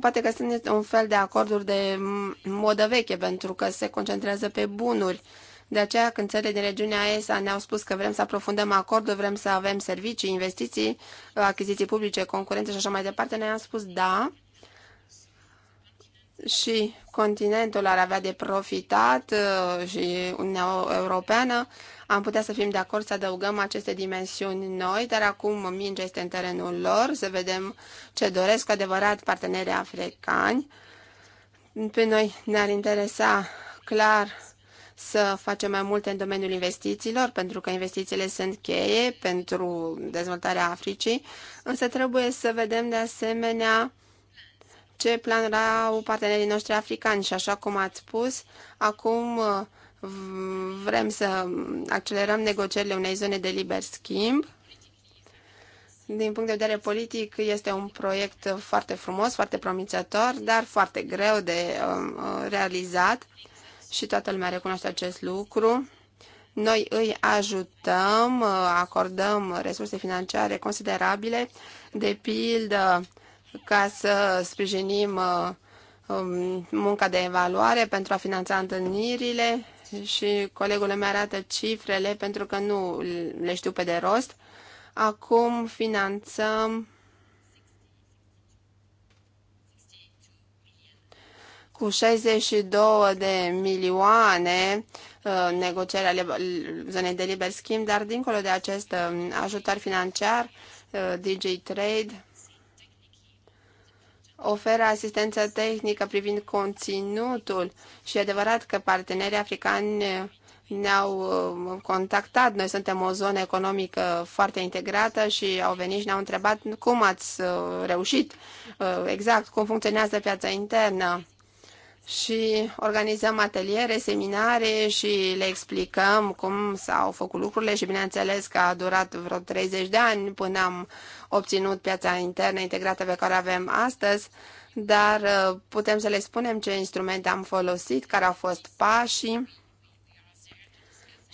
poate că sunt un fel de acorduri de modă veche, pentru că se concentrează pe bunuri. De aceea, când țările din regiunea ESA ne-au spus că vrem să aprofundăm acordul, vrem să avem servicii, investiții, achiziții publice, concurențe și așa mai departe, ne am spus da, și continentul ar avea de profitat uh, și Uniunea Europeană, am putea să fim de acord să adăugăm aceste dimensiuni noi, dar acum mingea este în terenul lor, să vedem ce doresc adevărat partenerii africani. Pe noi ne-ar interesa clar să facem mai multe în domeniul investițiilor, pentru că investițiile sunt cheie pentru dezvoltarea Africii, însă trebuie să vedem de asemenea ce plan au partenerii noștri africani și așa cum ați spus, acum vrem să accelerăm negocierile unei zone de liber schimb. Din punct de vedere politic, este un proiect foarte frumos, foarte promițător, dar foarte greu de um, realizat și toată lumea recunoaște acest lucru. Noi îi ajutăm, uh, acordăm resurse financiare considerabile, de pildă ca să sprijinim uh, um, munca de evaluare pentru a finanța întâlnirile și colegul meu arată cifrele pentru că nu le știu pe de rost. Acum finanțăm cu 62 de milioane uh, negocierea zonei de liber schimb, dar dincolo de acest uh, ajutor financiar, DJ Trade oferă asistență tehnică privind conținutul și e adevărat că partenerii africani ne-au uh, contactat. Noi suntem o zonă economică foarte integrată și au venit și ne-au întrebat cum ați uh, reușit uh, exact, cum funcționează piața internă și organizăm ateliere, seminare și le explicăm cum s-au făcut lucrurile și bineînțeles că a durat vreo 30 de ani până am obținut piața internă integrată pe care avem astăzi, dar uh, putem să le spunem ce instrumente am folosit, care au fost pașii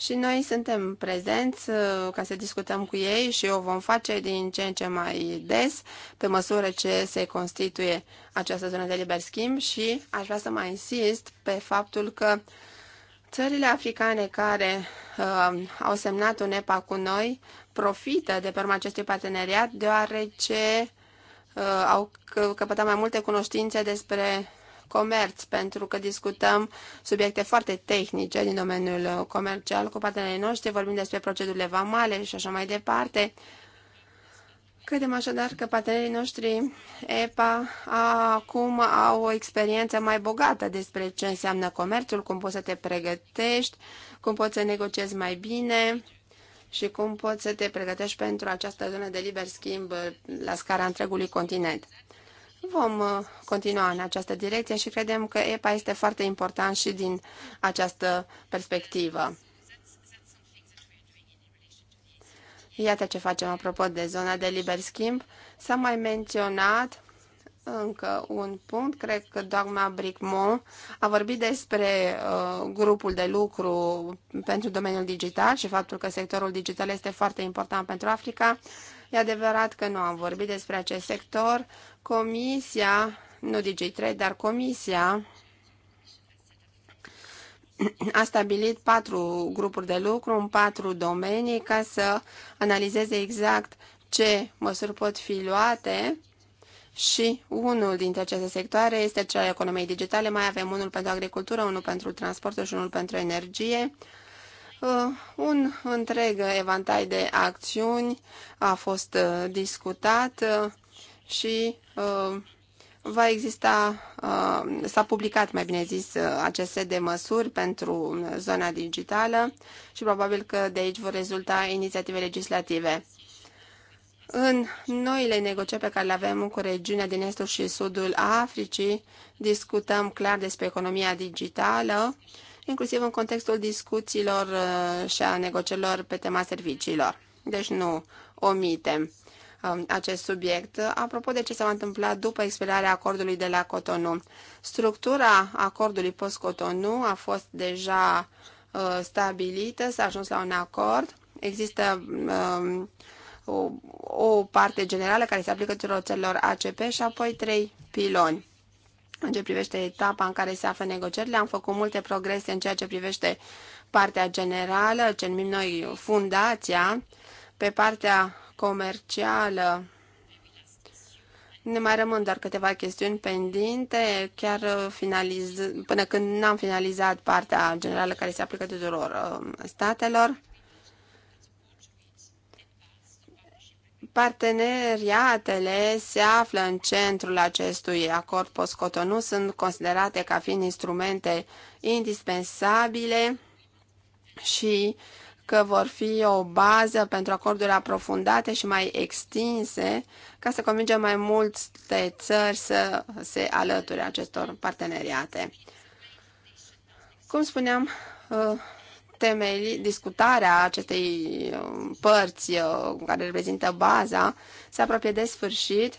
și noi suntem prezenți uh, ca să discutăm cu ei și o vom face din ce în ce mai des, pe măsură ce se constituie această zonă de liber schimb și aș vrea să mai insist pe faptul că țările africane care uh, au semnat un EPA cu noi profită de pe urma acestui parteneriat deoarece uh, au căpătat mai multe cunoștințe despre comerț, pentru că discutăm subiecte foarte tehnice din domeniul comercial cu partenerii noștri, vorbim despre procedurile vamale și așa mai departe. Credem așadar că partenerii noștri EPA acum au o experiență mai bogată despre ce înseamnă comerțul, cum poți să te pregătești, cum poți să negociezi mai bine și cum poți să te pregătești pentru această zonă de liber schimb la scara întregului continent. Vom uh, continua în această direcție și credem că EPA este foarte important și din această perspectivă. Iată ce facem apropo de zona de liber schimb. S-a mai menționat încă un punct, cred că doamna Bricmont a vorbit despre uh, grupul de lucru pentru domeniul digital și faptul că sectorul digital este foarte important pentru Africa. Uh, E adevărat că nu am vorbit despre acest sector. Comisia, nu DG3, dar Comisia a stabilit patru grupuri de lucru în patru domenii ca să analizeze exact ce măsuri pot fi luate și unul dintre aceste sectoare este cel al economiei digitale, mai avem unul pentru agricultură, unul pentru transportul și unul pentru energie. Uh, un întreg evantai de acțiuni a fost uh, discutat uh, și va exista, s-a publicat, mai bine zis, acest set de măsuri pentru zona digitală și probabil că de aici vor rezulta inițiative legislative. În noile negocieri pe care le avem cu regiunea din estul și sudul Africii, discutăm clar despre economia digitală inclusiv în contextul discuțiilor uh, și a negocierilor pe tema serviciilor. Deci nu omitem um, acest subiect. Apropo de ce s-a întâmplat după expirarea acordului de la Cotonou, structura acordului post-Cotonou a fost deja uh, stabilită, s-a ajuns la un acord. Există um, o, o parte generală care se aplică tuturor țărilor ACP și apoi trei piloni. În ce privește etapa în care se află negocierile, am făcut multe progrese în ceea ce privește partea generală, ce numim noi fundația, pe partea comercială. Ne mai rămân doar câteva chestiuni pendinte, chiar finaliz... până când n-am finalizat partea generală care se aplică tuturor uh, statelor. Parteneriatele se află în centrul acestui acord post-Cotonou, sunt considerate ca fiind instrumente indispensabile și că vor fi o bază pentru acorduri aprofundate și mai extinse ca să convingem mai multe țări să se alăture acestor parteneriate. Cum spuneam, uh, temeli, discutarea acestei um, părți uh, care reprezintă baza se apropie de sfârșit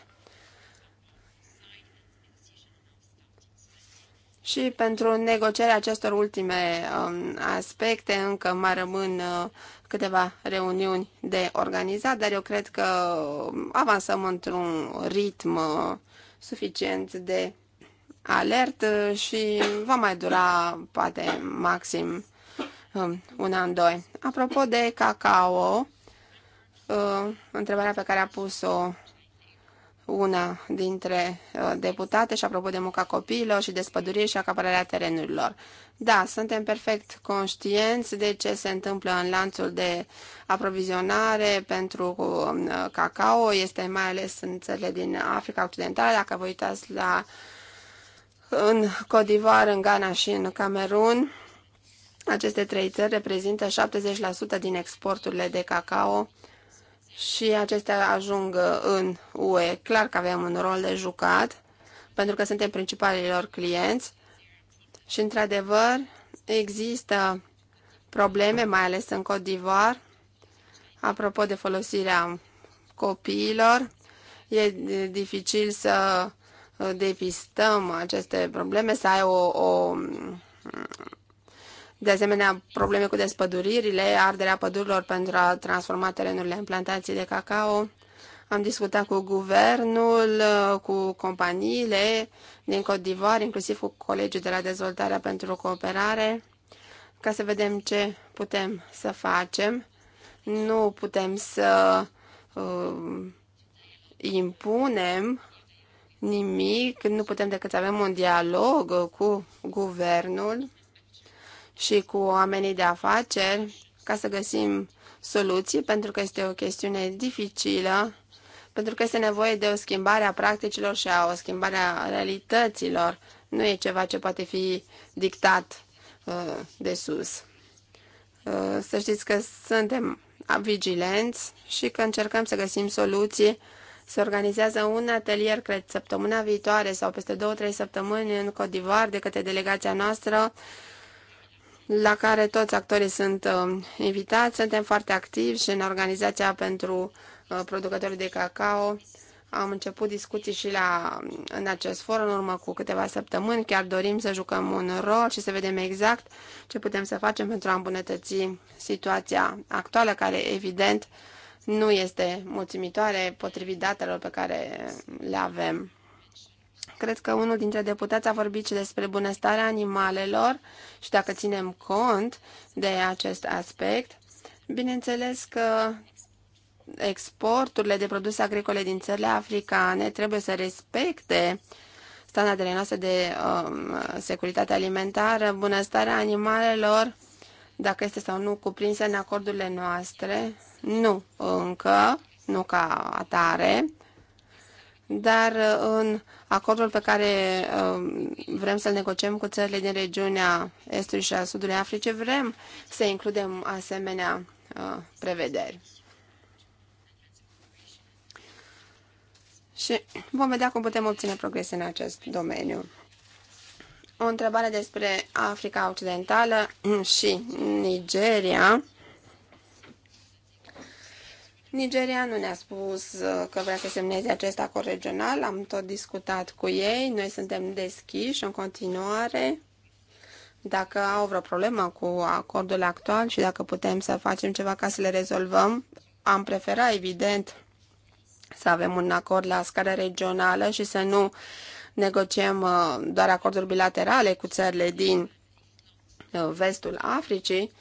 și pentru negocierea acestor ultime um, aspecte încă mai rămân uh, câteva reuniuni de organizat, dar eu cred că um, avansăm într-un ritm uh, suficient de alert și va mai dura poate maxim Um, un an, doi. Apropo de cacao, uh, întrebarea pe care a pus-o una dintre uh, deputate și apropo de munca copiilor și despădurire și acapararea terenurilor. Da, suntem perfect conștienți de ce se întâmplă în lanțul de aprovizionare pentru uh, cacao, este mai ales în țările din Africa Occidentală, dacă vă uitați la în Codivar, în Ghana și în Camerun, aceste trei țări reprezintă 70% din exporturile de cacao și acestea ajung în UE. Clar că avem un rol de jucat, pentru că suntem principalilor clienți și, într-adevăr, există probleme, mai ales în Côte d'Ivoire, apropo de folosirea copiilor. E dificil să depistăm aceste probleme, să ai o, o de asemenea probleme cu despăduririle, arderea pădurilor pentru a transforma terenurile în plantații de cacao. Am discutat cu guvernul, cu companiile din Côte d'Ivoire, inclusiv cu colegii de la dezvoltarea pentru cooperare, ca să vedem ce putem să facem. Nu putem să uh, impunem nimic, nu putem decât să avem un dialog cu guvernul și cu oamenii de afaceri ca să găsim soluții, pentru că este o chestiune dificilă, pentru că este nevoie de o schimbare a practicilor și a o schimbare a realităților. Nu e ceva ce poate fi dictat uh, de sus. Uh, să știți că suntem vigilenți și că încercăm să găsim soluții. Se organizează un atelier, cred, săptămâna viitoare sau peste două-trei săptămâni în Codivar de către delegația noastră la care toți actorii sunt um, invitați. Suntem foarte activi și în organizația pentru uh, producătorii de cacao am început discuții și la, în acest for în urmă cu câteva săptămâni. Chiar dorim să jucăm un rol și să vedem exact ce putem să facem pentru a îmbunătăți situația actuală, care evident nu este mulțumitoare potrivit datelor pe care le avem cred că unul dintre deputați a vorbit și despre bunăstarea animalelor și dacă ținem cont de acest aspect, bineînțeles că exporturile de produse agricole din țările africane trebuie să respecte standardele noastre de um, securitate alimentară, bunăstarea animalelor, dacă este sau nu cuprinsă în acordurile noastre, nu încă, nu ca atare, dar în acordul pe care um, vrem să-l negociem cu țările din regiunea Estului și a Sudului Africii, vrem să includem asemenea uh, prevederi. Și vom vedea cum putem obține progrese în acest domeniu. O întrebare despre Africa Occidentală și Nigeria. Nigeria nu ne-a spus uh, că vrea să semneze acest acord regional, am tot discutat cu ei, noi suntem deschiși în continuare. Dacă au vreo problemă cu acordul actual și dacă putem să facem ceva ca să le rezolvăm, am prefera, evident, să avem un acord la scară regională și să nu negociem uh, doar acorduri bilaterale cu țările din uh, vestul Africii,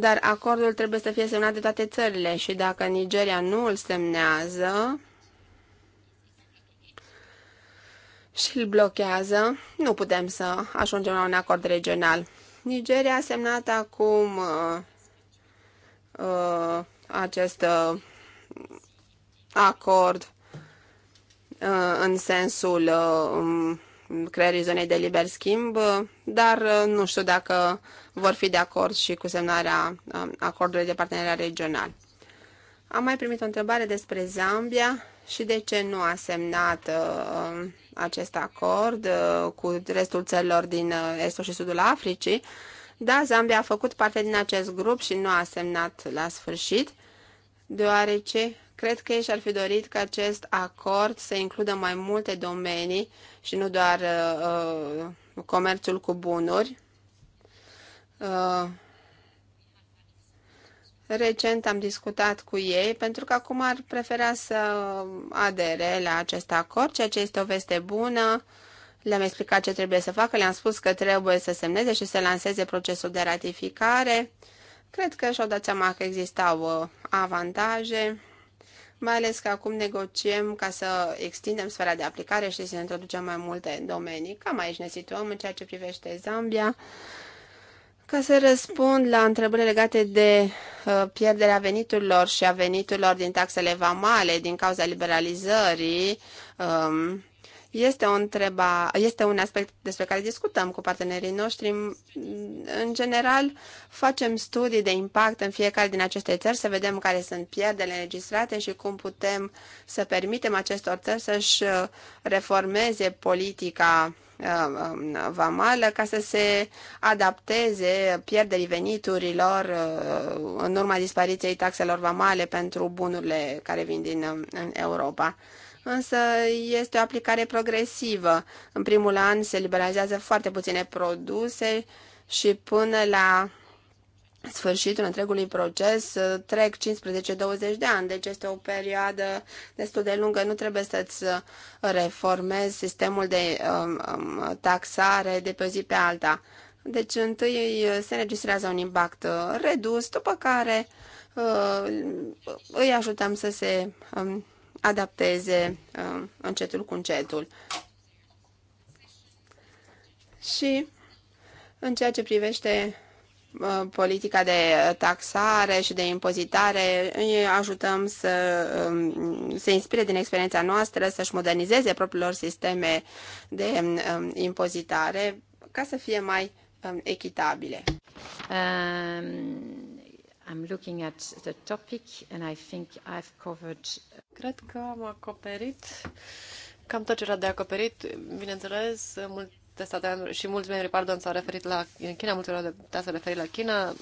dar acordul trebuie să fie semnat de toate țările și dacă Nigeria nu îl semnează și îl blochează, nu putem să ajungem la un acord regional. Nigeria a semnat acum uh, uh, acest uh, acord uh, în sensul uh, creării zonei de liber schimb, dar uh, nu știu dacă vor fi de acord și cu semnarea um, acordului de parteneriat regional. Am mai primit o întrebare despre Zambia și de ce nu a semnat uh, um, acest acord uh, cu restul țărilor din uh, estul și sudul Africii. Da, Zambia a făcut parte din acest grup și nu a semnat la sfârșit, deoarece Cred că ei și-ar fi dorit ca acest acord să includă mai multe domenii și nu doar uh, uh, comerțul cu bunuri. Uh, recent am discutat cu ei pentru că acum ar prefera să adere la acest acord, ceea ce este o veste bună. Le-am explicat ce trebuie să facă, le-am spus că trebuie să semneze și să lanseze procesul de ratificare. Cred că și-au dat seama că existau uh, avantaje mai ales că acum negociem ca să extindem sfera de aplicare și să introducem mai multe domenii. Cam aici ne situăm în ceea ce privește Zambia. Ca să răspund la întrebări legate de uh, pierderea veniturilor și a veniturilor din taxele vamale din cauza liberalizării, um, este, o întreba, este un aspect despre care discutăm cu partenerii noștri. În general, facem studii de impact în fiecare din aceste țări să vedem care sunt pierderile înregistrate și cum putem să permitem acestor țări să-și uh, reformeze politica uh, um, vamală ca să se adapteze pierderii veniturilor uh, în urma dispariției taxelor vamale pentru bunurile care vin din Europa însă este o aplicare progresivă. În primul an se liberalizează foarte puține produse și până la sfârșitul întregului proces uh, trec 15-20 de ani, deci este o perioadă destul de lungă. Nu trebuie să-ți uh, reformezi sistemul de um, um, taxare de pe o zi pe alta. Deci întâi uh, se înregistrează un impact redus, după care uh, îi ajutăm să se um, adapteze uh, încetul cu încetul. Și în ceea ce privește uh, politica de taxare și de impozitare, îi ajutăm să um, se inspire din experiența noastră, să-și modernizeze propriilor sisteme de um, impozitare ca să fie mai um, echitabile. Um topic Cred că am acoperit cam tot ce era de acoperit. Bineînțeles, multe state și mulți membri, pardon, s-au referit la China, mulți de s-au referit la China.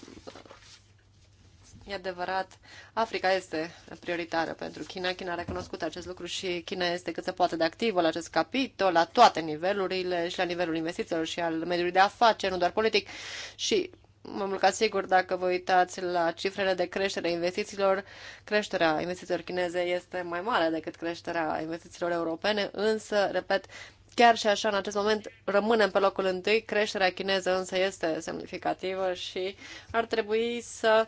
E adevărat, Africa este prioritară pentru China. China a recunoscut acest lucru și China este cât se poate de activă la acest capitol, la toate nivelurile și la nivelul investițiilor și al mediului de afaceri, nu doar politic. Și mă mult ca sigur dacă vă uitați la cifrele de creștere a investițiilor, creșterea investițiilor chineze este mai mare decât creșterea investițiilor europene, însă, repet, chiar și așa, în acest moment, rămânem pe locul întâi, creșterea chineză însă este semnificativă și ar trebui să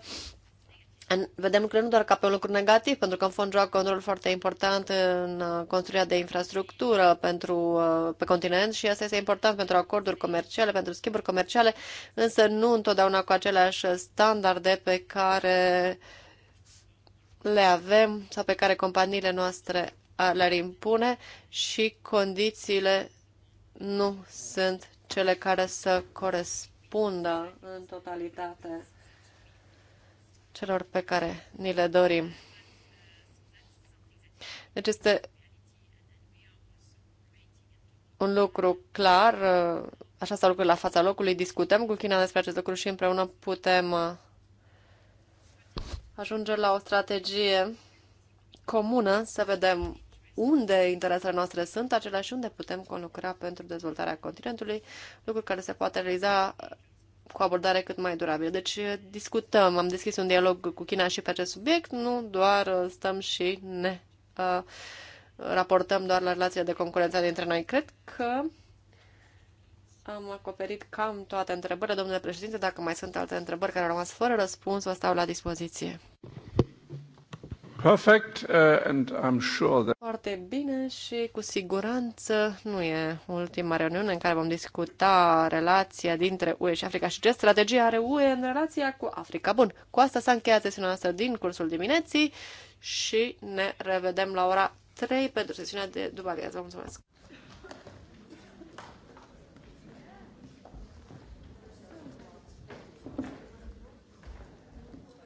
vedem lucrurile nu doar ca pe un lucru negativ, pentru că în fond joacă un rol foarte important în uh, construirea de infrastructură pentru, uh, pe continent și asta este important pentru acorduri comerciale, pentru schimburi comerciale, însă nu întotdeauna cu aceleași standarde pe care le avem sau pe care companiile noastre le impune și condițiile nu sunt cele care să corespundă în totalitate celor pe care ni le dorim. Deci este un lucru clar, uh, așa stau lucrurile la fața locului, discutăm cu China despre acest lucru și împreună putem uh, ajunge la o strategie comună, să vedem unde interesele noastre sunt aceleași și unde putem conlucra pentru dezvoltarea continentului, lucruri care se poate realiza cu abordare cât mai durabilă. Deci eh, discutăm, am deschis un dialog cu China și pe acest subiect, nu doar eh, stăm și ne uh, raportăm doar la relația de concurență dintre noi. Cred că am acoperit cam toate întrebările, domnule președinte. Dacă mai sunt alte întrebări care au rămas fără răspuns, vă stau la dispoziție perfect uh, and I'm sure that... Foarte bine și cu siguranță nu e ultima reuniune în care vom discuta relația dintre UE și Africa și ce strategie are UE în relația cu Africa. Bun, cu asta s-a încheiat sesiunea noastră din cursul dimineții și ne revedem la ora 3 pentru sesiunea de după amiază. Mulțumesc!